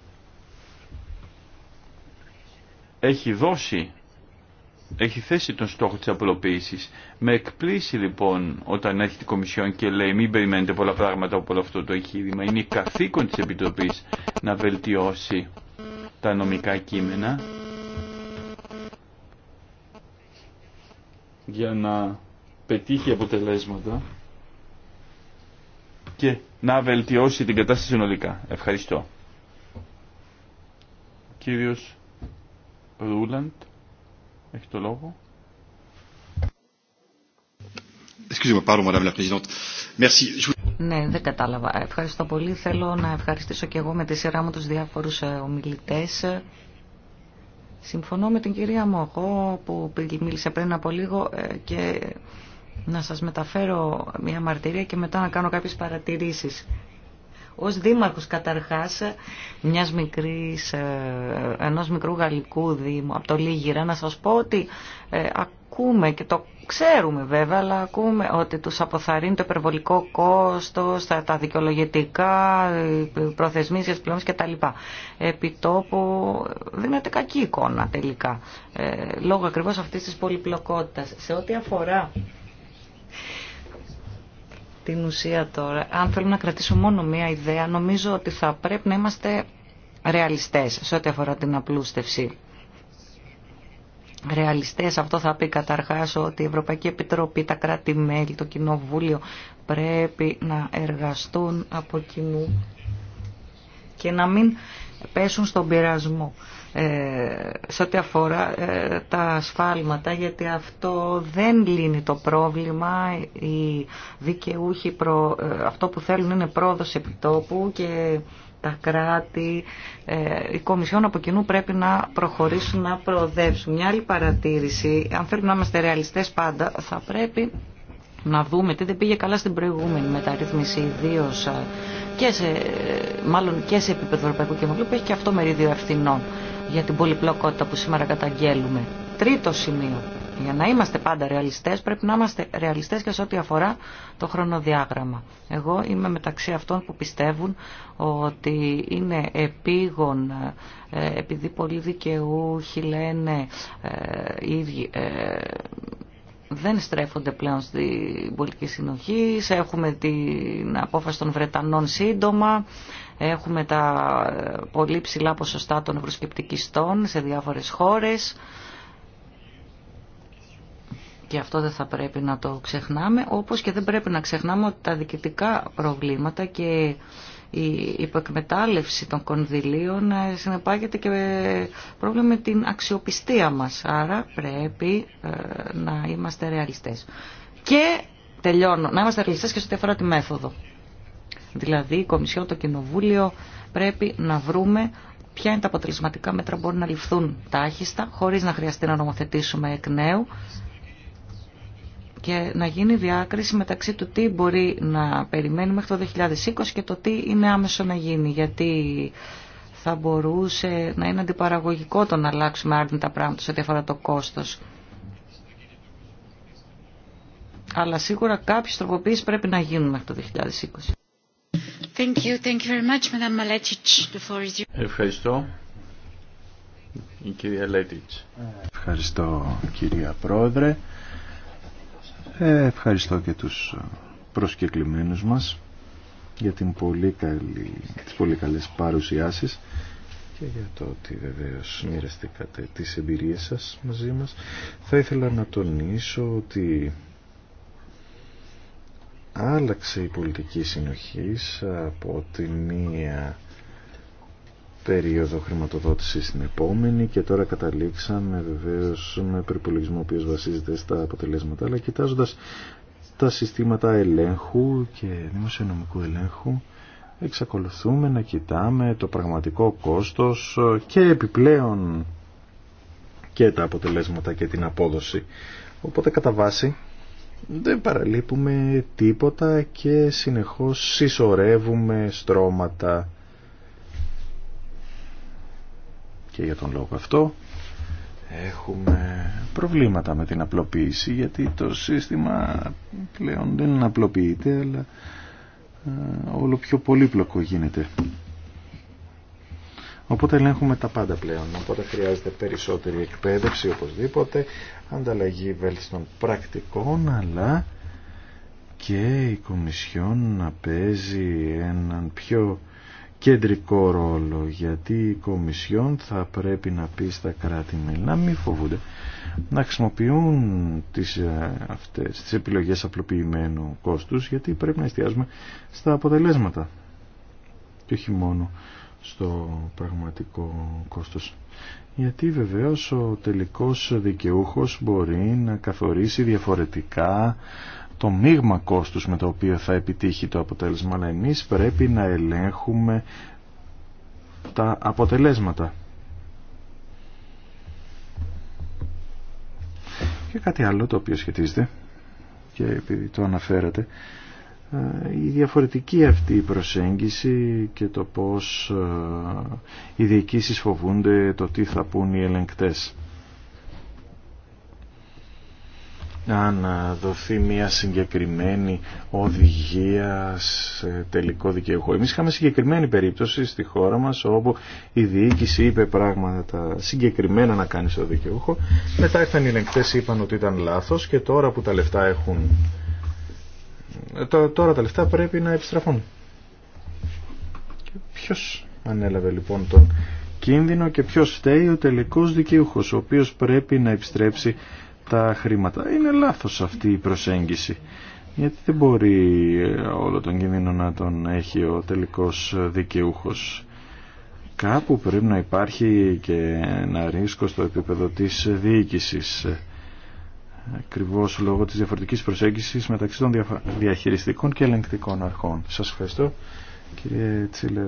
έχει δώσει, έχει θέσει τον στόχο της απλοποίησης. Με εκπλήσει λοιπόν όταν έχει η Κομισιόν και λέει μην περιμένετε πολλά πράγματα από όλο αυτό το εγχείρημα. Είναι η καθήκον της Επιτροπής να βελτιώσει τα νομικά κείμενα για να πετύχει αποτελέσματα και να βελτιώσει την κατάσταση συνολικά. Ευχαριστώ. κύριος Ρούλαντ, έχει το λόγο. Ναι, δεν κατάλαβα. Ευχαριστώ πολύ. Θέλω να ευχαριστήσω και εγώ με τη σειρά μου τους διάφορους ε, ομιλητές Συμφωνώ με την κυρία Μοχό που μίλησε πριν από λίγο ε, και να σας μεταφέρω μια μαρτυρία και μετά να κάνω κάποιες παρατηρήσεις. Ως δήμαρχος καταρχάς μιας μικρής, ε, ενός μικρού γαλλικού δήμου από το Λίγυρα να σας πω ότι ε, ακούμε και το ξέρουμε βέβαια, αλλά ακούμε ότι τους αποθαρρύνει το υπερβολικό κόστος, τα, τα δικαιολογητικά, προθεσμίες για τις κτλ. Επί τόπου δίνεται κακή εικόνα τελικά, ε, λόγω ακριβώς αυτής της πολυπλοκότητας. Σε ό,τι αφορά την ουσία τώρα, αν θέλουμε να κρατήσουμε μόνο μία ιδέα, νομίζω ότι θα πρέπει να είμαστε ρεαλιστές σε ό,τι αφορά την απλούστευση Ρεαλιστέ Αυτό θα πει καταρχάς ότι η Ευρωπαϊκή Επιτροπή, τα κράτη-μέλη, το Κοινοβούλιο πρέπει να εργαστούν από κοινού και να μην πέσουν στον πειρασμό ε, σε ό,τι αφορά ε, τα ασφάλματα γιατί αυτό δεν λύνει το πρόβλημα οι δικαιούχοι ε, αυτό που θέλουν είναι πρόοδος επιτόπου και τα κράτη, η ε, Κομισιόν από κοινού πρέπει να προχωρήσουν να προοδεύσουν. Μια άλλη παρατήρηση, αν θέλουμε να είμαστε ρεαλιστές πάντα, θα πρέπει να δούμε τι δεν πήγε καλά στην προηγούμενη μεταρρύθμιση, ιδίω ε, και ε, και σε επίπεδο Ευρωπαϊκού Κοινοβουλίου, που έχει και αυτό μερίδιο ευθυνών για την πολυπλοκότητα που σήμερα καταγγέλουμε. Τρίτο σημείο. Για να είμαστε πάντα ρεαλιστές πρέπει να είμαστε ρεαλιστές και σε ό,τι αφορά το χρονοδιάγραμμα. Εγώ είμαι μεταξύ αυτών που πιστεύουν ότι είναι επίγον ε, επειδή πολλοί δικαιούχοι λένε ε, ε, δεν στρέφονται πλέον στην πολιτική συνοχή. Έχουμε την απόφαση των Βρετανών σύντομα. Έχουμε τα πολύ ψηλά ποσοστά των ευρωσκεπτικιστών σε διάφορες χώρες. Και αυτό δεν θα πρέπει να το ξεχνάμε, όπως και δεν πρέπει να ξεχνάμε ότι τα διοικητικά προβλήματα και η υποεκμετάλλευση των κονδυλίων ε, συνεπάγεται και ε, πρόβλημα με την αξιοπιστία μας. Άρα πρέπει ε, να είμαστε ρεαλιστές. Και τελειώνω, να είμαστε ρεαλιστές και σε ό,τι αφορά τη μέθοδο. Δηλαδή η Κομισιό, το Κοινοβούλιο πρέπει να βρούμε ποια είναι τα αποτελεσματικά μέτρα που μπορούν να ληφθούν τάχιστα, χωρίς να χρειαστεί να νομοθετήσουμε εκ νέου και να γίνει διάκριση μεταξύ του τι μπορεί να περιμένει μέχρι το 2020 και το τι είναι άμεσο να γίνει. Γιατί θα μπορούσε να είναι αντιπαραγωγικό το να αλλάξουμε άρνητα πράγματα σε διαφορά το κόστος. Αλλά σίγουρα κάποιες τροποποίησεις πρέπει να γίνουν μέχρι το 2020. Ευχαριστώ. κυρία Λέτιτς. Ευχαριστώ κυρία Πρόεδρε. Ε, ευχαριστώ και τους προσκεκλημένους μας για την πολύ καλή, τις πολύ καλές παρουσιάσεις και για το ότι βεβαίως μοιραστήκατε τις εμπειρίες σας μαζί μας. Θα ήθελα να τονίσω ότι άλλαξε η πολιτική συνοχής από τη μία περίοδο χρηματοδότηση στην επόμενη και τώρα καταλήξαμε βεβαίω με προπολογισμό ο οποίο βασίζεται στα αποτελέσματα αλλά κοιτάζοντα τα συστήματα ελέγχου και δημοσιονομικού ελέγχου εξακολουθούμε να κοιτάμε το πραγματικό κόστος και επιπλέον και τα αποτελέσματα και την απόδοση. Οπότε κατά βάση δεν παραλείπουμε τίποτα και συνεχώς συσσωρεύουμε στρώματα Και για τον λόγο αυτό έχουμε προβλήματα με την απλοποίηση γιατί το σύστημα πλέον δεν απλοποιείται αλλά ε, όλο πιο πολύπλοκο γίνεται. Οπότε ελέγχουμε τα πάντα πλέον. Οπότε χρειάζεται περισσότερη εκπαίδευση οπωσδήποτε, ανταλλαγή βέλτιστων πρακτικών, αλλά και η Κομισιόν να παίζει έναν πιο κεντρικό ρόλο γιατί η Κομισιόν θα πρέπει να πει στα κράτη-μέλη να μην φοβούνται να χρησιμοποιούν τις, ε, αυτές, τις επιλογές απλοποιημένου κόστους γιατί πρέπει να εστιάζουμε στα αποτελέσματα και όχι μόνο στο πραγματικό κόστος. Γιατί βεβαίως ο τελικός δικαιούχος μπορεί να καθορίσει διαφορετικά το μείγμα κόστους με το οποίο θα επιτύχει το αποτέλεσμα, αλλά εμείς πρέπει να ελέγχουμε τα αποτελέσματα. Και κάτι άλλο το οποίο σχετίζεται και επειδή το αναφέρατε, ε, η διαφορετική αυτή προσέγγιση και το πώς ε, οι διοικήσεις φοβούνται το τι θα πούν οι ελεγκτές. να δοθεί μια συγκεκριμένη οδηγία σε τελικό δικαιούχο. Εμείς είχαμε συγκεκριμένη περίπτωση στη χώρα μας όπου η διοίκηση είπε πράγματα συγκεκριμένα να κάνει στο δικαιούχο. Μετά ήρθαν οι ελεγκτές είπαν ότι ήταν λάθος και τώρα που τα λεφτά έχουν... Τώρα τα λεφτά πρέπει να επιστραφούν. ποιος ανέλαβε λοιπόν τον κίνδυνο και ποιος φταίει ο τελικός δικαιούχος ο οποίος πρέπει να επιστρέψει τα χρήματα. Είναι λάθος αυτή η προσέγγιση. Γιατί δεν μπορεί ε, όλο τον κίνδυνο να τον έχει ο τελικός δικαιούχος. Κάπου πρέπει να υπάρχει και ένα ρίσκο στο επίπεδο της διοίκησης. Ακριβώ λόγω της διαφορετικής προσέγγισης μεταξύ των διαχειριστικών και ελεγκτικών αρχών. Σας ευχαριστώ. Κύριε Τσίλερ,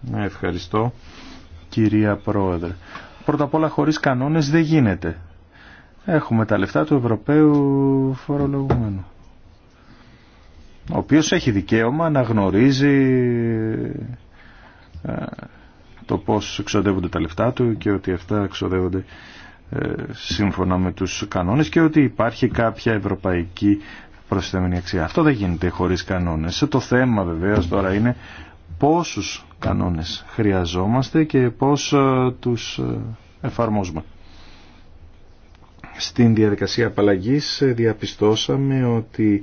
ναι, Ευχαριστώ, κυρία Πρόεδρε. Πρώτα απ' όλα χωρίς κανόνες δεν γίνεται. Έχουμε τα λεφτά του Ευρωπαίου φορολογουμένου ο οποίος έχει δικαίωμα να γνωρίζει ε, το πώς εξοδεύονται τα λεφτά του και ότι αυτά εξοδεύονται ε, σύμφωνα με τους κανόνες και ότι υπάρχει κάποια ευρωπαϊκή προσθέμενη αξία. Αυτό δεν γίνεται χωρίς κανόνες. Το θέμα βεβαίως τώρα είναι πόσους κανόνες χρειαζόμαστε και πώς ε, τους εφαρμόζουμε. Στην διαδικασία απαλλαγής ε, διαπιστώσαμε ότι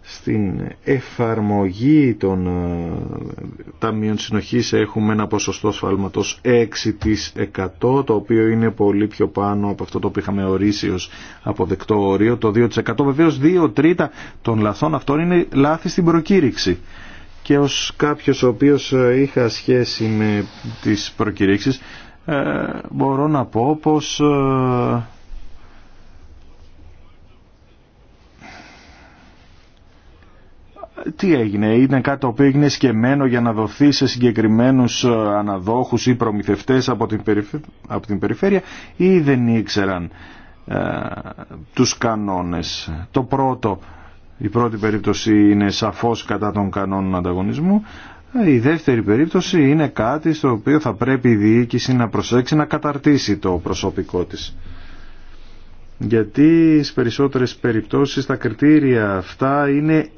στην εφαρμογή των ε, ταμείων συνοχής έχουμε ένα ποσοστό σφάλματος 6% το οποίο είναι πολύ πιο πάνω από αυτό το που είχαμε ορίσει ως αποδεκτό όριο το 2% βεβαίως 2 τρίτα των λαθών αυτών είναι λάθη στην προκήρυξη και ως κάποιος ο οποίος ε, είχα σχέση με τις προκηρύξεις μπορώ να πω πως τι έγινε, ήταν κάτι το οποίο έγινε σκεμμένο για να δοθεί σε συγκεκριμένους ε, αναδόχους ή προμηθευτές από την, περιφέρεια, από την ή δεν ήξεραν ε, τους κανόνες. Το πρώτο, η πρώτη περίπτωση είναι σαφώς κατά των κανόνων ανταγωνισμού. Ε, η δεύτερη περίπτωση είναι κάτι στο οποίο θα πρέπει η διοίκηση να προσέξει να καταρτήσει το προσωπικό της γιατί στις περισσότερες περιπτώσεις τα κριτήρια αυτά είναι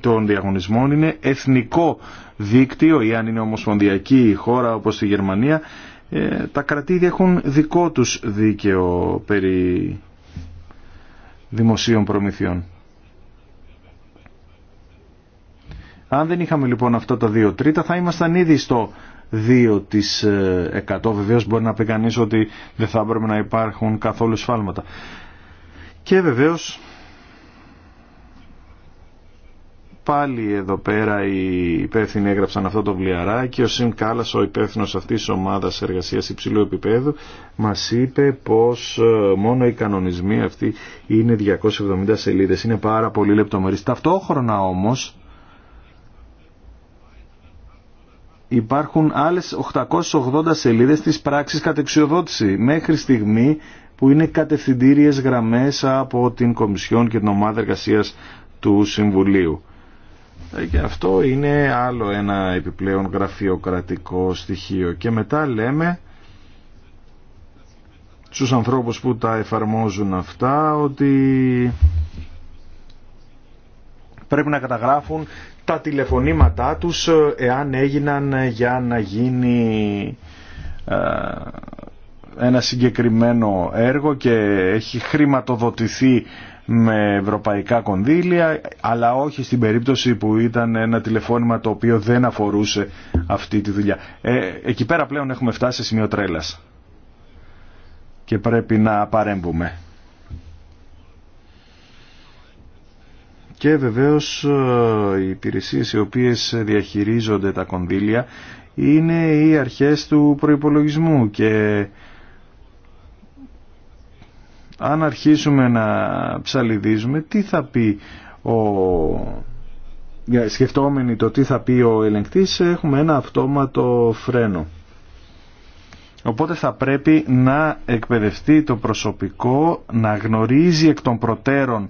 των διαγωνισμών είναι εθνικό δίκτυο ή αν είναι ομοσπονδιακή χώρα όπως η Γερμανία ε, τα κρατήδια έχουν δικό τους δίκαιο περί δημοσίων προμηθειών. Αν δεν είχαμε λοιπόν αυτά τα δύο τρίτα θα ήμασταν ήδη στο 2%. Ε, βεβαίως μπορεί να πει κανείς ότι δεν θα έπρεπε να υπάρχουν καθόλου σφάλματα. Και βεβαίως πάλι εδώ πέρα οι υπεύθυνοι έγραψαν αυτό το βλιαράκι. Ο Σιμ Κάλλας, ο υπεύθυνος αυτής της ομάδας εργασίας υψηλού επίπεδου, μας είπε πως ε, μόνο οι κανονισμοί αυτοί είναι 270 σελίδες. Είναι πάρα πολύ λεπτομερείς. Ταυτόχρονα όμως υπάρχουν άλλες 880 σελίδες της πράξης κατεξιοδότηση μέχρι στιγμή που είναι κατευθυντήριες γραμμές από την Κομισιόν και την Ομάδα Εργασία του Συμβουλίου. Ε, και αυτό είναι άλλο ένα επιπλέον γραφειοκρατικό στοιχείο. Και μετά λέμε στους ανθρώπους που τα εφαρμόζουν αυτά ότι πρέπει να καταγράφουν τα τηλεφωνήματά τους ε, εάν έγιναν για να γίνει ε, ένα συγκεκριμένο έργο και έχει χρηματοδοτηθεί με ευρωπαϊκά κονδύλια αλλά όχι στην περίπτωση που ήταν ένα τηλεφώνημα το οποίο δεν αφορούσε αυτή τη δουλειά. Ε, εκεί πέρα πλέον έχουμε φτάσει σε σημείο τρέλας και πρέπει να παρέμβουμε. Και βεβαίως ε, οι υπηρεσίες οι οποίες διαχειρίζονται τα κονδύλια είναι οι αρχές του προϋπολογισμού και αν αρχίσουμε να ψαλιδίζουμε τι θα πει ο σκεφτόμενοι το τι θα πει ο ελεγκτής έχουμε ένα αυτόματο φρένο οπότε θα πρέπει να εκπαιδευτεί το προσωπικό να γνωρίζει εκ των προτέρων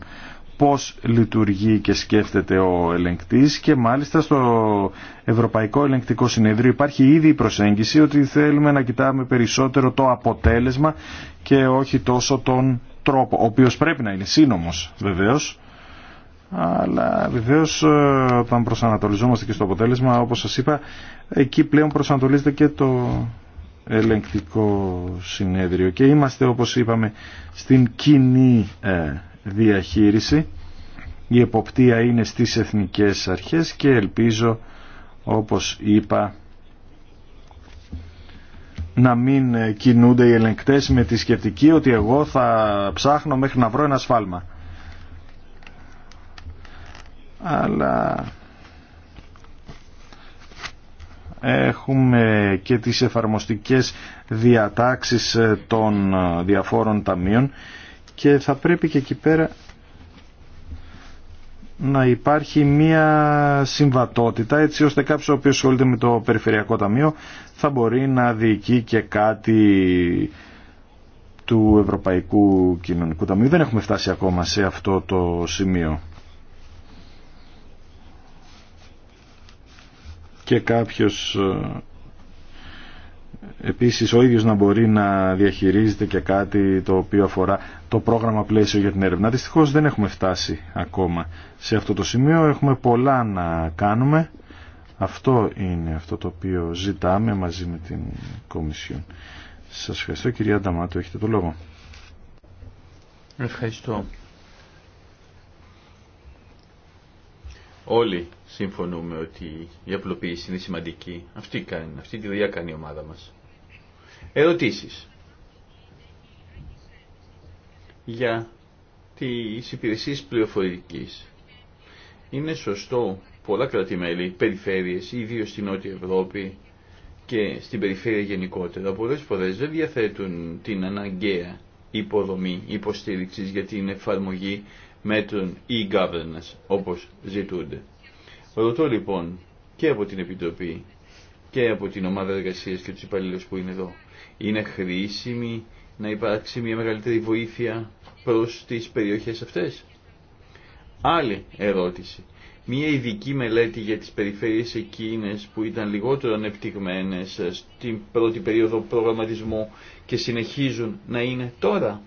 πώς λειτουργεί και σκέφτεται ο ελεγκτής και μάλιστα στο Ευρωπαϊκό Ελεγκτικό Συνεδρίο υπάρχει ήδη η προσέγγιση ότι θέλουμε να κοιτάμε περισσότερο το αποτέλεσμα και όχι τόσο τον τρόπο, ο οποίος πρέπει να είναι σύνομος βεβαίως. Αλλά βεβαίω ε, όταν προσανατολιζόμαστε και στο αποτέλεσμα, όπως σας είπα, εκεί πλέον προσανατολίζεται και το ελεγκτικό συνέδριο και είμαστε όπως είπαμε στην κοινή ε, διαχείριση. Η εποπτεία είναι στις εθνικές αρχές και ελπίζω, όπως είπα, να μην κινούνται οι ελεγκτές με τη σκεπτική ότι εγώ θα ψάχνω μέχρι να βρω ένα σφάλμα. Αλλά έχουμε και τις εφαρμοστικές διατάξεις των διαφόρων ταμείων και θα πρέπει και εκεί πέρα να υπάρχει μία συμβατότητα έτσι ώστε κάποιος ο οποίος ασχολείται με το Περιφερειακό Ταμείο θα μπορεί να διοικεί και κάτι του Ευρωπαϊκού Κοινωνικού Ταμείου. Δεν έχουμε φτάσει ακόμα σε αυτό το σημείο. Και κάποιος ε, επίσης ο ίδιος να μπορεί να διαχειρίζεται και κάτι το οποίο αφορά το πρόγραμμα πλαίσιο για την έρευνα. Δυστυχώ δεν έχουμε φτάσει ακόμα σε αυτό το σημείο, έχουμε πολλά να κάνουμε. Αυτό είναι αυτό το οποίο ζητάμε μαζί με την Κομισιόν. Σας ευχαριστώ κυρία Νταμάτου. έχετε το λόγο. Ευχαριστώ. Όλοι συμφωνούμε ότι η απλοποίηση είναι σημαντική. Αυτή, κάνει, αυτή τη δουλειά κάνει η ομάδα μας. Ερωτήσεις για τις υπηρεσίες πληροφορικής. Είναι σωστό πολλά κρατημέλη, περιφέρειες, ιδίω στην Νότια Ευρώπη και στην περιφέρεια γενικότερα, πολλές φορές δεν διαθέτουν την αναγκαία υποδομή υποστήριξη για την εφαρμογή μέτρων e-governance όπως ζητούνται. Ρωτώ λοιπόν και από την Επιτροπή και από την ομάδα εργασίας και τους υπαλλήλους που είναι εδώ είναι χρήσιμη να υπάρξει μια μεγαλύτερη βοήθεια προς τις περιοχές αυτές. Άλλη ερώτηση. Μια ειδική μελέτη για τις περιφέρειες εκείνες που ήταν λιγότερο ανεπτυγμένες στην πρώτη περίοδο προγραμματισμού και συνεχίζουν να είναι τώρα.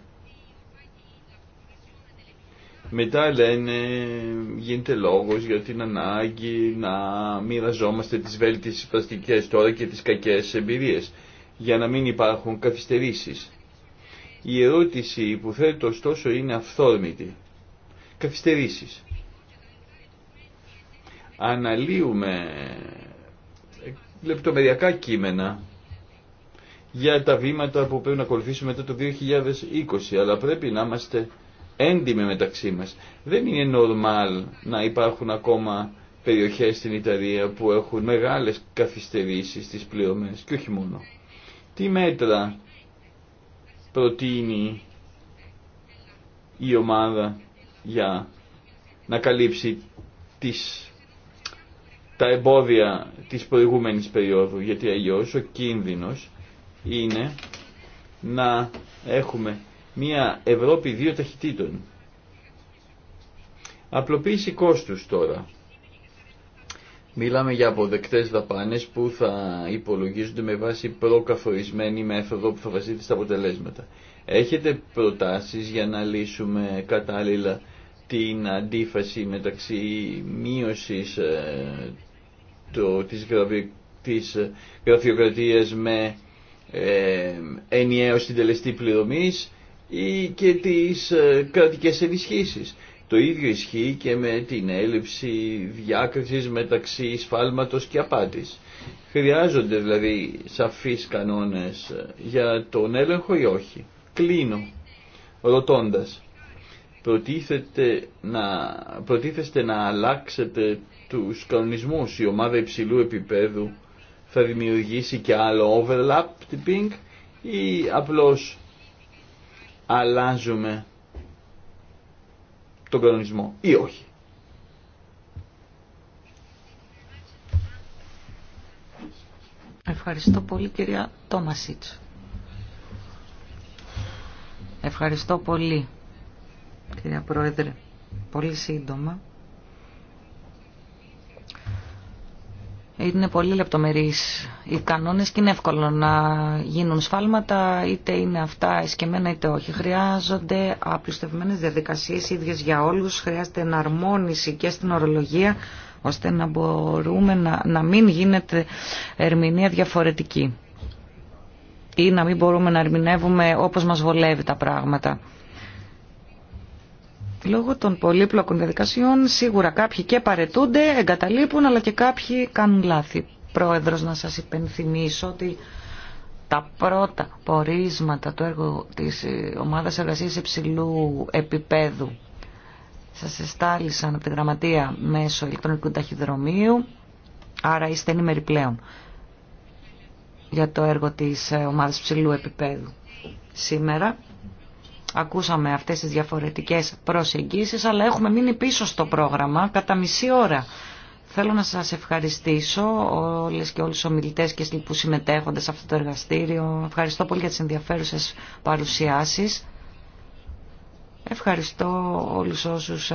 Μετά λένε, γίνεται λόγος για την ανάγκη να μοιραζόμαστε τις βέλτιες πλαστικές τώρα και τις κακές εμπειρίες για να μην υπάρχουν καθυστερήσεις. Η ερώτηση που θέτω ωστόσο είναι αυθόρμητη. Καθυστερήσεις. Αναλύουμε λεπτομεριακά κείμενα για τα βήματα που πρέπει να ακολουθήσουμε μετά το 2020, αλλά πρέπει να είμαστε έντιμοι μεταξύ μας. Δεν είναι νορμάλ να υπάρχουν ακόμα περιοχές στην Ιταλία που έχουν μεγάλες καθυστερήσεις στις πληρωμές και όχι μόνο. Τι μέτρα προτείνει η ομάδα για να καλύψει τις, τα εμπόδια της προηγούμενης περίοδου, γιατί αλλιώς ο κίνδυνος είναι να έχουμε μια Ευρώπη δύο ταχυτήτων. Απλοποίηση κόστους τώρα. Μιλάμε για αποδεκτές δαπάνες που θα υπολογίζονται με βάση προκαθορισμένη μέθοδο που θα βασίζεται στα αποτελέσματα. Έχετε προτάσεις για να λύσουμε κατάλληλα την αντίφαση μεταξύ μείωσης ε, το, της, γραφει, ε, με ε, ενιαίο συντελεστή πληρωμής ή και τις ε, κρατικές το ίδιο ισχύει και με την έλλειψη διάκρισης μεταξύ σφάλματος και απάτης. Χρειάζονται δηλαδή σαφείς κανόνες για τον έλεγχο ή όχι. Κλείνω ρωτώντας. Προτίθεται να, προτίθεστε να αλλάξετε τους κανονισμούς. Η οχι κλεινω ρωτωντας να υψηλού επίπεδου θα δημιουργήσει και άλλο overlap tipping ή απλώς αλλάζουμε τον κανονισμό ή όχι. Ευχαριστώ πολύ κυρία Τόμασίτς. Ευχαριστώ πολύ κυρία Πρόεδρε. Πολύ σύντομα. είναι πολύ λεπτομερείς οι κανόνες και είναι εύκολο να γίνουν σφάλματα, είτε είναι αυτά εσκεμένα είτε όχι. Χρειάζονται απλουστευμένες διαδικασίες ίδιες για όλους, χρειάζεται εναρμόνιση και στην ορολογία, ώστε να μπορούμε να, να μην γίνεται ερμηνεία διαφορετική ή να μην μπορούμε να ερμηνεύουμε όπως μας βολεύει τα πράγματα. Λόγω των πολύπλοκων διαδικασιών σίγουρα κάποιοι και παρετούνται, εγκαταλείπουν αλλά και κάποιοι κάνουν λάθη. Πρόεδρος να σας υπενθυμίσω ότι τα πρώτα πορίσματα του έργου της ε, ομάδας εργασίας υψηλού επίπεδου σας εστάλησαν από τη γραμματεία μέσω ηλεκτρονικού ταχυδρομείου, άρα είστε ενήμεροι πλέον για το έργο της ε, ομάδας ψηλού επίπεδου. Σήμερα Ακούσαμε αυτές τις διαφορετικές προσεγγίσεις, αλλά έχουμε μείνει πίσω στο πρόγραμμα κατά μισή ώρα. Θέλω να σας ευχαριστήσω όλες και όλους τους ομιλητές και που συμμετέχονται σε αυτό το εργαστήριο. Ευχαριστώ πολύ για τις ενδιαφέρουσες παρουσιάσεις. Ευχαριστώ όλους όσους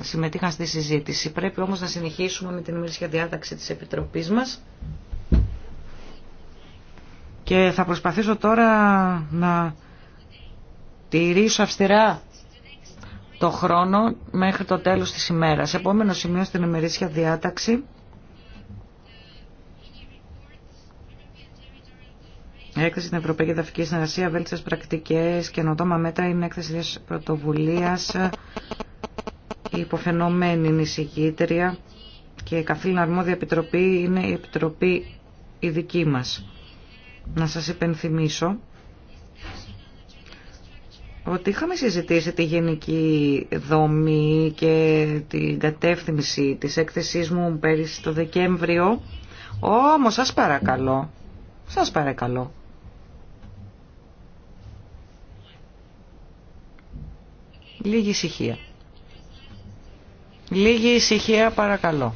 συμμετείχαν στη συζήτηση. Πρέπει όμως να συνεχίσουμε με την ημερήσια διάταξη της Επιτροπής μας. Και θα προσπαθήσω τώρα να τηρήσω αυστηρά το χρόνο μέχρι το τέλος της ημέρας. Επόμενο σημείο στην ημερήσια διάταξη. Έκθεση στην Ευρωπαϊκή Δαφική Συνεργασία, βέλτιστες πρακτικές, καινοτόμα μέτρα είναι έκθεση της πρωτοβουλίας, η υποφαινόμενη νησυγήτρια και η καθήλυνα αρμόδια επιτροπή είναι η επιτροπή η δική μας. Να σας υπενθυμίσω ότι είχαμε συζητήσει τη γενική δομή και την κατεύθυνση της έκθεσής μου πέρυσι το Δεκέμβριο, όμως σας παρακαλώ, σας παρακαλώ. Λίγη ησυχία. Λίγη ησυχία παρακαλώ.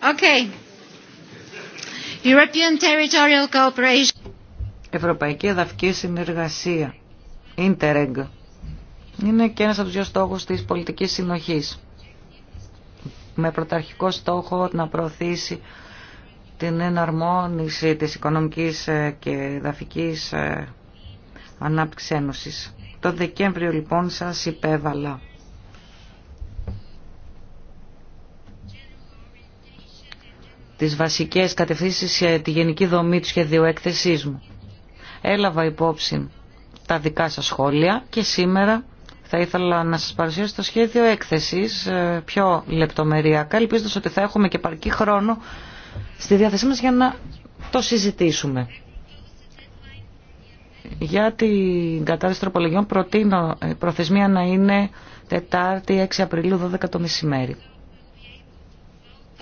Okay. Ευρωπαϊκή Εδαφική Συνεργασία, Interreg, είναι και ένας από τους δύο στόχους της πολιτικής συνοχής. Με πρωταρχικό στόχο να προωθήσει την εναρμόνιση της οικονομικής ε, και εδαφικής ε, ανάπτυξης ένωσης. Το Δεκέμβριο λοιπόν σας υπέβαλα τις βασικές κατευθύνσεις τη γενική δομή του σχεδίου έκθεσής μου. Έλαβα υπόψη τα δικά σας σχόλια και σήμερα θα ήθελα να σας παρουσιάσω το σχέδιο έκθεσης ε, πιο λεπτομεριακά, ελπίζοντας ότι θα έχουμε και παρκή χρόνο στη διάθεσή μας για να το συζητήσουμε. Για την κατάσταση τροπολογιών προτείνω η προθεσμία να είναι Τετάρτη 6 Απριλίου 12 το μεσημέρι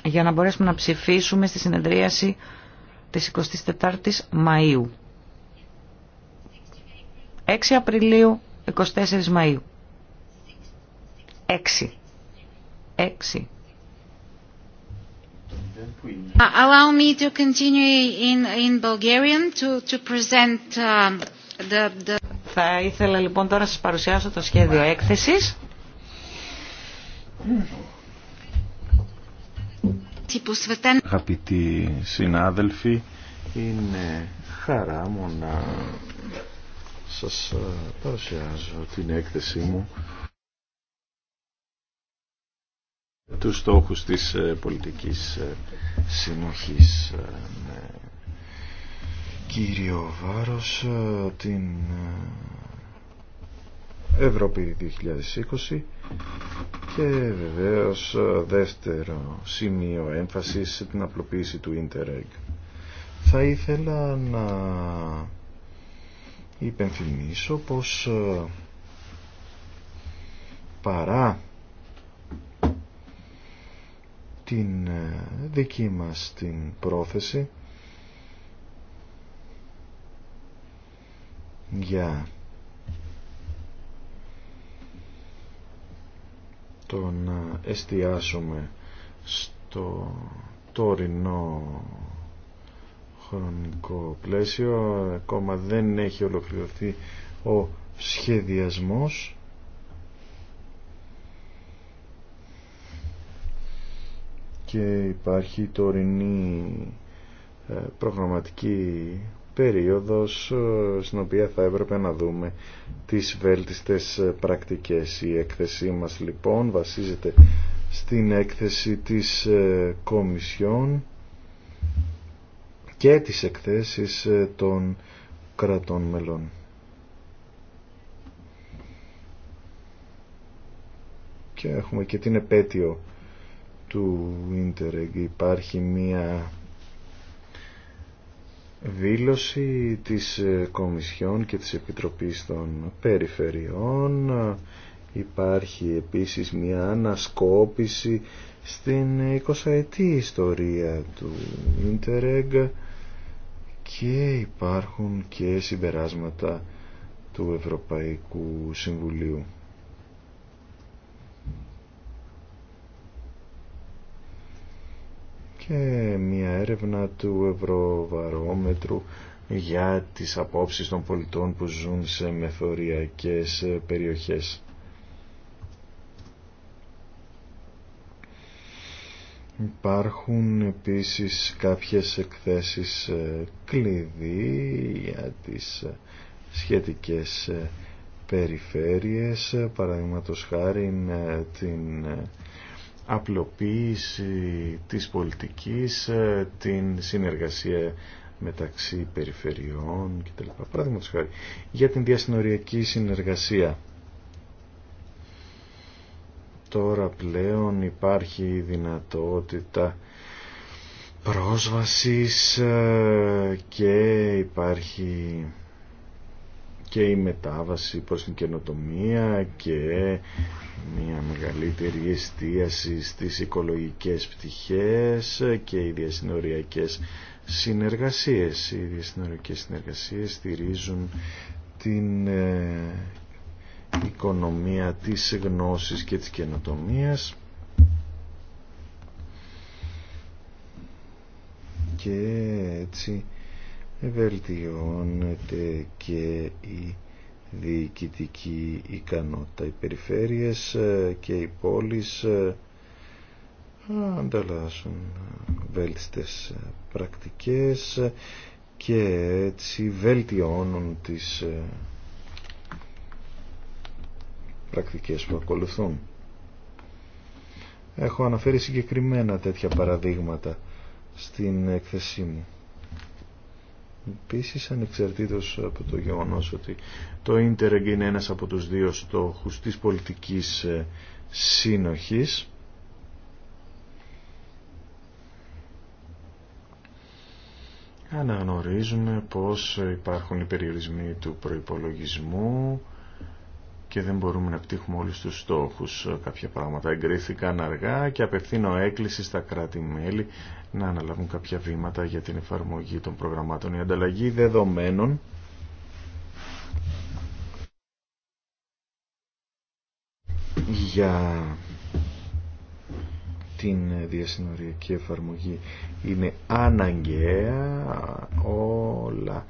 για να μπορέσουμε να ψηφίσουμε στη συνεδρίαση της 24ης Μαΐου. 6 Απριλίου, 24 Μαΐου. 6. 6. Allow me to continue in, in Bulgarian to, to present uh, the, the... Θα ήθελα λοιπόν τώρα να σας παρουσιάσω το σχέδιο έκθεσης. Αγαπητοί συνάδελφοι, είναι χαρά μου να σας ε, παρουσιάζω την έκθεσή μου τους στόχους της ε, πολιτικής ε, συνοχής με κύριο Βάρος την Ευρώπη 2020 και βεβαίως δεύτερο σημείο έμφαση σε την απλοποίηση του Interreg. Θα ήθελα να υπενθυμίσω πως ε, παρά την ε, δική μας την πρόθεση για το να εστιάσουμε στο τωρινό χρονικό πλαίσιο ακόμα δεν έχει ολοκληρωθεί ο σχεδιασμός και υπάρχει τωρινή ε, προγραμματική περίοδος ε, στην οποία θα έπρεπε να δούμε τις βέλτιστες ε, πρακτικές. Η έκθεσή μας λοιπόν βασίζεται στην έκθεση της ε, Κομισιόν και τις εκθέσεις των κρατών μελών. Και έχουμε και την επέτειο του Ίντερεγκ. Υπάρχει μία δήλωση της ε, Κομισιόν και της Επιτροπής των Περιφερειών υπάρχει επίσης μια ανασκόπηση στην 20 ιστορία του Ίντερεγ και υπάρχουν και συμπεράσματα του Ευρωπαϊκού Συμβουλίου. και μια έρευνα του Ευρωβαρόμετρου για τις απόψεις των πολιτών που ζουν σε μεθοριακές περιοχές. Υπάρχουν επίσης κάποιες εκθέσεις ε, κλειδί για τις ε, σχετικές ε, περιφέρειες, παραδείγματος χάρη την απλοποίηση της πολιτικής, ε, την συνεργασία μεταξύ περιφερειών κτλ. Παραδείγματος χάρη, για την διασυνοριακή συνεργασία. Τώρα πλέον υπάρχει δυνατότητα πρόσβασης ε, και υπάρχει και η μετάβαση προς την καινοτομία και μια μεγαλύτερη εστίαση στις οικολογικές πτυχές και οι διασυνοριακές συνεργασίες. Οι διασυνοριακές συνεργασίες στηρίζουν την ε, οικονομία της γνώσης και της καινοτομίας και έτσι βελτιώνεται και η διοικητική ικανότητα. Οι περιφέρειες ε, και οι πόλεις ε, ανταλλάσσουν βέλτιστες ε, πρακτικές και έτσι βελτιώνουν τις πρακτικές που ακολουθούν. Έχω αναφέρει συγκεκριμένα τέτοια παραδείγματα στην έκθεσή μου. Επίση, ανεξαρτήτως από το γεγονός ότι το Ίντερεγκ είναι ένας από τους δύο στόχους της πολιτικής ε, σύνοχης, αναγνωρίζουμε πως υπάρχουν οι περιορισμοί του προϋπολογισμού, και δεν μπορούμε να πτύχουμε όλους τους στόχους. Κάποια πράγματα εγκρίθηκαν αργά και απευθύνω έκκληση στα κράτη-μέλη να αναλάβουν κάποια βήματα για την εφαρμογή των προγραμμάτων. Η ανταλλαγή δεδομένων για την διασυνοριακή εφαρμογή είναι αναγκαία όλα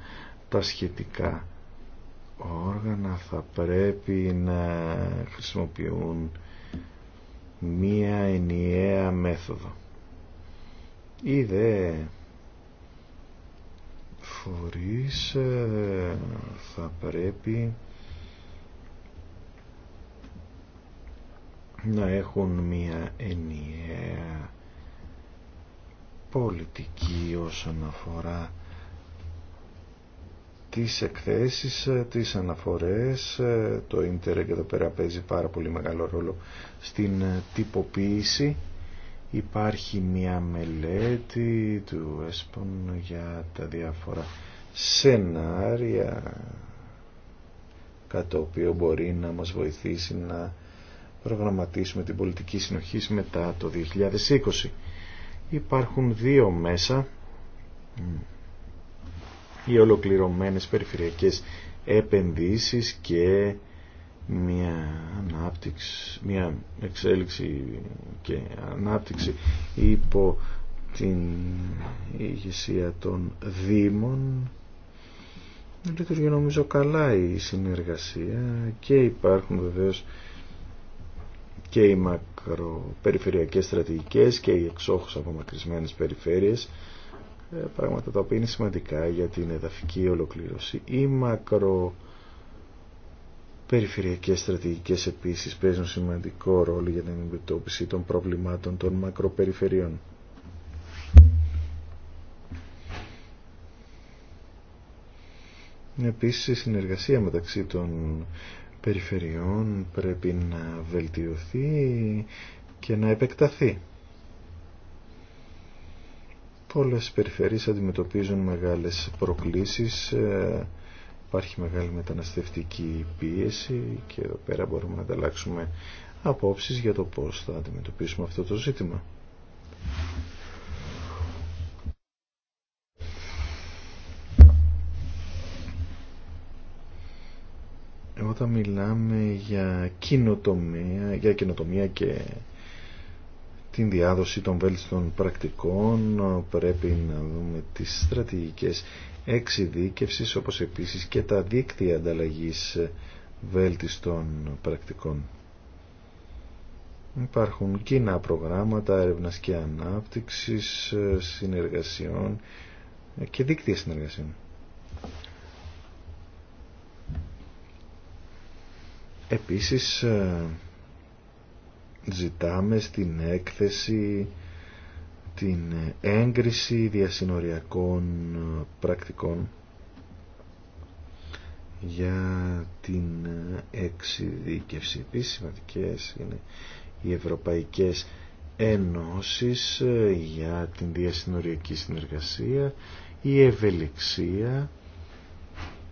τα σχετικά όργανα θα πρέπει να χρησιμοποιούν μία ενιαία μέθοδο. Ή δε φορείς ε, θα πρέπει να έχουν μία ενιαία πολιτική όσον αφορά τις εκθέσεις, ε, τις αναφορές, ε, το ίντερνετ εδώ πέρα παίζει πάρα πολύ μεγάλο ρόλο στην ε, τυποποίηση. Υπάρχει μια μελέτη του ΕΣΠΟΝ για τα διάφορα σενάρια κατά το οποίο μπορεί να μας βοηθήσει να προγραμματίσουμε την πολιτική συνοχή μετά το 2020. Υπάρχουν δύο μέσα οι ολοκληρωμένες περιφερειακές επενδύσεις και μια ανάπτυξη, μια εξέλιξη και ανάπτυξη υπό την ηγεσία των Δήμων λειτουργεί νομίζω καλά η συνεργασία και υπάρχουν βεβαίως και οι μακροπεριφερειακές στρατηγικές και οι από μακρισμένες περιφέρειες ε, πράγματα τα οποία είναι σημαντικά για την εδαφική ολοκλήρωση. Οι μακροπεριφερειακές στρατηγικές επίσης παίζουν σημαντικό ρόλο για την αντιμετώπιση των προβλημάτων των μακροπεριφερειών. Επίσης η συνεργασία μεταξύ των περιφερειών πρέπει να βελτιωθεί και να επεκταθεί. Όλες οι περιφέρειες αντιμετωπίζουν μεγάλες προκλήσεις, ε, υπάρχει μεγάλη μεταναστευτική πίεση και εδώ πέρα μπορούμε να ανταλλάξουμε απόψεις για το πώς θα αντιμετωπίσουμε αυτό το ζήτημα. Όταν μιλάμε για κοινοτομία, για κοινοτομία και την διάδοση των βέλτιστων πρακτικών πρέπει να δούμε τις στρατηγικές εξειδίκευσης όπως επίσης και τα δίκτυα ανταλλαγής βέλτιστων πρακτικών. Υπάρχουν κοινά προγράμματα έρευνας και ανάπτυξης συνεργασιών και δίκτυα συνεργασιών. Επίσης ζητάμε στην έκθεση την έγκριση διασυνοριακών πρακτικών για την εξειδίκευση. Επίσης σημαντικέ είναι οι ευρωπαϊκές ενώσεις για την διασυνοριακή συνεργασία, η ευελιξία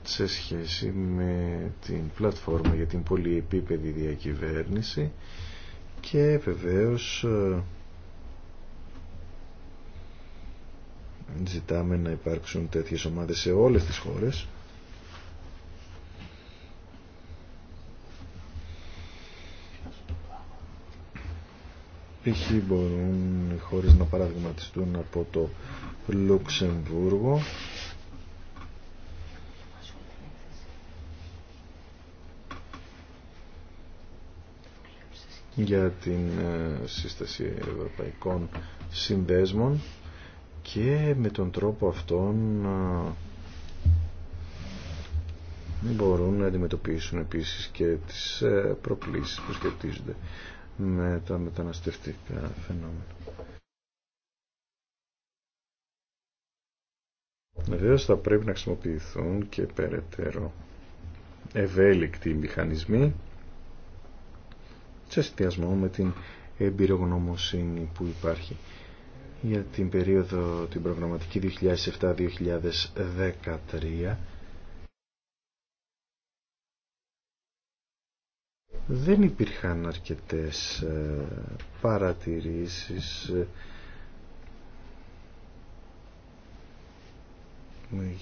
σε σχέση με την πλατφόρμα για την πολυεπίπεδη διακυβέρνηση και βεβαίως ε, ζητάμε να υπάρξουν τέτοιες ομάδες σε όλες τις χώρες π.χ. μπορούν οι χώρες να παραδειγματιστούν από το Λουξεμβούργο για την ε, σύσταση ευρωπαϊκών συνδέσμων και με τον τρόπο αυτόν ε, μπορούν να αντιμετωπίσουν επίσης και τις ε, προκλήσεις που σχετίζονται με τα μεταναστευτικά φαινόμενα. Βεβαίω θα πρέπει να χρησιμοποιηθούν και περαιτέρω ευέλικτοι μηχανισμοί σε συνδυασμό με την εμπειρογνωμοσύνη που υπάρχει για την περίοδο την προγραμματική 2007-2013 δεν υπήρχαν αρκετές ε, παρατηρήσεις ε,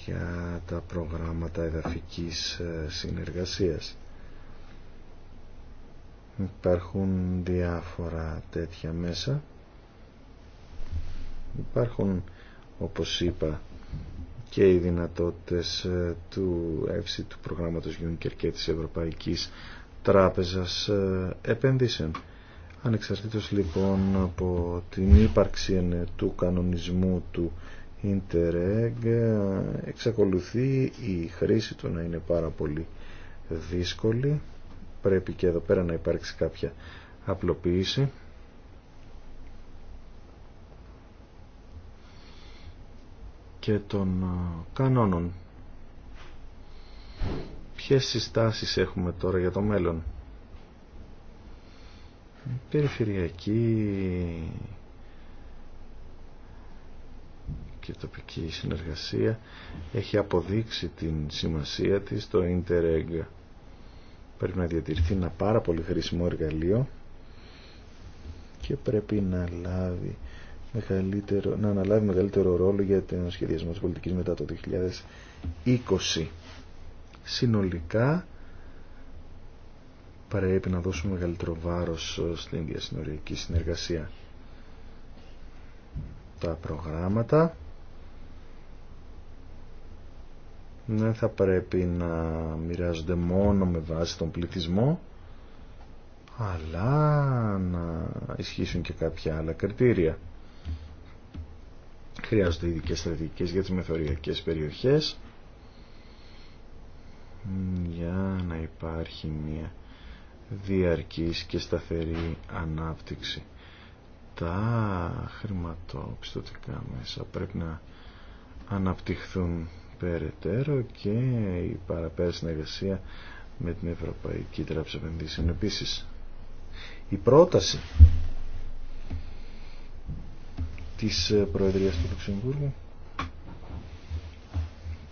για τα προγράμματα εδαφικής ε, συνεργασίας. Υπάρχουν διάφορα τέτοια μέσα. Υπάρχουν, όπως είπα, και οι δυνατότητες ε, του ΕΦΣΙ, του προγράμματος Juncker και της Ευρωπαϊκής Τράπεζας ε, Επενδύσεων. Ανεξαρτήτως λοιπόν από την ύπαρξη του κανονισμού του Interreg ε, εξακολουθεί η χρήση του να είναι πάρα πολύ δύσκολη πρέπει και εδώ πέρα να υπάρξει κάποια απλοποίηση. και των ε, κανόνων. Ποιες συστάσεις έχουμε τώρα για το μέλλον. Περιφερειακή και τοπική συνεργασία έχει αποδείξει την σημασία της το Interreg πρέπει να διατηρηθεί ένα πάρα πολύ χρήσιμο εργαλείο και πρέπει να, λάβει μεγαλύτερο, να αναλάβει μεγαλύτερο ρόλο για τον σχεδιασμό της πολιτικής μετά το 2020. Συνολικά πρέπει να δώσουμε μεγαλύτερο βάρος στην διασυνοριακή συνεργασία. Τα προγράμματα δεν ναι, θα πρέπει να μοιράζονται μόνο με βάση τον πληθυσμό αλλά να ισχύσουν και κάποια άλλα κριτήρια. Χρειάζονται ειδικές στρατηγικές για τις μεθοριακές περιοχές για να υπάρχει μια διαρκής και σταθερή ανάπτυξη. Τα χρηματοπιστωτικά μέσα πρέπει να αναπτυχθούν περαιτέρω και η παραπέρα συνεργασία με την Ευρωπαϊκή Τράπεζα Επενδύσεων. Επίση, η πρόταση της Προεδρίας του Λουξεμβούργου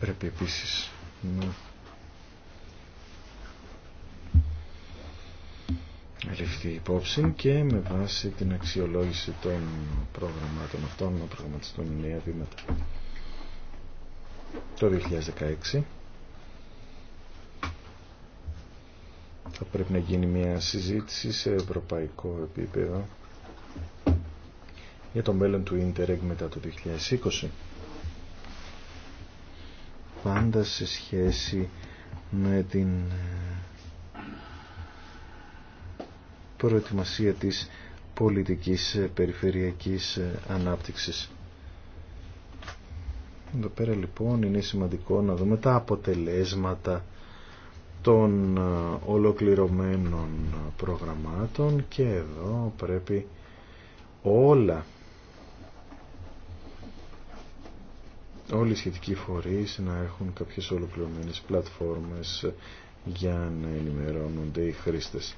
πρέπει επίση να ληφθεί υπόψη και με βάση την αξιολόγηση των προγραμμάτων αυτών να προγραμματιστούν νέα βήματα το 2016 θα πρέπει να γίνει μια συζήτηση σε ευρωπαϊκό επίπεδο για το μέλλον του Interreg μετά το 2020 πάντα σε σχέση με την ε, προετοιμασία της πολιτικής ε, περιφερειακής ε, ανάπτυξης. Εδώ πέρα λοιπόν είναι σημαντικό να δούμε τα αποτελέσματα των ε, ολοκληρωμένων προγραμμάτων και εδώ πρέπει όλα όλοι οι σχετικοί φορείς να έχουν κάποιες ολοκληρωμένες πλατφόρμες για να ενημερώνονται οι χρήστες.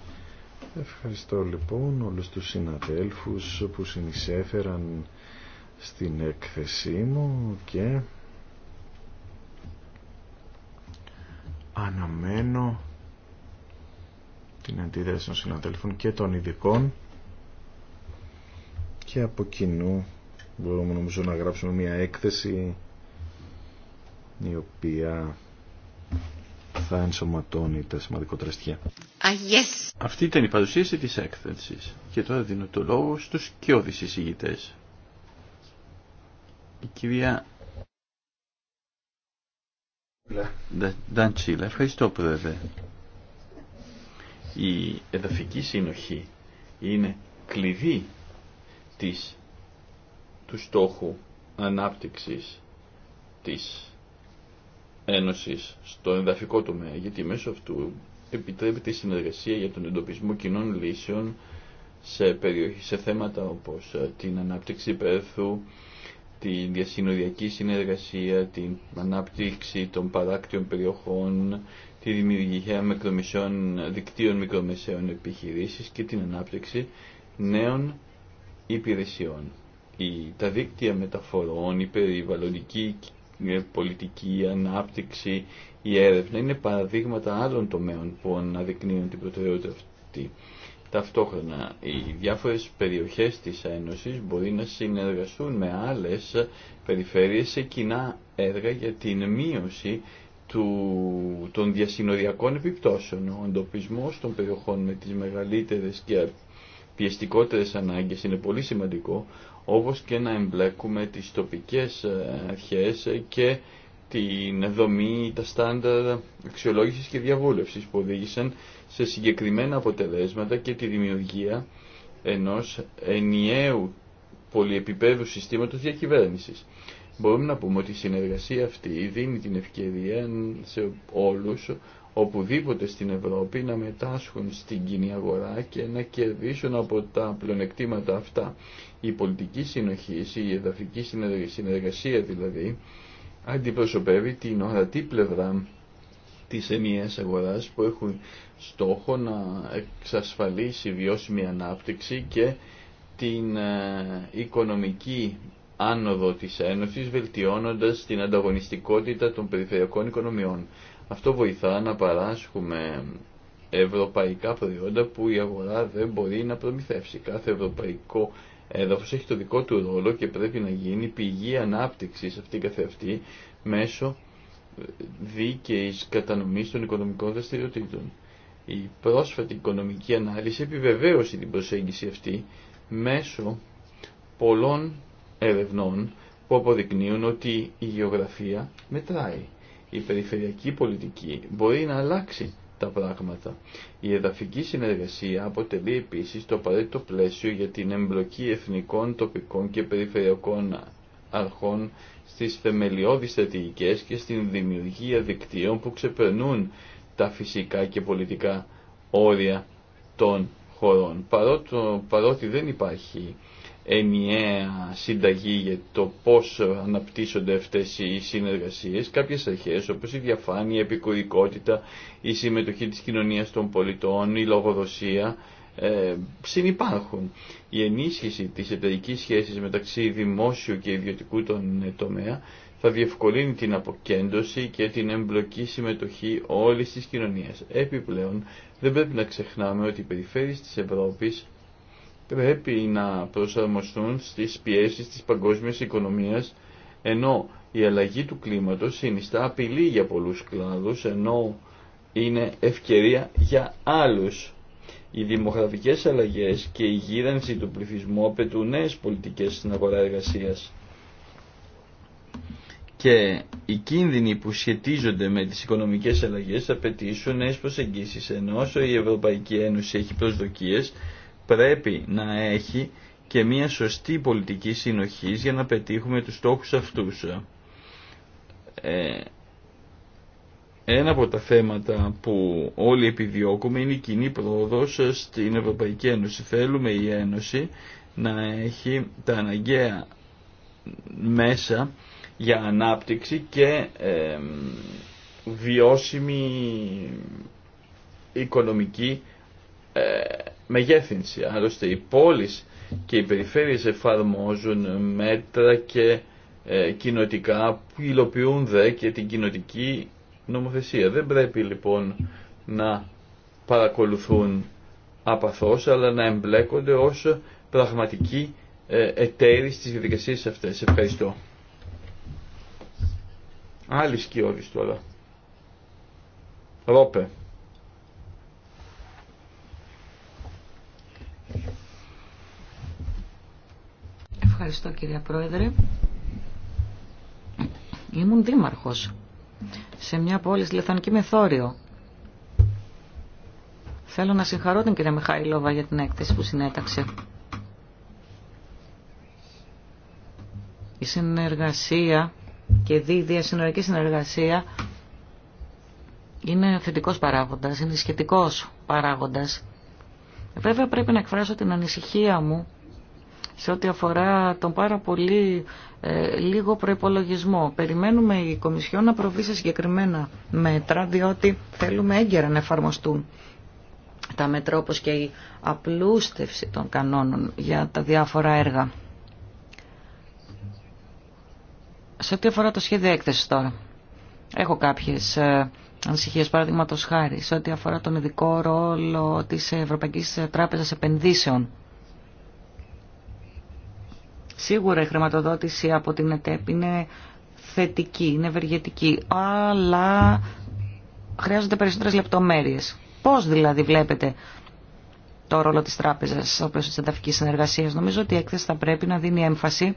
Ευχαριστώ λοιπόν όλους τους συναδέλφους που συνεισέφεραν στην έκθεσή μου και αναμένω την αντίδραση των συναδέλφων και των ειδικών και από κοινού μπορούμε νομίζω να γράψουμε μια έκθεση η οποία θα ενσωματώνει τα σημαντικότερα στοιχεία. yes. Αυτή ήταν η παρουσίαση της έκθεσης και τώρα δίνω το λόγο στους και ηγητές. Η κυρία Νταντσίλα. Ευχαριστώ πρόεδρε. Η εδαφική συνοχή είναι κλειδί της, του στόχου ανάπτυξης της Ένωσης στο εδαφικό τομέα, γιατί μέσω αυτού επιτρέπεται η συνεργασία για τον εντοπισμό κοινών λύσεων σε, περιοχή, σε θέματα όπως ε, την ανάπτυξη υπέρθου, τη διασυνοριακή συνεργασία, την ανάπτυξη των παράκτιων περιοχών, τη δημιουργία μικρομεσαίων, δικτύων μικρομεσαίων επιχειρήσεων και την ανάπτυξη νέων υπηρεσιών. Η, τα δίκτυα μεταφορών, η περιβαλλοντική ε, πολιτική, η ανάπτυξη, η έρευνα είναι παραδείγματα άλλων τομέων που αναδεικνύουν την προτεραιότητα αυτή. Ταυτόχρονα οι διάφορες περιοχές της Ένωσης μπορεί να συνεργαστούν με άλλες περιφέρειες σε κοινά έργα για την μείωση του, των διασυνοριακών επιπτώσεων. Ο εντοπισμός των περιοχών με τις μεγαλύτερες και πιεστικότερες ανάγκες είναι πολύ σημαντικό, όπως και να εμπλέκουμε τις τοπικές αρχές και την δομή, τα στάνταρ αξιολόγησης και διαβούλευσης που οδήγησαν σε συγκεκριμένα αποτελέσματα και τη δημιουργία ενός ενιαίου πολυεπιπέδου συστήματος διακυβέρνησης. Μπορούμε να πούμε ότι η συνεργασία αυτή δίνει την ευκαιρία σε όλους οπουδήποτε στην Ευρώπη να μετάσχουν στην κοινή αγορά και να κερδίσουν από τα πλονεκτήματα αυτά. Η πολιτική συνοχή, η εδαφική συνεργασία δηλαδή, αντιπροσωπεύει την ορατή πλευρά της ενιαίας αγοράς που έχουν στόχο να εξασφαλίσει βιώσιμη ανάπτυξη και την ε, οικονομική άνοδο της Ένωσης βελτιώνοντας την ανταγωνιστικότητα των περιφερειακών οικονομιών. Αυτό βοηθά να παράσχουμε ευρωπαϊκά προϊόντα που η αγορά δεν μπορεί να προμηθεύσει. Κάθε ευρωπαϊκό έδαφος έχει το δικό του ρόλο και πρέπει να γίνει πηγή ανάπτυξης αυτή καθεαυτή μέσω δίκαιης κατανομής των οικονομικών δραστηριοτήτων. Η πρόσφατη οικονομική ανάλυση επιβεβαίωσε την προσέγγιση αυτή μέσω πολλών ερευνών που αποδεικνύουν ότι η γεωγραφία μετράει. Η περιφερειακή πολιτική μπορεί να αλλάξει τα πράγματα. Η εδαφική συνεργασία αποτελεί επίσης το απαραίτητο πλαίσιο για την εμπλοκή εθνικών, τοπικών και περιφερειακών αρχών στις θεμελιώδεις στρατηγικές και στην δημιουργία δικτύων που ξεπερνούν τα φυσικά και πολιτικά όρια των χωρών. παρότι δεν υπάρχει ενιαία συνταγή για το πώς αναπτύσσονται αυτές οι συνεργασίες, κάποιες αρχές όπως η διαφάνεια, η επικουρικότητα, η συμμετοχή της κοινωνίας των πολιτών, η λογοδοσία ε, συνυπάρχουν. Η ενίσχυση της εταιρικής σχέσης μεταξύ δημόσιου και ιδιωτικού ε, τομέα θα διευκολύνει την αποκέντρωση και την εμπλοκή συμμετοχή όλης της κοινωνίας. Επιπλέον, δεν πρέπει να ξεχνάμε ότι οι περιφέρειες της Ευρώπης πρέπει να προσαρμοστούν στις πιέσεις της παγκόσμιας οικονομίας, ενώ η αλλαγή του κλίματος συνιστά απειλή για πολλούς κλάδους, ενώ είναι ευκαιρία για άλλους. Οι δημοκρατικέ αλλαγέ και η γύρανση του πληθυσμού απαιτούν νέε πολιτικές στην αγορά εργασία. Και οι κίνδυνοι που σχετίζονται με τις οικονομικές αλλαγές απαιτήσουν νέες προσεγγίσεις. Ενώ όσο η Ευρωπαϊκή Ένωση έχει προσδοκίες, πρέπει να έχει και μια σωστή πολιτική συνοχής για να πετύχουμε τους στόχους αυτούς. Ε, ένα από τα θέματα που όλοι επιδιώκουμε είναι η κοινή πρόοδος στην Ευρωπαϊκή Ένωση. Θέλουμε η Ένωση να έχει τα αναγκαία μέσα για ανάπτυξη και βιώσιμη οικονομική ε, μεγέθυνση. Άλλωστε οι πόλεις και οι περιφέρειες εφαρμόζουν μέτρα και ε, κοινοτικά που υλοποιούν και την κοινοτική νομοθεσία. Δεν πρέπει λοιπόν να παρακολουθούν απαθώς, αλλά να εμπλέκονται ως πραγματικοί ε, εταίροι στις διαδικασίες αυτές. Ευχαριστώ. Άλλη σκιώδης τώρα. Ρόπε. Ευχαριστώ κυρία Πρόεδρε. Ήμουν δήμαρχος σε μια πόλη στη Λεθανική Μεθόριο. Θέλω να συγχαρώ την κυρία Μιχαηλόβα για την έκθεση που συνέταξε. Η συνεργασία και η διασυνορική συνεργασία είναι θετικός παράγοντας, είναι σχετικός παράγοντας. Βέβαια πρέπει να εκφράσω την ανησυχία μου σε ό,τι αφορά τον πάρα πολύ ε, λίγο προϋπολογισμό. Περιμένουμε η Κομισιό να προβεί σε συγκεκριμένα μέτρα, διότι θέλουμε έγκαιρα να εφαρμοστούν τα μέτρα όπως και η απλούστευση των κανόνων για τα διάφορα έργα. Σε ό,τι αφορά το σχέδιο έκθεσης τώρα, έχω κάποιες ε, ανησυχίες, παραδείγματος χάρη, σε ό,τι αφορά τον ειδικό ρόλο της Ευρωπαϊκής Τράπεζας Επενδύσεων Σίγουρα η χρηματοδότηση από την ΕΤΕΠ είναι θετική, είναι ευεργετική, αλλά χρειάζονται περισσότερες λεπτομέρειες. Πώς δηλαδή βλέπετε το ρόλο της τράπεζας στο πλαίσιο της ενταφικής συνεργασίας. Νομίζω ότι η έκθεση θα πρέπει να δίνει έμφαση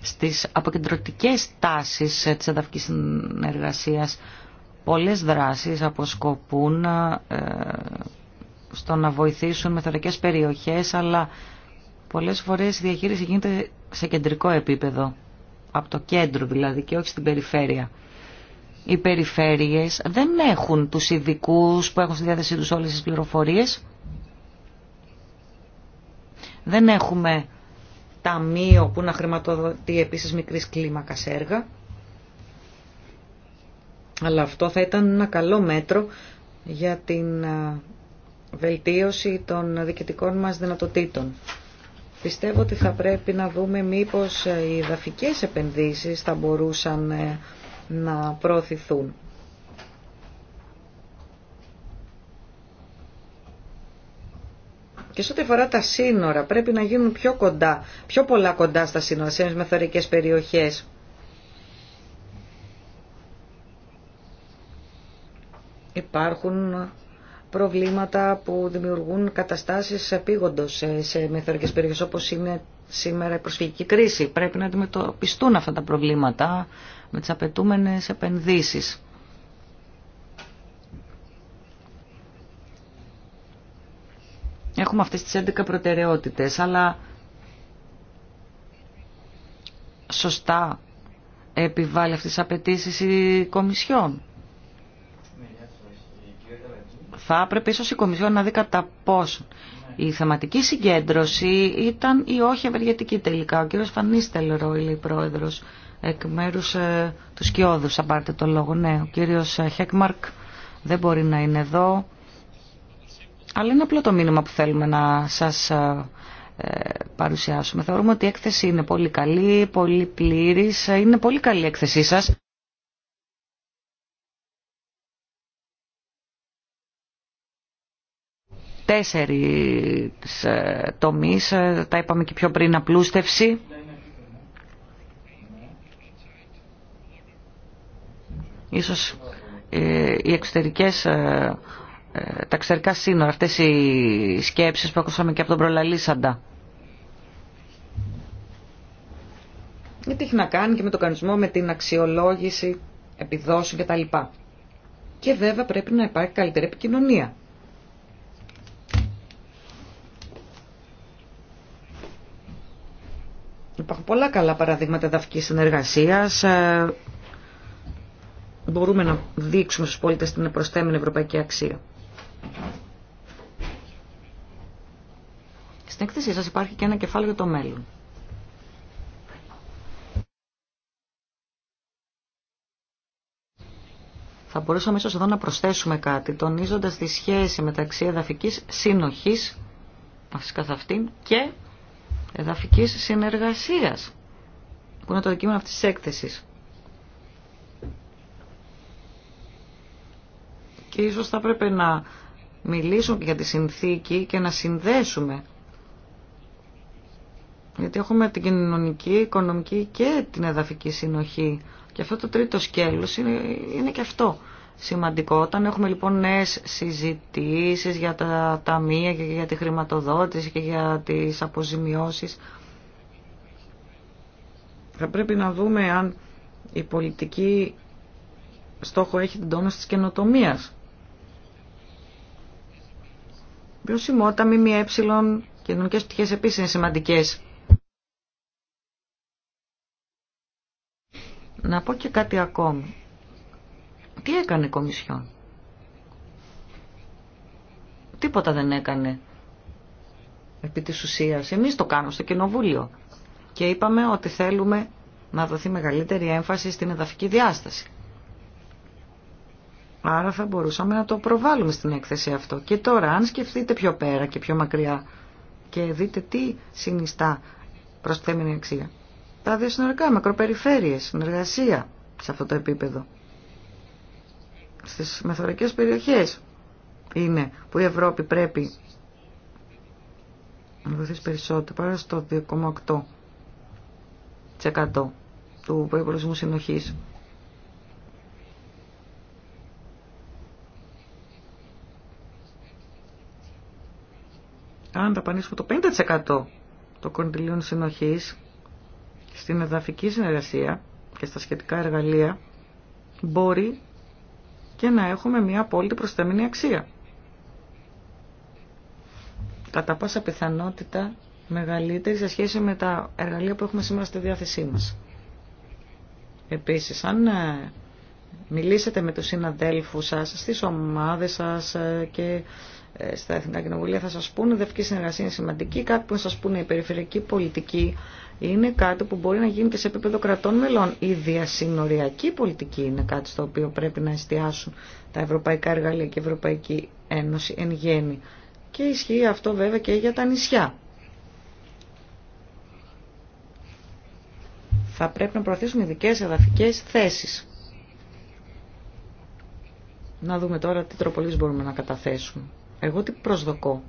στις αποκεντρωτικές τάσεις ε, της ενταφικής συνεργασίας. Πολλές δράσεις αποσκοπούν ε, στο να βοηθήσουν μεθορικές περιοχές, αλλά Πολλές φορές η διαχείριση γίνεται σε κεντρικό επίπεδο, από το κέντρο δηλαδή και όχι στην περιφέρεια. Οι περιφέρειες δεν έχουν τους ειδικού που έχουν στη διάθεσή τους όλες τις πληροφορίες. Δεν έχουμε ταμείο που να χρηματοδοτεί επίσης μικρής κλίμακας έργα. Αλλά αυτό θα ήταν ένα καλό μέτρο για την ε, βελτίωση των διοικητικών μας δυνατοτήτων. Πιστεύω ότι θα πρέπει να δούμε μήπως ε, οι δαφικές επενδύσεις θα μπορούσαν ε, να προωθηθούν. Και σε ό,τι αφορά τα σύνορα, πρέπει να γίνουν πιο κοντά, πιο πολλά κοντά στα σύνορα, σε μεθορικές περιοχές. Υπάρχουν προβλήματα που δημιουργούν καταστάσεις επίγοντος σε μεθορικές περιοχές όπως είναι σήμερα η προσφυγική κρίση. Πρέπει να αντιμετωπιστούν αυτά τα προβλήματα με τις απαιτούμενες επενδύσεις. Έχουμε αυτές τις 11 προτεραιότητες, αλλά σωστά επιβάλλει αυτές τις απαιτήσεις η Κομισιόν. Θα έπρεπε ίσως η Κομισιόν να δει κατά πόσο η θεματική συγκέντρωση ήταν ή όχι ευεργετική τελικά. Ο κύριος Φανίστελ Ρόιλ, η πρόεδρος, εκ μέρου ε, του Σκιώδου, αν πάρετε το λόγο. Ναι, ο κύριος ε, Χέκμαρκ δεν μπορεί να είναι εδώ. Αλλά είναι απλό το μήνυμα που θέλουμε να σας ε, παρουσιάσουμε. Θεωρούμε ότι η έκθεση είναι πολύ καλή, πολύ πλήρης. Είναι πολύ καλή η έκθεσή σας. τέσσερις ε, τομείς, ε, τα είπαμε και πιο πριν, απλούστευση. Ίσως ε, οι εξωτερικές, τα εξωτερικά σύνορα, αυτές οι σκέψεις που ακούσαμε και από τον προλαλήσαντα. Γιατί έχει να κάνει και με τον κανονισμό, με την αξιολόγηση επιδόσεων κτλ. Και βέβαια πρέπει να υπάρχει καλύτερη επικοινωνία Υπάρχουν πολλά καλά παραδείγματα δαυκής συνεργασίας. Ε, μπορούμε να δείξουμε στους πολίτες την προστέμενη ευρωπαϊκή αξία. Στην έκθεσή σας υπάρχει και ένα κεφάλαιο για το μέλλον. Θα μπορούσαμε ίσως εδώ να προσθέσουμε κάτι, τονίζοντας τη σχέση μεταξύ εδαφικής σύνοχης, φυσικά σε αυτήν, και εδαφικής συνεργασίας, που είναι το κείμενο αυτής της έκθεσης. Και ίσως θα πρέπει να μιλήσουμε για τη συνθήκη και να συνδέσουμε γιατί έχουμε την κοινωνική, οικονομική και την εδαφική συνοχή. Και αυτό το τρίτο σκέλος είναι, είναι και αυτό σημαντικό. Όταν έχουμε λοιπόν νέε συζητήσεις για τα ταμεία και για τη χρηματοδότηση και για τις αποζημιώσεις, θα πρέπει να δούμε αν η πολιτική στόχο έχει την τόνωση της καινοτομίας. Βιωσιμότητα, ΜΜΕ, κοινωνικές πτυχές επίσης είναι σημαντικές. Να πω και κάτι ακόμη. Τι έκανε η Κομισιόν. Τίποτα δεν έκανε επί της ουσίας. Εμείς το κάνουμε στο Κοινοβούλιο και είπαμε ότι θέλουμε να δοθεί μεγαλύτερη έμφαση στην εδαφική διάσταση. Άρα θα μπορούσαμε να το προβάλλουμε στην έκθεση αυτό. Και τώρα αν σκεφτείτε πιο πέρα και πιο μακριά και δείτε τι συνιστά προσθέμενη αξία. Τα διασυνορικά, μακροπεριφέρειες, συνεργασία σε αυτό το επίπεδο στις μεθορικές περιοχές είναι που η Ευρώπη πρέπει να βοηθήσει περισσότερο παρά στο 2,8% του προϋπολογισμού συνοχής. Αν δαπανίσουμε το 50% των κοντιλίων συνοχής στην εδαφική συνεργασία και στα σχετικά εργαλεία, μπορεί και να έχουμε μια απόλυτη προσταμένη αξία. Κατά πάσα πιθανότητα μεγαλύτερη σε σχέση με τα εργαλεία που έχουμε σήμερα στη διάθεσή μας. Επίσης, αν ε, μιλήσετε με τους συναδέλφους σας, στις ομάδες σας ε, και ε, στα Εθνικά Κοινοβουλία θα σας πούνε δευκή συνεργασία είναι σημαντική, κάτι που θα σας πούνε η περιφερειακή πολιτική είναι κάτι που μπορεί να γίνει και σε επίπεδο κρατών μελών. Η διασυνοριακή πολιτική είναι κάτι στο οποίο πρέπει να εστιάσουν τα ευρωπαϊκά εργαλεία και η Ευρωπαϊκή Ένωση εν γέννη. Και ισχύει αυτό βέβαια και για τα νησιά. Θα πρέπει να προωθήσουμε ειδικέ εδαφικές θέσεις. Να δούμε τώρα τι τροπολίες μπορούμε να καταθέσουμε. Εγώ τι προσδοκώ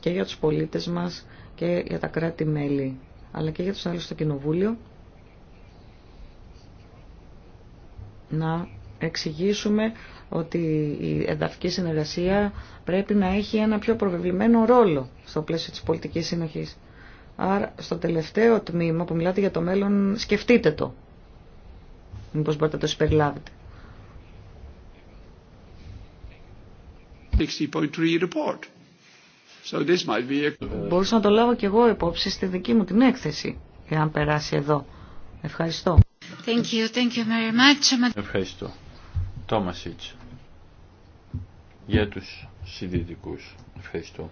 και για τους πολίτες μας και για τα κράτη-μέλη, αλλά και για τους άλλους στο Κοινοβούλιο, να εξηγήσουμε ότι η ενταφική συνεργασία πρέπει να έχει ένα πιο προβεβλημένο ρόλο στο πλαίσιο της πολιτικής συνοχής. Άρα στο τελευταίο τμήμα που μιλάτε για το μέλλον σκεφτείτε το. Μήπως μπορείτε να το συμπεριλάβετε. Μπορούσα να το λάβω και εγώ υπόψη στη δική μου την έκθεση, εάν περάσει εδώ. Ευχαριστώ. Thank you, thank you very much. Ευχαριστώ. Τόμασιτς. Για τους συντηρητικούς. Ευχαριστώ.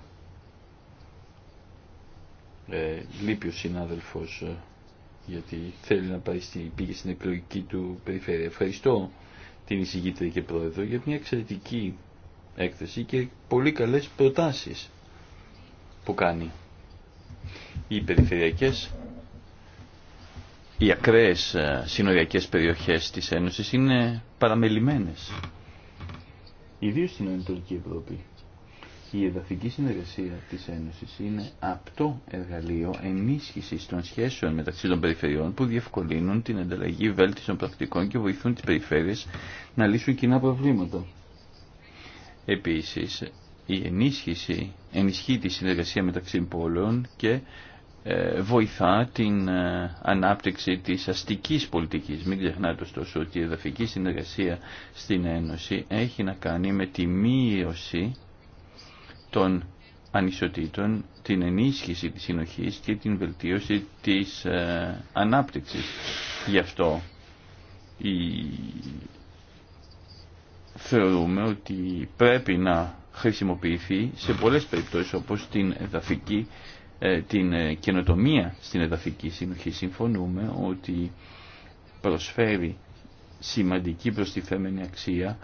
Ε, λείπει ο συνάδελφος ε, γιατί θέλει να πάει την πήγε στην εκλογική του περιφέρεια. Ευχαριστώ την εισηγήτρια και πρόεδρο για μια εξαιρετική έκθεση και πολύ καλές προτάσεις που κάνει. Οι περιφερειακές, οι ακραίες ε, συνοριακές περιοχές της Ένωσης είναι παραμελημένες. Ιδίως στην Ανατολική Ευρώπη. Η εδαφική συνεργασία της Ένωσης είναι απτό εργαλείο ενίσχυσης των σχέσεων μεταξύ των περιφερειών που διευκολύνουν την ανταλλαγή βέλτιστων πρακτικών και βοηθούν τις περιφέρειες να λύσουν κοινά προβλήματα. Επίσης, η ενίσχυση ενισχύει τη συνεργασία μεταξύ πόλεων και ε, βοηθά την ε, ανάπτυξη της αστικής πολιτικής. Μην ξεχνάτε ωστόσο ότι η εδαφική συνεργασία στην Ένωση έχει να κάνει με τη μείωση των ανισοτήτων, την ενίσχυση της συνοχής και την βελτίωση της ε, ανάπτυξης. Γι' αυτό θεωρούμε ότι πρέπει να χρησιμοποιηθεί σε πολλές περιπτώσεις όπως την εδαφική, ε, την ε, καινοτομία στην εδαφική συνοχή. Συμφωνούμε ότι προσφέρει σημαντική προστιθέμενη αξία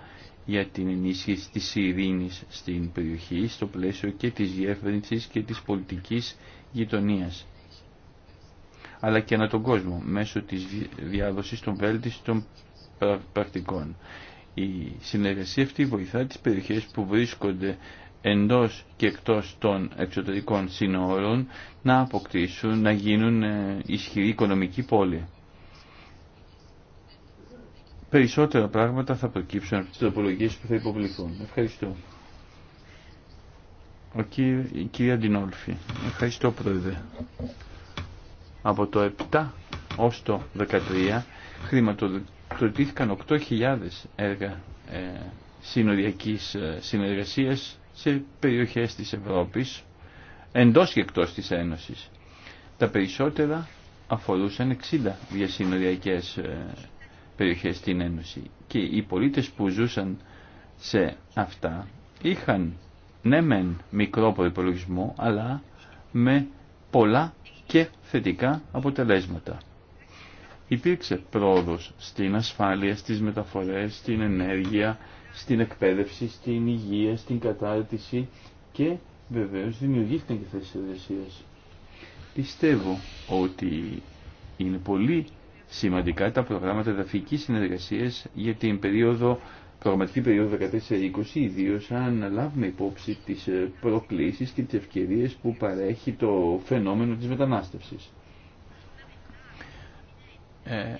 για την ενίσχυση της ειρήνης στην περιοχή στο πλαίσιο και της διεύρυνσης και της πολιτικής γειτονίας αλλά και ανά τον κόσμο μέσω της διάδοσης των βέλτιστων πρακτικών. Η συνεργασία αυτή βοηθά τις περιοχές που βρίσκονται εντός και εκτός των εξωτερικών σύνορων να αποκτήσουν, να γίνουν ε, ισχυρή οικονομική πόλη. Περισσότερα πράγματα θα προκύψουν από τις τροπολογίες που θα υποβληθούν. Ευχαριστώ. Ο κύρι, η κυρία Ντινόλφη. Ευχαριστώ πρόεδρε. Από το 7 ως το 13 χρηματοδοτεί προτίθηκαν 8.000 έργα ε, συνοριακής ε, συνεργασίας σε περιοχές της Ευρώπης, εντός και εκτός της Ένωσης. Τα περισσότερα αφορούσαν 60 διασυνοριακές ε, περιοχές στην Ένωση και οι πολίτες που ζούσαν σε αυτά είχαν ναι μεν μικρό προπολογισμό αλλά με πολλά και θετικά αποτελέσματα υπήρξε πρόοδος στην ασφάλεια, στις μεταφορές, στην ενέργεια, στην εκπαίδευση, στην υγεία, στην κατάρτιση και βεβαίως δημιουργήθηκαν και θέσεις εργασία. Πιστεύω ότι είναι πολύ σημαντικά τα προγράμματα εδαφικής συνεργασίας για την περίοδο, προγραμματική περίοδο 14-20, ιδίω αν λάβουμε υπόψη τις ε, προκλήσεις και τις ευκαιρίες που παρέχει το φαινόμενο της μετανάστευσης. Ε,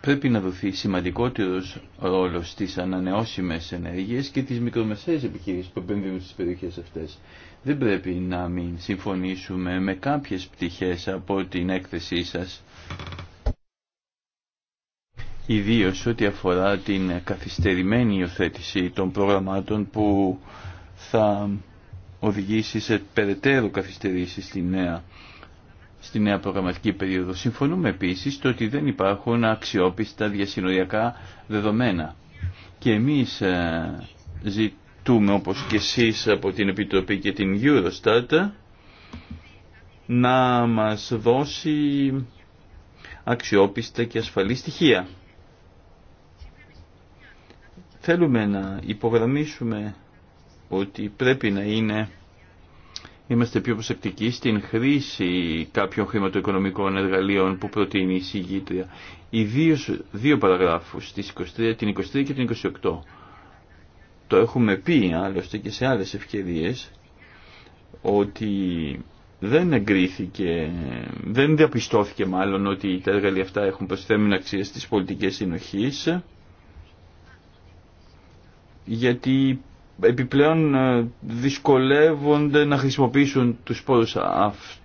πρέπει να δοθεί σημαντικότερος ρόλος στις ανανεώσιμες ενέργειες και τις μικρομεσαίες επιχειρήσεις που επενδύουν στις περιοχές αυτές. Δεν πρέπει να μην συμφωνήσουμε με κάποιες πτυχές από την έκθεσή σας, ιδίως ό,τι αφορά την καθυστερημένη υιοθέτηση των προγραμμάτων που θα οδηγήσει σε περαιτέρω καθυστερήσεις στη νέα στη νέα προγραμματική περίοδο. Συμφωνούμε επίσης το ότι δεν υπάρχουν αξιόπιστα διασυνοριακά δεδομένα. Και εμείς ε, ζητούμε όπως και εσείς από την Επιτροπή και την Eurostat να μας δώσει αξιόπιστα και ασφαλή στοιχεία. Θέλουμε να υπογραμμίσουμε ότι πρέπει να είναι είμαστε πιο προσεκτικοί στην χρήση κάποιων χρηματοοικονομικών εργαλείων που προτείνει η συγγήτρια. Οι δύο, δύο παραγράφους, τις 23, την 23 και την 28, το έχουμε πει άλλωστε και σε άλλες ευκαιρίες, ότι δεν εγκρίθηκε, δεν διαπιστώθηκε μάλλον ότι τα εργαλεία αυτά έχουν προσθέμενη αξία στις πολιτικές συνοχής, γιατί επιπλέον ε, δυσκολεύονται να χρησιμοποιήσουν τους πόρους αυτούς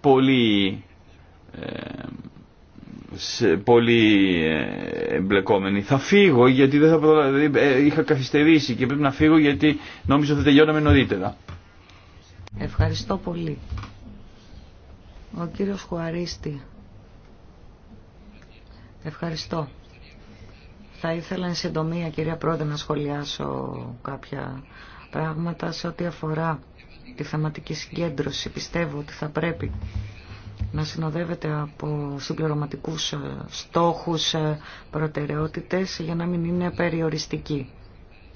πολύ, ε, πολύ ε, εμπλεκόμενοι. Θα φύγω γιατί δεν θα δηλαδή, είχα καθυστερήσει και πρέπει να φύγω γιατί νόμιζα θα τελειώναμε νωρίτερα. Ευχαριστώ πολύ. Ο κύριος Χουαρίστη. Ευχαριστώ. Θα ήθελα εν συντομία, κυρία Πρόεδρε, να σχολιάσω κάποια πράγματα σε ό,τι αφορά τη θεματική συγκέντρωση. Πιστεύω ότι θα πρέπει να συνοδεύεται από συμπληρωματικούς ε, στόχους, ε, προτεραιότητες για να μην είναι περιοριστική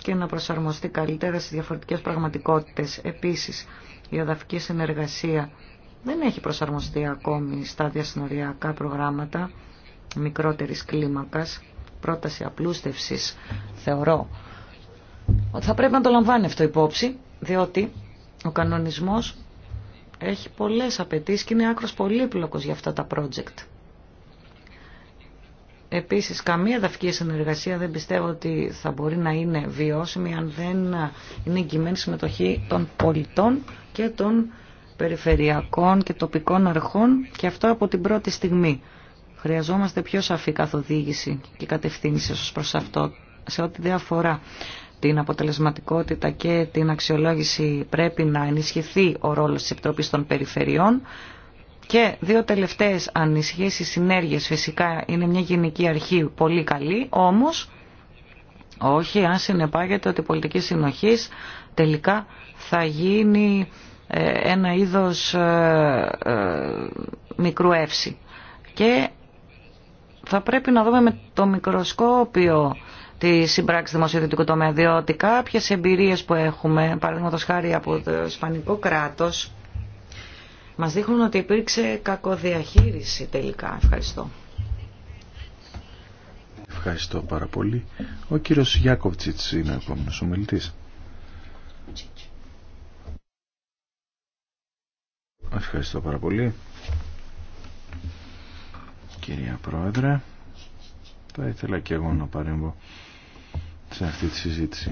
και να προσαρμοστεί καλύτερα στις διαφορετικές πραγματικότητες. Επίσης, η οδαφική συνεργασία δεν έχει προσαρμοστεί ακόμη στα διασυνοριακά προγράμματα μικρότερης κλίμακας πρόταση απλούστευσης θεωρώ ότι θα πρέπει να το λαμβάνει αυτό υπόψη, διότι ο κανονισμός έχει πολλές απαιτήσει και είναι άκρος πολύπλοκος για αυτά τα project. Επίσης, καμία δαυκή συνεργασία δεν πιστεύω ότι θα μπορεί να είναι βιώσιμη αν δεν είναι εγγυημένη συμμετοχή των πολιτών και των περιφερειακών και τοπικών αρχών και αυτό από την πρώτη στιγμή. Χρειαζόμαστε πιο σαφή καθοδήγηση και κατευθύνηση ως προς αυτό σε ό,τι δεν αφορά την αποτελεσματικότητα και την αξιολόγηση πρέπει να ενισχυθεί ο ρόλος της Επιτροπής των Περιφερειών και δύο τελευταίες ανησυχίες, οι φυσικά είναι μια γενική αρχή πολύ καλή, όμως όχι αν συνεπάγεται ότι η πολιτική συνοχή τελικά θα γίνει ε, ένα είδος ε, ε, μικρού εύση. Και θα πρέπει να δούμε με το μικροσκόπιο τη συμπράξη δημοσιοδητικού τομέα, διότι κάποιε εμπειρίε που έχουμε, παραδείγματο χάρη από το Ισπανικό κράτο, μα δείχνουν ότι υπήρξε κακοδιαχείριση τελικά. Ευχαριστώ. Ευχαριστώ πάρα πολύ. Ο κύριος Γιάκοβτσιτς είναι ο επόμενος ομιλητής. Ευχαριστώ πάρα πολύ κυρία Πρόεδρε. Θα ήθελα και εγώ να παρέμβω σε αυτή τη συζήτηση.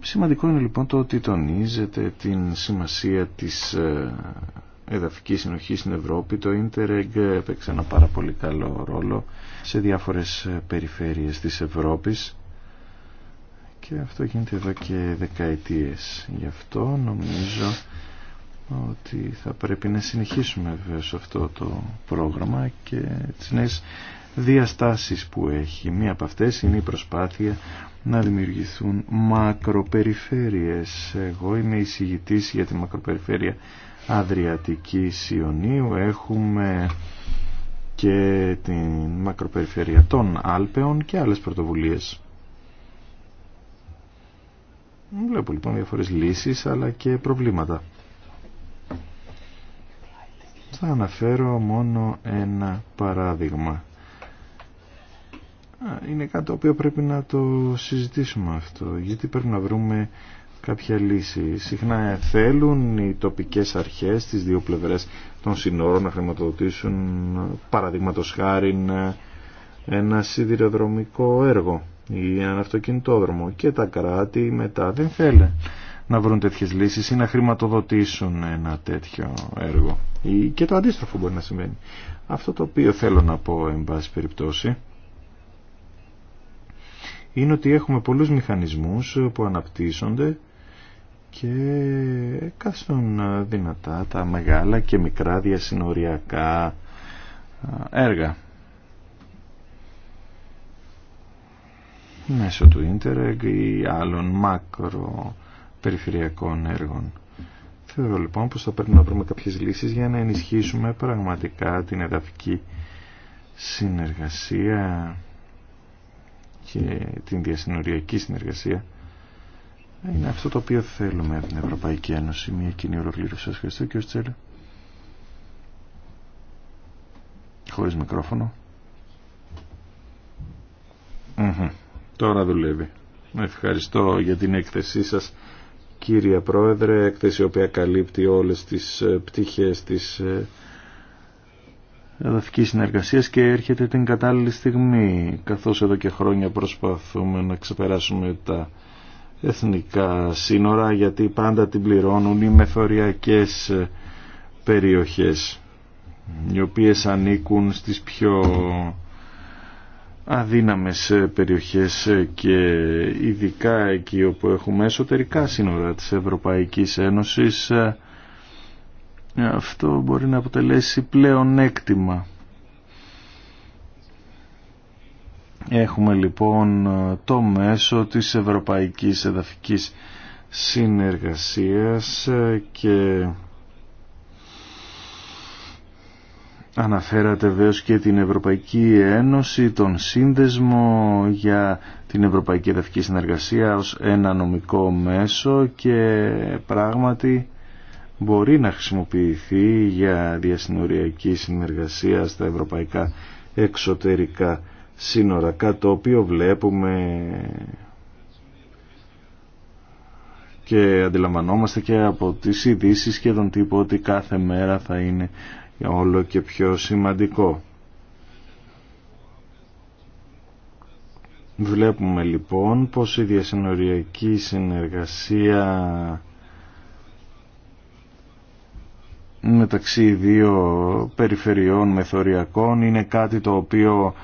Σημαντικό είναι λοιπόν το ότι τονίζεται την σημασία της ε, εδαφικής συνοχής στην Ευρώπη. Το Ίντερεγκ έπαιξε ένα πάρα πολύ καλό ρόλο σε διάφορες ε, περιφέρειες της Ευρώπης και αυτό γίνεται εδώ και δεκαετίες. Γι' αυτό νομίζω ότι θα πρέπει να συνεχίσουμε βέβαια αυτό το πρόγραμμα και τις νέες διαστάσεις που έχει. Μία από αυτές είναι η προσπάθεια να δημιουργηθούν μακροπεριφέρειες. Εγώ είμαι εισηγητής για τη μακροπεριφέρεια Αδριατικής Ιωνίου. Έχουμε και την μακροπεριφέρεια των Άλπαιων και άλλες πρωτοβουλίες. Βλέπω λοιπόν διάφορες λύσεις αλλά και προβλήματα. Θα αναφέρω μόνο ένα παράδειγμα. Είναι κάτι το οποίο πρέπει να το συζητήσουμε αυτό, γιατί πρέπει να βρούμε κάποια λύση. Συχνά θέλουν οι τοπικές αρχές στις δύο πλευρές των συνόρων να χρηματοδοτήσουν παραδείγματο χάρη ένα σιδηροδρομικό έργο ή έναν αυτοκινητόδρομο και τα κράτη μετά δεν θέλουν να βρουν τέτοιες λύσεις ή να χρηματοδοτήσουν ένα τέτοιο έργο ή και το αντίστροφο μπορεί να σημαίνει Αυτό το οποίο θέλω να πω εν πάση περιπτώσει είναι ότι έχουμε πολλούς μηχανισμούς που αναπτύσσονται και κάστον δυνατά τα μεγάλα και μικρά διασυνοριακά έργα. μέσω του Ίντερεγ ή άλλων περιφερειακών έργων. Θεωρώ λοιπόν πως θα πρέπει να βρούμε κάποιες λύσεις για να ενισχύσουμε πραγματικά την εδαφική συνεργασία και την διασυνοριακή συνεργασία. Είναι αυτό το οποίο θέλουμε από την Ευρωπαϊκή Ένωση. Μια κοινή ολοκλήρωση. Σας ευχαριστώ και Χωρίς μικρόφωνο. Mm Τώρα δουλεύει. Ευχαριστώ για την έκθεσή σας κύριε Πρόεδρε, έκθεση η οποία καλύπτει όλες τις ε, πτυχές της ε, εδαφικής συνεργασίας και έρχεται την κατάλληλη στιγμή, καθώς εδώ και χρόνια προσπαθούμε να ξεπεράσουμε τα εθνικά σύνορα, γιατί πάντα την πληρώνουν οι μεθοριακές ε, περιοχές, οι οποίες ανήκουν στις πιο αδύναμες ε, περιοχές ε, και ειδικά εκεί όπου έχουμε εσωτερικά σύνορα της Ευρωπαϊκής Ένωσης ε, αυτό μπορεί να αποτελέσει πλέον έκτημα. Έχουμε λοιπόν το μέσο της Ευρωπαϊκής Εδαφικής Συνεργασίας και Αναφέρατε βέβαια και την Ευρωπαϊκή Ένωση, τον σύνδεσμο για την Ευρωπαϊκή Εδαφική Συνεργασία ως ένα νομικό μέσο και πράγματι μπορεί να χρησιμοποιηθεί για διασυνοριακή συνεργασία στα ευρωπαϊκά εξωτερικά σύνορα, κάτι το οποίο βλέπουμε και αντιλαμβανόμαστε και από τις ειδήσει και τον τύπο ότι κάθε μέρα θα είναι όλο και πιο σημαντικό. Βλέπουμε λοιπόν πως η διασυνοριακή συνεργασία μεταξύ δύο περιφερειών μεθοριακών είναι κάτι το οποίο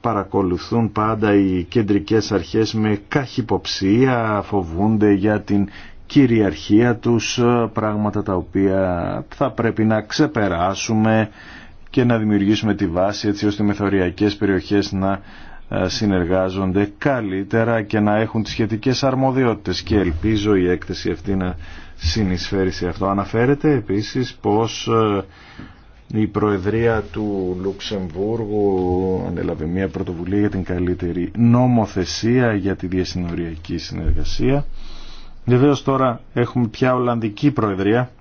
παρακολουθούν πάντα οι κεντρικές αρχές με καχυποψία, φοβούνται για την κυριαρχία τους, ε, πράγματα τα οποία θα πρέπει να ξεπεράσουμε και να δημιουργήσουμε τη βάση έτσι ώστε οι μεθοριακές περιοχές να ε, συνεργάζονται καλύτερα και να έχουν τις σχετικές αρμοδιότητες και ελπίζω η έκθεση αυτή να συνεισφέρει σε αυτό. Αναφέρεται επίσης πως ε, η Προεδρία του Λουξεμβούργου ανέλαβε μια πρωτοβουλία για την καλύτερη νομοθεσία για τη διασυνοριακή συνεργασία Βεβαίω τώρα έχουμε πια Ολλανδική Προεδρία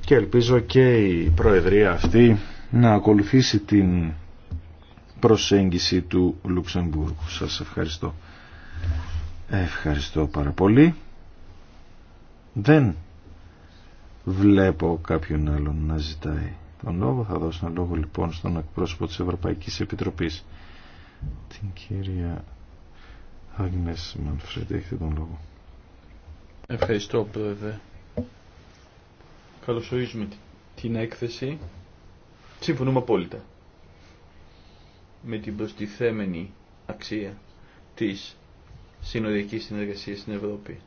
και ελπίζω και η Προεδρία αυτή να ακολουθήσει την προσέγγιση του Λουξεμβούργου. Σας ευχαριστώ. Ευχαριστώ πάρα πολύ. Δεν βλέπω κάποιον άλλον να ζητάει τον λόγο. Θα δώσω τον λόγο λοιπόν στον εκπρόσωπο της Ευρωπαϊκής Επιτροπής, την κυρία Άγνες τον λόγο. Ευχαριστώ πρόεδρε. Καλωσορίζουμε την έκθεση. Συμφωνούμε απόλυτα με την προστιθέμενη αξία της συνοριακής συνεργασίας στην Ευρώπη.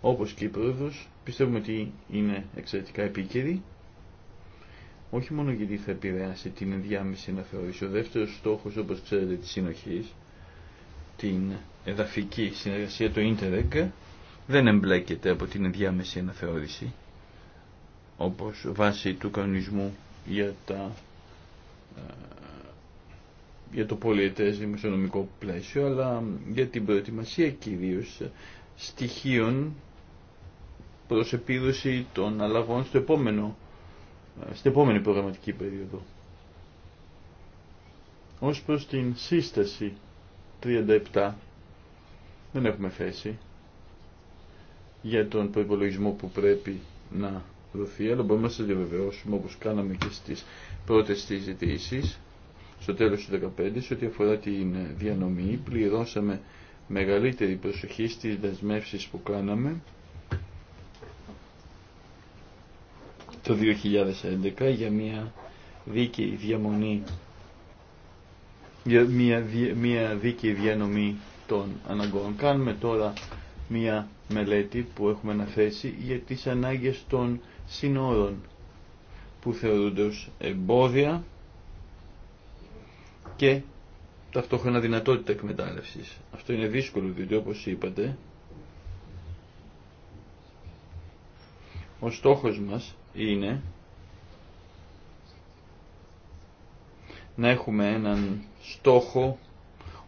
Όπως και η πρόεδρος, πιστεύουμε ότι είναι εξαιρετικά επίκαιρη, όχι μόνο γιατί θα επηρεάσει την ενδιάμεση να θεωρήσει ο δεύτερος στόχος, όπως ξέρετε, της συνοχής, την εδαφική συνεργασία το Ίντερεγκ δεν εμπλέκεται από την ενδιάμεση αναθεώρηση όπως βάση του κανονισμού για, ε, για το πολιετές δημοσιονομικό πλαίσιο αλλά για την προετοιμασία κυρίως στοιχείων προς επίδοση των αλλαγών στο επόμενο, ε, στην επόμενη προγραμματική περίοδο. Ως προς την σύσταση 37 δεν έχουμε θέση για τον προπολογισμό που πρέπει να δοθεί, αλλά μπορούμε να σας διαβεβαιώσουμε όπως κάναμε και στις πρώτες συζητήσει στο τέλος του 15 σε ό,τι αφορά την διανομή, πληρώσαμε μεγαλύτερη προσοχή στις δεσμεύσεις που κάναμε το 2011 για μια δίκη διαμονή μια, μια δίκαιη διανομή των αναγκών. Κάνουμε τώρα μια μελέτη που έχουμε αναθέσει για τις ανάγκες των συνόρων που θεωρούνται ως εμπόδια και ταυτόχρονα δυνατότητα εκμετάλλευσης. Αυτό είναι δύσκολο διότι όπως είπατε ο στόχος μας είναι να έχουμε έναν στόχο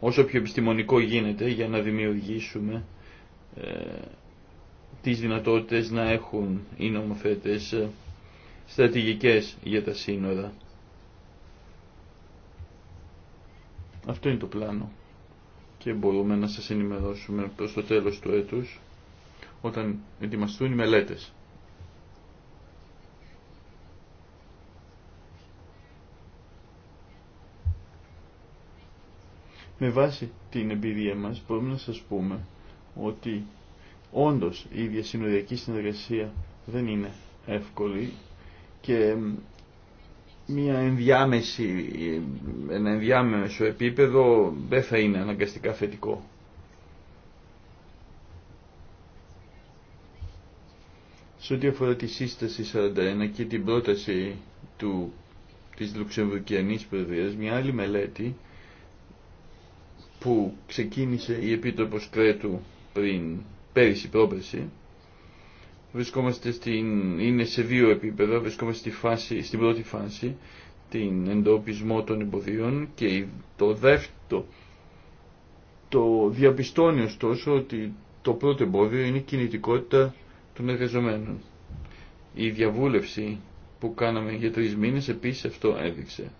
όσο πιο επιστημονικό γίνεται για να δημιουργήσουμε ε, τις δυνατότητες να έχουν οι νομοθέτες ε, στρατηγικές για τα σύνορα. Αυτό είναι το πλάνο και μπορούμε να σας ενημερώσουμε προς το τέλος του έτους όταν ετοιμαστούν οι μελέτες. Με βάση την εμπειρία μας μπορούμε να σας πούμε ότι όντως η συνοριακή συνεργασία δεν είναι εύκολη και μια ενδιάμεση, ένα ενδιάμεσο επίπεδο δεν θα είναι αναγκαστικά θετικό. Σε ό,τι αφορά τη σύσταση 41 και την πρόταση του, της Λουξεμβουρκιανής Προεδρίας, μια άλλη μελέτη που ξεκίνησε η Επίτροπος Κρέτου πριν, πέρυσι, πρόπερση, βρισκόμαστε στην, είναι σε δύο επίπεδα, βρισκόμαστε στη φάση, στην πρώτη φάση, την εντοπισμό των εμποδίων και το δεύτερο, το διαπιστώνει ωστόσο ότι το πρώτο εμπόδιο είναι η κινητικότητα των εργαζομένων. Η διαβούλευση που κάναμε για τρεις μήνες επίσης αυτό έδειξε.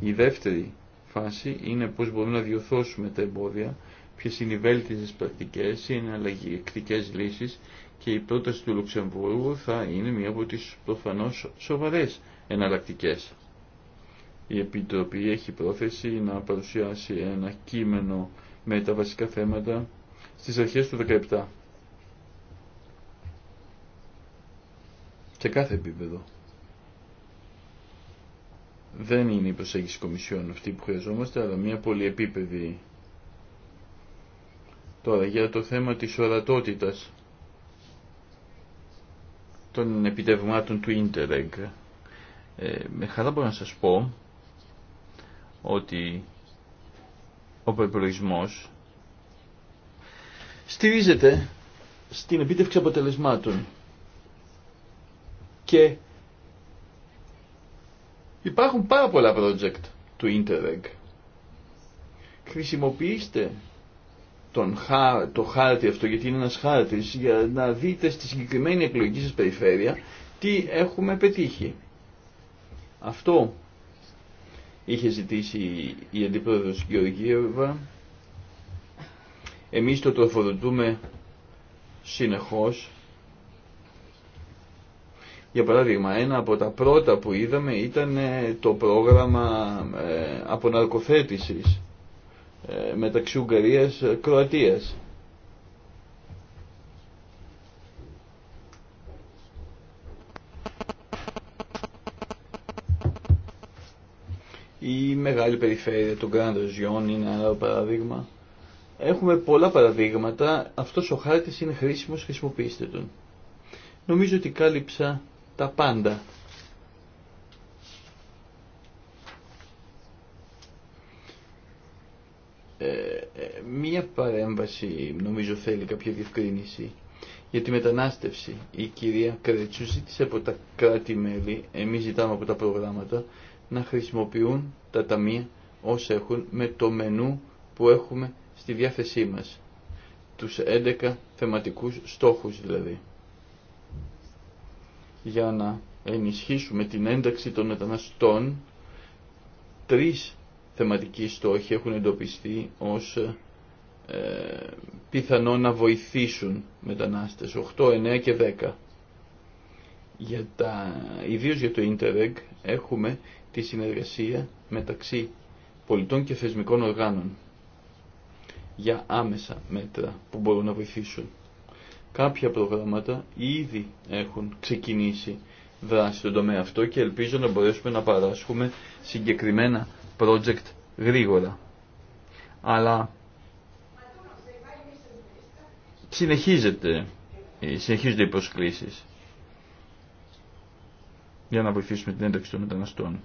Η δεύτερη φάση είναι πώς μπορούμε να διορθώσουμε τα εμπόδια, ποιες είναι οι βέλτιζες πρακτικές, οι εναλλαγικές λύσεις και η πρόταση του Λουξεμβούργου θα είναι μία από τις προφανώς σοβαρές εναλλακτικές. Η Επιτροπή έχει πρόθεση να παρουσιάσει ένα κείμενο με τα βασικά θέματα στις αρχές του 17. Σε κάθε επίπεδο. Δεν είναι η προσέγγιση κομισιών αυτή που χρειαζόμαστε, αλλά μια πολυεπίπεδη. Τώρα, για το θέμα της ορατότητας των επιτευγμάτων του Ίντερεγκ. με χαρά μπορώ να σας πω ότι ο προϋπολογισμός στηρίζεται στην επίτευξη αποτελεσμάτων και Υπάρχουν πάρα πολλά project του Interreg. Χρησιμοποιήστε τον, το χάρτη αυτό, γιατί είναι ένας χάρτης, για να δείτε στη συγκεκριμένη εκλογική σας περιφέρεια τι έχουμε πετύχει. Αυτό είχε ζητήσει η Αντιπρόεδρος Γεωργίευα. Εμείς το τροφοδοτούμε συνεχώς για παράδειγμα, ένα από τα πρώτα που είδαμε ήταν ε, το πρόγραμμα ε, αποναρκοθέτησης ε, μεταξύ Ουγγαρίας και Κροατίας. Η μεγάλη περιφέρεια των Grand Region είναι ένα παράδειγμα. Έχουμε πολλά παραδείγματα. Αυτός ο χάρτης είναι χρήσιμος, χρησιμοποιήστε τον. Νομίζω ότι κάλυψα τα πάντα. Ε, ε, μία παρέμβαση νομίζω θέλει κάποια διευκρίνηση για τη μετανάστευση. Η κυρία Κρέτσου ζήτησε από τα κράτη-μέλη, εμείς ζητάμε από τα προγράμματα, να χρησιμοποιούν τα ταμεία όσα έχουν με το μενού που έχουμε στη διάθεσή μας. Τους 11 θεματικούς στόχους δηλαδή για να ενισχύσουμε την ένταξη των μεταναστών, τρεις θεματικοί στόχοι έχουν εντοπιστεί ως ε, πιθανό να βοηθήσουν μετανάστες, 8, 9 και 10. Για τα, ιδίως για το Interreg έχουμε τη συνεργασία μεταξύ πολιτών και θεσμικών οργάνων για άμεσα μέτρα που μπορούν να βοηθήσουν. Κάποια προγράμματα ήδη έχουν ξεκινήσει δράση στον τομέα αυτό και ελπίζω να μπορέσουμε να παράσχουμε συγκεκριμένα project γρήγορα. Αλλά συνεχίζεται, συνεχίζονται οι προσκλήσεις για να βοηθήσουμε την ένταξη των μεταναστών.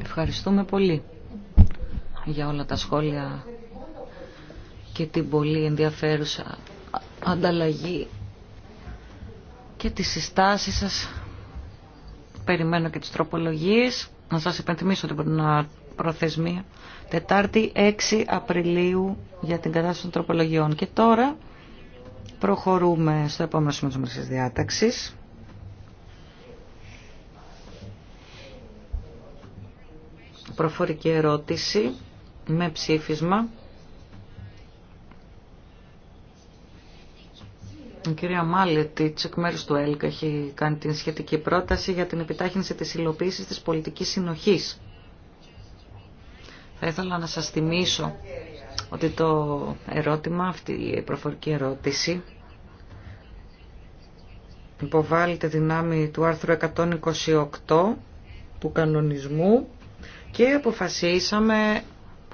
Ευχαριστούμε πολύ για όλα τα σχόλια και την πολύ ενδιαφέρουσα ανταλλαγή και τις συστάσεις σας. Περιμένω και τις τροπολογίες. Να σας υπενθυμίσω την προθεσμία. Τετάρτη 6 Απριλίου για την κατάσταση των τροπολογιών. Και τώρα προχωρούμε στο επόμενο σημείο της διάταξης. Προφορική ερώτηση με ψήφισμα Η κυρία Μάλετη, εκ μέρου του ΕΛΚ, έχει κάνει την σχετική πρόταση για την επιτάχυνση τη υλοποίησης τη πολιτική συνοχή. Θα ήθελα να σα θυμίσω ότι το ερώτημα, αυτή η προφορική ερώτηση, υποβάλλεται δυνάμει του άρθρου 128 του κανονισμού και αποφασίσαμε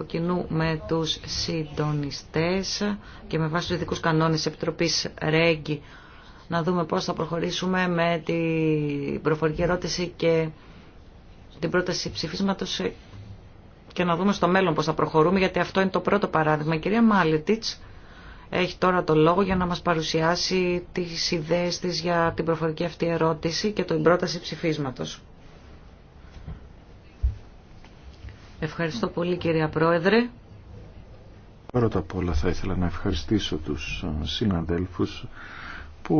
από κοινού με τους συντονιστές και με βάση τους ειδικούς κανόνες της Επιτροπής ΡΕΓΚΙ να δούμε πώς θα προχωρήσουμε με την προφορική ερώτηση και την πρόταση ψηφίσματος και να δούμε στο μέλλον πώς θα προχωρούμε γιατί αυτό είναι το πρώτο παράδειγμα. Η κυρία Μάλιτιτς έχει τώρα το λόγο για να μας παρουσιάσει τις ιδέες της για την προφορική αυτή ερώτηση και την πρόταση ψηφίσματος. Ευχαριστώ πολύ κυρία Πρόεδρε. Πρώτα απ' όλα θα ήθελα να ευχαριστήσω τους ε, συναδέλφους που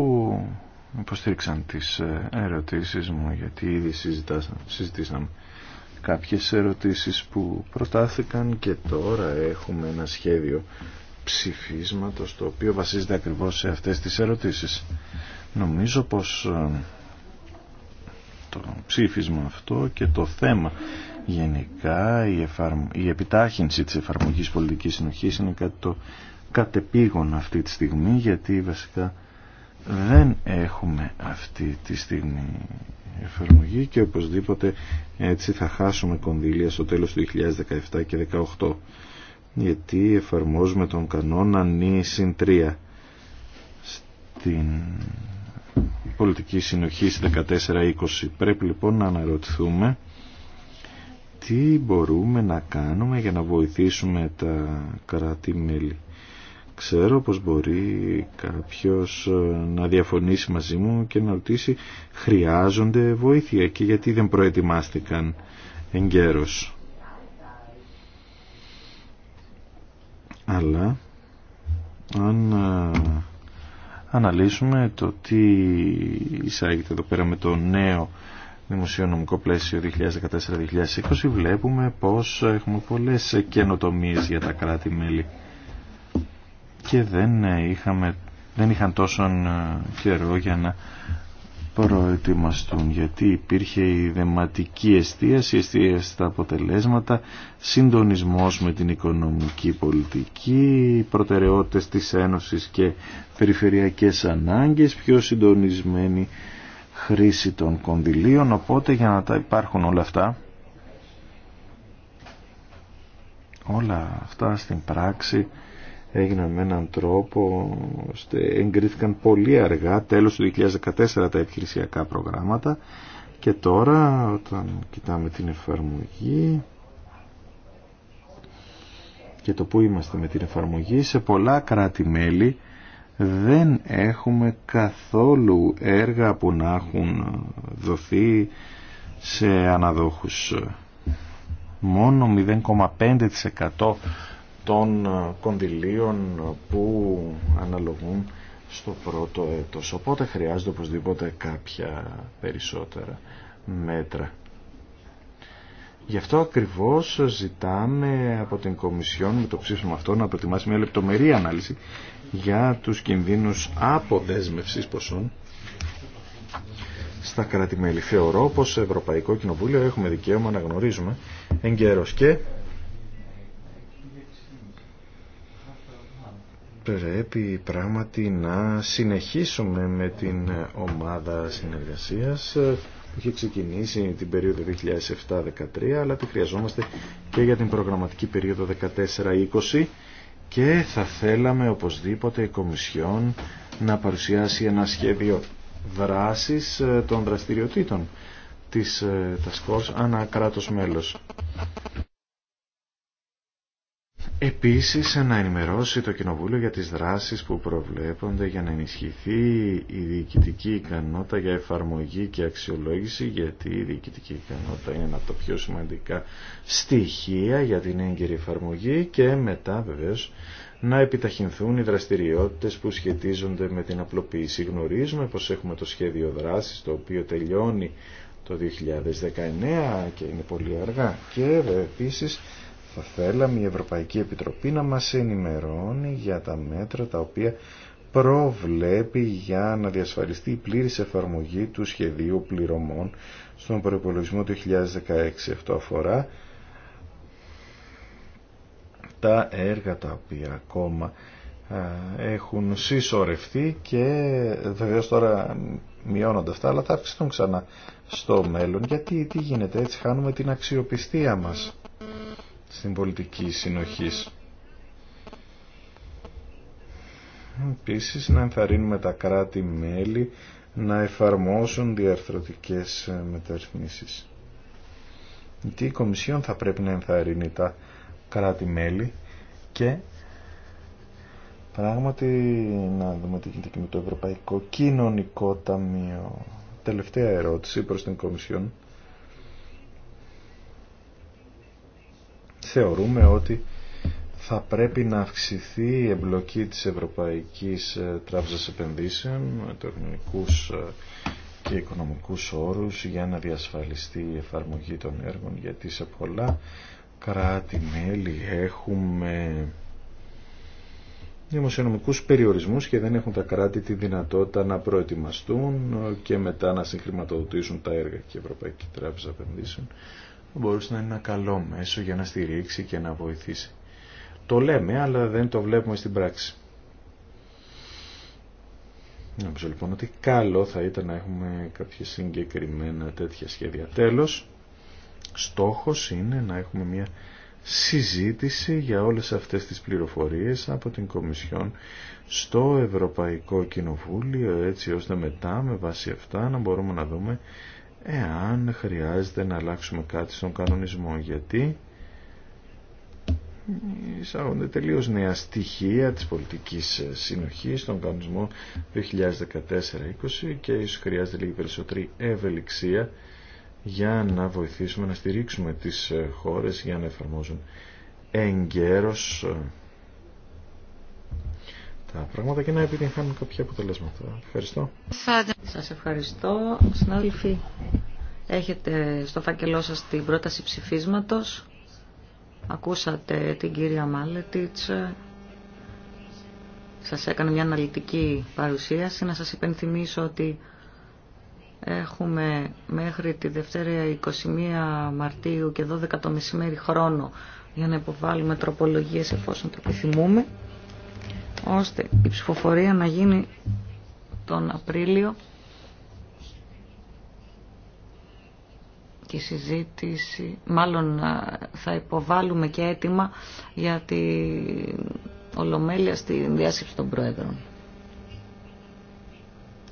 υποστήριξαν τις ε, ερωτήσεις μου γιατί ήδη συζητήσαμε κάποιες ερωτήσεις που προτάθηκαν και τώρα έχουμε ένα σχέδιο ψηφίσματος το οποίο βασίζεται ακριβώς σε αυτές τις ερωτήσεις. Νομίζω πως ε, το ψήφισμα αυτό και το θέμα γενικά η, η επιτάχυνση της εφαρμογής πολιτικής συνοχής είναι κάτι το κατεπήγον αυτή τη στιγμή γιατί βασικά δεν έχουμε αυτή τη στιγμή εφαρμογή και οπωσδήποτε έτσι θα χάσουμε κονδύλια στο τέλος του 2017 και 2018 γιατί εφαρμόζουμε τον κανόνα νη συν 3 στην πολιτική συνοχή 14-20. Πρέπει λοιπόν να αναρωτηθούμε τι μπορούμε να κάνουμε για να βοηθήσουμε τα κράτη-μέλη. Ξέρω πως μπορεί κάποιος ε, να διαφωνήσει μαζί μου και να ρωτήσει χρειάζονται βοήθεια και γιατί δεν προετοιμάστηκαν εγκαίρως. Αλλά αν ε, αναλύσουμε το τι εισάγεται εδώ πέρα με το νέο δημοσιονομικό πλαίσιο 2014-2020 βλέπουμε πως έχουμε πολλές καινοτομίες για τα κράτη-μέλη και δεν, ε, είχαμε, δεν είχαν τόσο ε, καιρό για να προετοιμαστούν γιατί υπήρχε η δεματική εστίαση, εστίαση στα αποτελέσματα, συντονισμός με την οικονομική πολιτική, προτεραιότητες της Ένωσης και περιφερειακές ανάγκες, πιο συντονισμένη χρήση των κονδυλίων, οπότε για να τα υπάρχουν όλα αυτά, όλα αυτά στην πράξη έγιναν με έναν τρόπο ώστε εγκρίθηκαν πολύ αργά τέλος του 2014 τα επιχειρησιακά προγράμματα και τώρα όταν κοιτάμε την εφαρμογή και το που είμαστε με την εφαρμογή σε πολλά κράτη-μέλη δεν έχουμε καθόλου έργα που να έχουν δοθεί σε αναδόχους μόνο 0,5% των ε, κονδυλίων ε, που αναλογούν στο πρώτο έτος. Οπότε χρειάζεται οπωσδήποτε κάποια περισσότερα μέτρα. Γι' αυτό ακριβώς ζητάμε από την Κομισιόν με το ψήφισμα αυτό να προετοιμάσει μια λεπτομερή ανάλυση για τους κινδύνους αποδέσμευσης ποσών στα κράτη-μέλη. Θεωρώ πως σε Ευρωπαϊκό Κοινοβούλιο έχουμε δικαίωμα να γνωρίζουμε εγκαίρως και πρέπει πράγματι να συνεχίσουμε με την ομάδα συνεργασίας που είχε ξεκινήσει την περίοδο 2007-2013 αλλά τη χρειαζόμαστε και για την προγραμματική περίοδο 2014-2020 και θα θέλαμε οπωσδήποτε η Κομισιόν να παρουσιάσει ένα σχέδιο δράσης ε, των δραστηριοτήτων της Τασκός ε, ανά κράτος μέλος. Επίσης να ενημερώσει το Κοινοβούλιο για τις δράσεις που προβλέπονται για να ενισχυθεί η διοικητική ικανότητα για εφαρμογή και αξιολόγηση γιατί η διοικητική ικανότητα είναι ένα από τα πιο σημαντικά στοιχεία για την έγκυρη εφαρμογή και μετά βεβαίως να επιταχυνθούν οι δραστηριότητες που σχετίζονται με την απλοποίηση. Γνωρίζουμε πως έχουμε το σχέδιο δράσης το οποίο τελειώνει το 2019 και είναι πολύ αργά και επίσης θα θέλαμε η Ευρωπαϊκή Επιτροπή να μας ενημερώνει για τα μέτρα τα οποία προβλέπει για να διασφαλιστεί η πλήρης εφαρμογή του σχεδίου πληρωμών στον προϋπολογισμό του 2016. Αυτό αφορά τα έργα τα οποία ακόμα έχουν συσσωρευτεί και βεβαίως τώρα μειώνονται αυτά αλλά θα αυξηθούν ξανά στο μέλλον γιατί τι γίνεται έτσι χάνουμε την αξιοπιστία μας στην πολιτική συνοχής. Επίσης να ενθαρρύνουμε τα κράτη-μέλη να εφαρμόσουν διαρθρωτικές μεταρρυθμίσεις. Γιατί η Κομισιόν θα πρέπει να ενθαρρύνει τα κράτη-μέλη και πράγματι να δούμε τι γίνεται και με το Ευρωπαϊκό Κοινωνικό Ταμείο. Τελευταία ερώτηση προς την Κομισιόν. θεωρούμε ότι θα πρέπει να αυξηθεί η εμπλοκή της Ευρωπαϊκής ε, Τράπεζας Επενδύσεων με τεχνικούς ε, και οικονομικούς όρους για να διασφαλιστεί η εφαρμογή των έργων γιατί σε πολλά κράτη-μέλη έχουμε δημοσιονομικούς περιορισμούς και δεν έχουν τα κράτη τη δυνατότητα να προετοιμαστούν ε, και μετά να συγχρηματοδοτήσουν τα έργα και η Ευρωπαϊκή Τράπεζα Επενδύσεων θα μπορούσε να είναι ένα καλό μέσο για να στηρίξει και να βοηθήσει. Το λέμε, αλλά δεν το βλέπουμε στην πράξη. Νομίζω λοιπόν ότι καλό θα ήταν να έχουμε κάποια συγκεκριμένα τέτοια σχέδια. Τέλος, στόχος είναι να έχουμε μια συζήτηση για όλες αυτές τις πληροφορίες από την Κομισιόν στο Ευρωπαϊκό Κοινοβούλιο έτσι ώστε μετά με βάση αυτά να μπορούμε να δούμε εάν χρειάζεται να αλλάξουμε κάτι στον κανονισμό γιατί εισάγονται τελείως νέα στοιχεία της πολιτικής συνοχής στον κανονισμό 2014-20 και ίσως χρειάζεται λίγη περισσότερη ευελιξία για να βοηθήσουμε να στηρίξουμε τις χώρες για να εφαρμόζουν εγκαίρως τα πράγματα και να επιτυγχάνουν κάποια αποτελέσματα. Ευχαριστώ. Σας ευχαριστώ. Συνάδελφοι, έχετε στο φάκελό σας την πρόταση ψηφίσματος. Ακούσατε την κυρία Μάλετιτς. Σας έκανε μια αναλυτική παρουσίαση. Να σας υπενθυμίσω ότι έχουμε μέχρι τη Δευτέρα 21 Μαρτίου και 12 το μεσημέρι χρόνο για να υποβάλουμε τροπολογίες εφόσον το επιθυμούμε ώστε η ψηφοφορία να γίνει τον Απρίλιο και η συζήτηση, μάλλον θα υποβάλουμε και αίτημα για την ολομέλεια στη διάσκεψη των Πρόεδρων.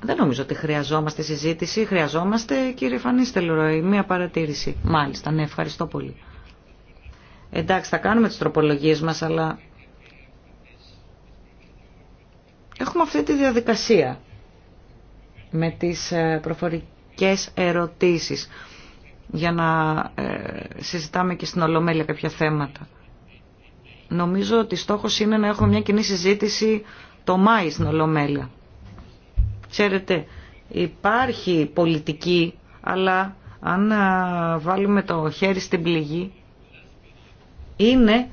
Δεν νομίζω ότι χρειαζόμαστε συζήτηση, χρειαζόμαστε κύριε Φανίστελ μία παρατήρηση. Μάλιστα, ναι, ευχαριστώ πολύ. Εντάξει, θα κάνουμε τις τροπολογίες μας, αλλά Έχουμε αυτή τη διαδικασία με τις ε, προφορικές ερωτήσεις για να ε, συζητάμε και στην Ολομέλεια κάποια θέματα. Νομίζω ότι στόχος είναι να έχουμε μια κοινή συζήτηση το Μάη στην Ολομέλεια. Ξέρετε, υπάρχει πολιτική, αλλά αν ε, βάλουμε το χέρι στην πληγή, είναι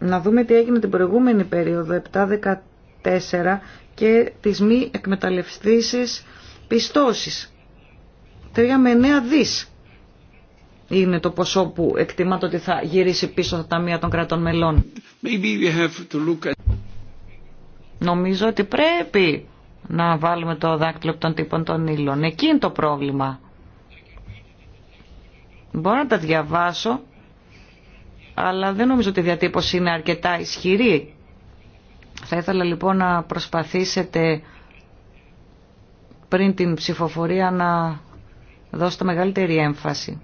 να δούμε τι έγινε την προηγούμενη περίοδο 7-14 και τις μη εκμεταλλευστήσεις πιστώσεις. 3 με 9 δις είναι το ποσό που εκτιμάται ότι θα γυρίσει πίσω τα ταμεία των κρατών μελών. Νομίζω ότι πρέπει να βάλουμε το δάκτυλο των τύπων των ύλων. Εκεί είναι το πρόβλημα. Μπορώ να τα διαβάσω αλλά δεν νομίζω ότι η διατύπωση είναι αρκετά ισχυρή. Θα ήθελα λοιπόν να προσπαθήσετε πριν την ψηφοφορία να δώσετε μεγαλύτερη έμφαση.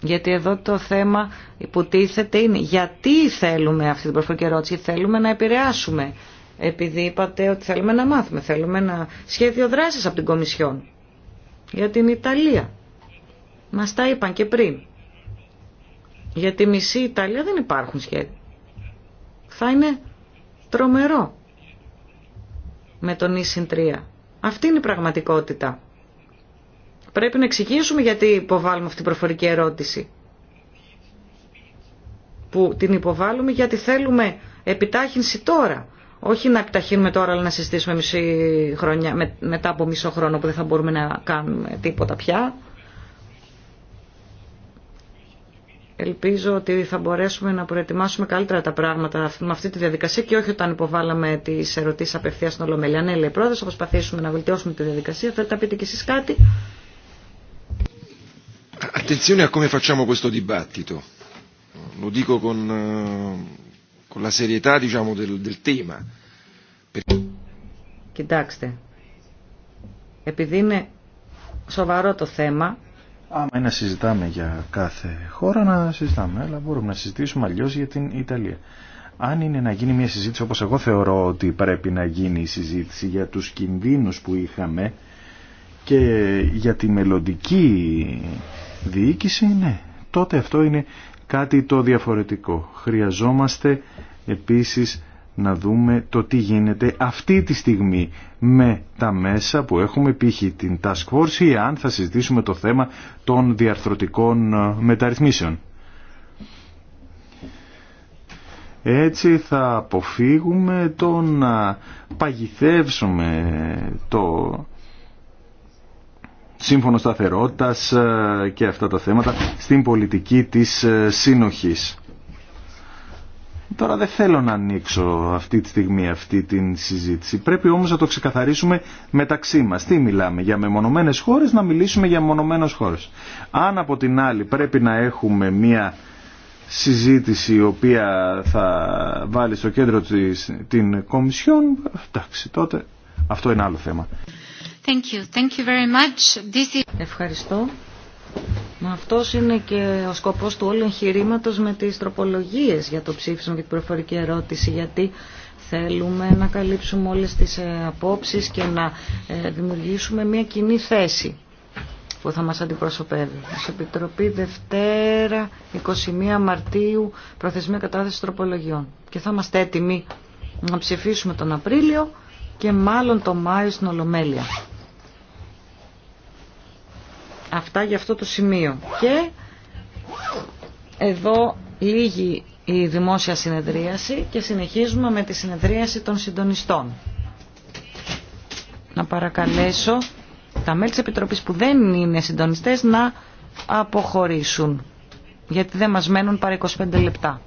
Γιατί εδώ το θέμα που τίθεται είναι γιατί θέλουμε αυτή την προσφορική ερώτηση, θέλουμε να επηρεάσουμε. Επειδή είπατε ότι θέλουμε να μάθουμε, θέλουμε να σχέδιο δράσης από την Κομισιόν για την Ιταλία. Μας τα είπαν και πριν. Γιατί μισή Ιταλία δεν υπάρχουν σχέδια. Θα είναι τρομερό με τον ίσιν 3. Αυτή είναι η πραγματικότητα. Πρέπει να εξηγήσουμε γιατί υποβάλλουμε αυτή την προφορική ερώτηση. Που την υποβάλλουμε γιατί θέλουμε επιτάχυνση τώρα. Όχι να επιταχύνουμε τώρα, αλλά να συζητήσουμε μισή χρονιά, μετά από μισό χρόνο που δεν θα μπορούμε να κάνουμε τίποτα πια. Ελπίζω ότι θα μπορέσουμε να προετοιμάσουμε καλύτερα τα πράγματα με αυτή τη διαδικασία και όχι όταν υποβάλαμε τι ερωτήσει απευθεία στην Ολομέλεια. Ναι, λέει πρόεδρο, θα προσπαθήσουμε να βελτιώσουμε τη διαδικασία. Θέλετε να πείτε κι εσεί κάτι. Attenzione a come facciamo questo dibattito. Lo dico con, eh, con la serietà diciamo, del, del tema. Κοιτάξτε, επειδή είναι σοβαρό το θέμα, Άμα είναι να συζητάμε για κάθε χώρα να συζητάμε, αλλά μπορούμε να συζητήσουμε αλλιώς για την Ιταλία. Αν είναι να γίνει μια συζήτηση όπως εγώ θεωρώ ότι πρέπει να γίνει η συζήτηση για τους κινδύνους που είχαμε και για τη μελλοντική διοίκηση, ναι, τότε αυτό είναι κάτι το διαφορετικό. Χρειαζόμαστε επίσης να δούμε το τι γίνεται αυτή τη στιγμή με τα μέσα που έχουμε π.χ. την Task Force ή αν θα συζητήσουμε το θέμα των διαρθρωτικών ε, μεταρρυθμίσεων. Έτσι θα αποφύγουμε το να παγιθεύσουμε το σύμφωνο σταθερότητας ε, και αυτά τα θέματα στην πολιτική της ε, σύνοχης. Τώρα δεν θέλω να ανοίξω αυτή τη στιγμή αυτή την συζήτηση. Πρέπει όμως να το ξεκαθαρίσουμε μεταξύ μας. Τι μιλάμε, για μεμονωμένες χώρες να μιλήσουμε για μεμονωμένες χώρες. Αν από την άλλη πρέπει να έχουμε μια συζήτηση η οποία θα βάλει στο κέντρο της, την Κομισιόν, εντάξει τότε αυτό είναι άλλο θέμα. Thank you. Thank you very much. Ευχαριστώ. Αυτός είναι και ο σκοπός του όλου εγχειρήματο με τις τροπολογίες για το ψήφισμα και την προφορική ερώτηση, γιατί θέλουμε να καλύψουμε όλες τις ε, απόψεις και να ε, δημιουργήσουμε μια κοινή θέση που θα μας αντιπροσωπεύει. Σε Επιτροπή Δευτέρα, 21 Μαρτίου, προθεσμία κατάθεση τροπολογιών. Και θα είμαστε έτοιμοι να ψηφίσουμε τον Απρίλιο και μάλλον τον Μάιο στην Ολομέλεια. Αυτά για αυτό το σημείο. Και εδώ λίγη η δημόσια συνεδρίαση και συνεχίζουμε με τη συνεδρίαση των συντονιστών. Να παρακαλέσω τα μέλη της Επιτροπής που δεν είναι συντονιστές να αποχωρήσουν, γιατί δεν μας μένουν παρά 25 λεπτά.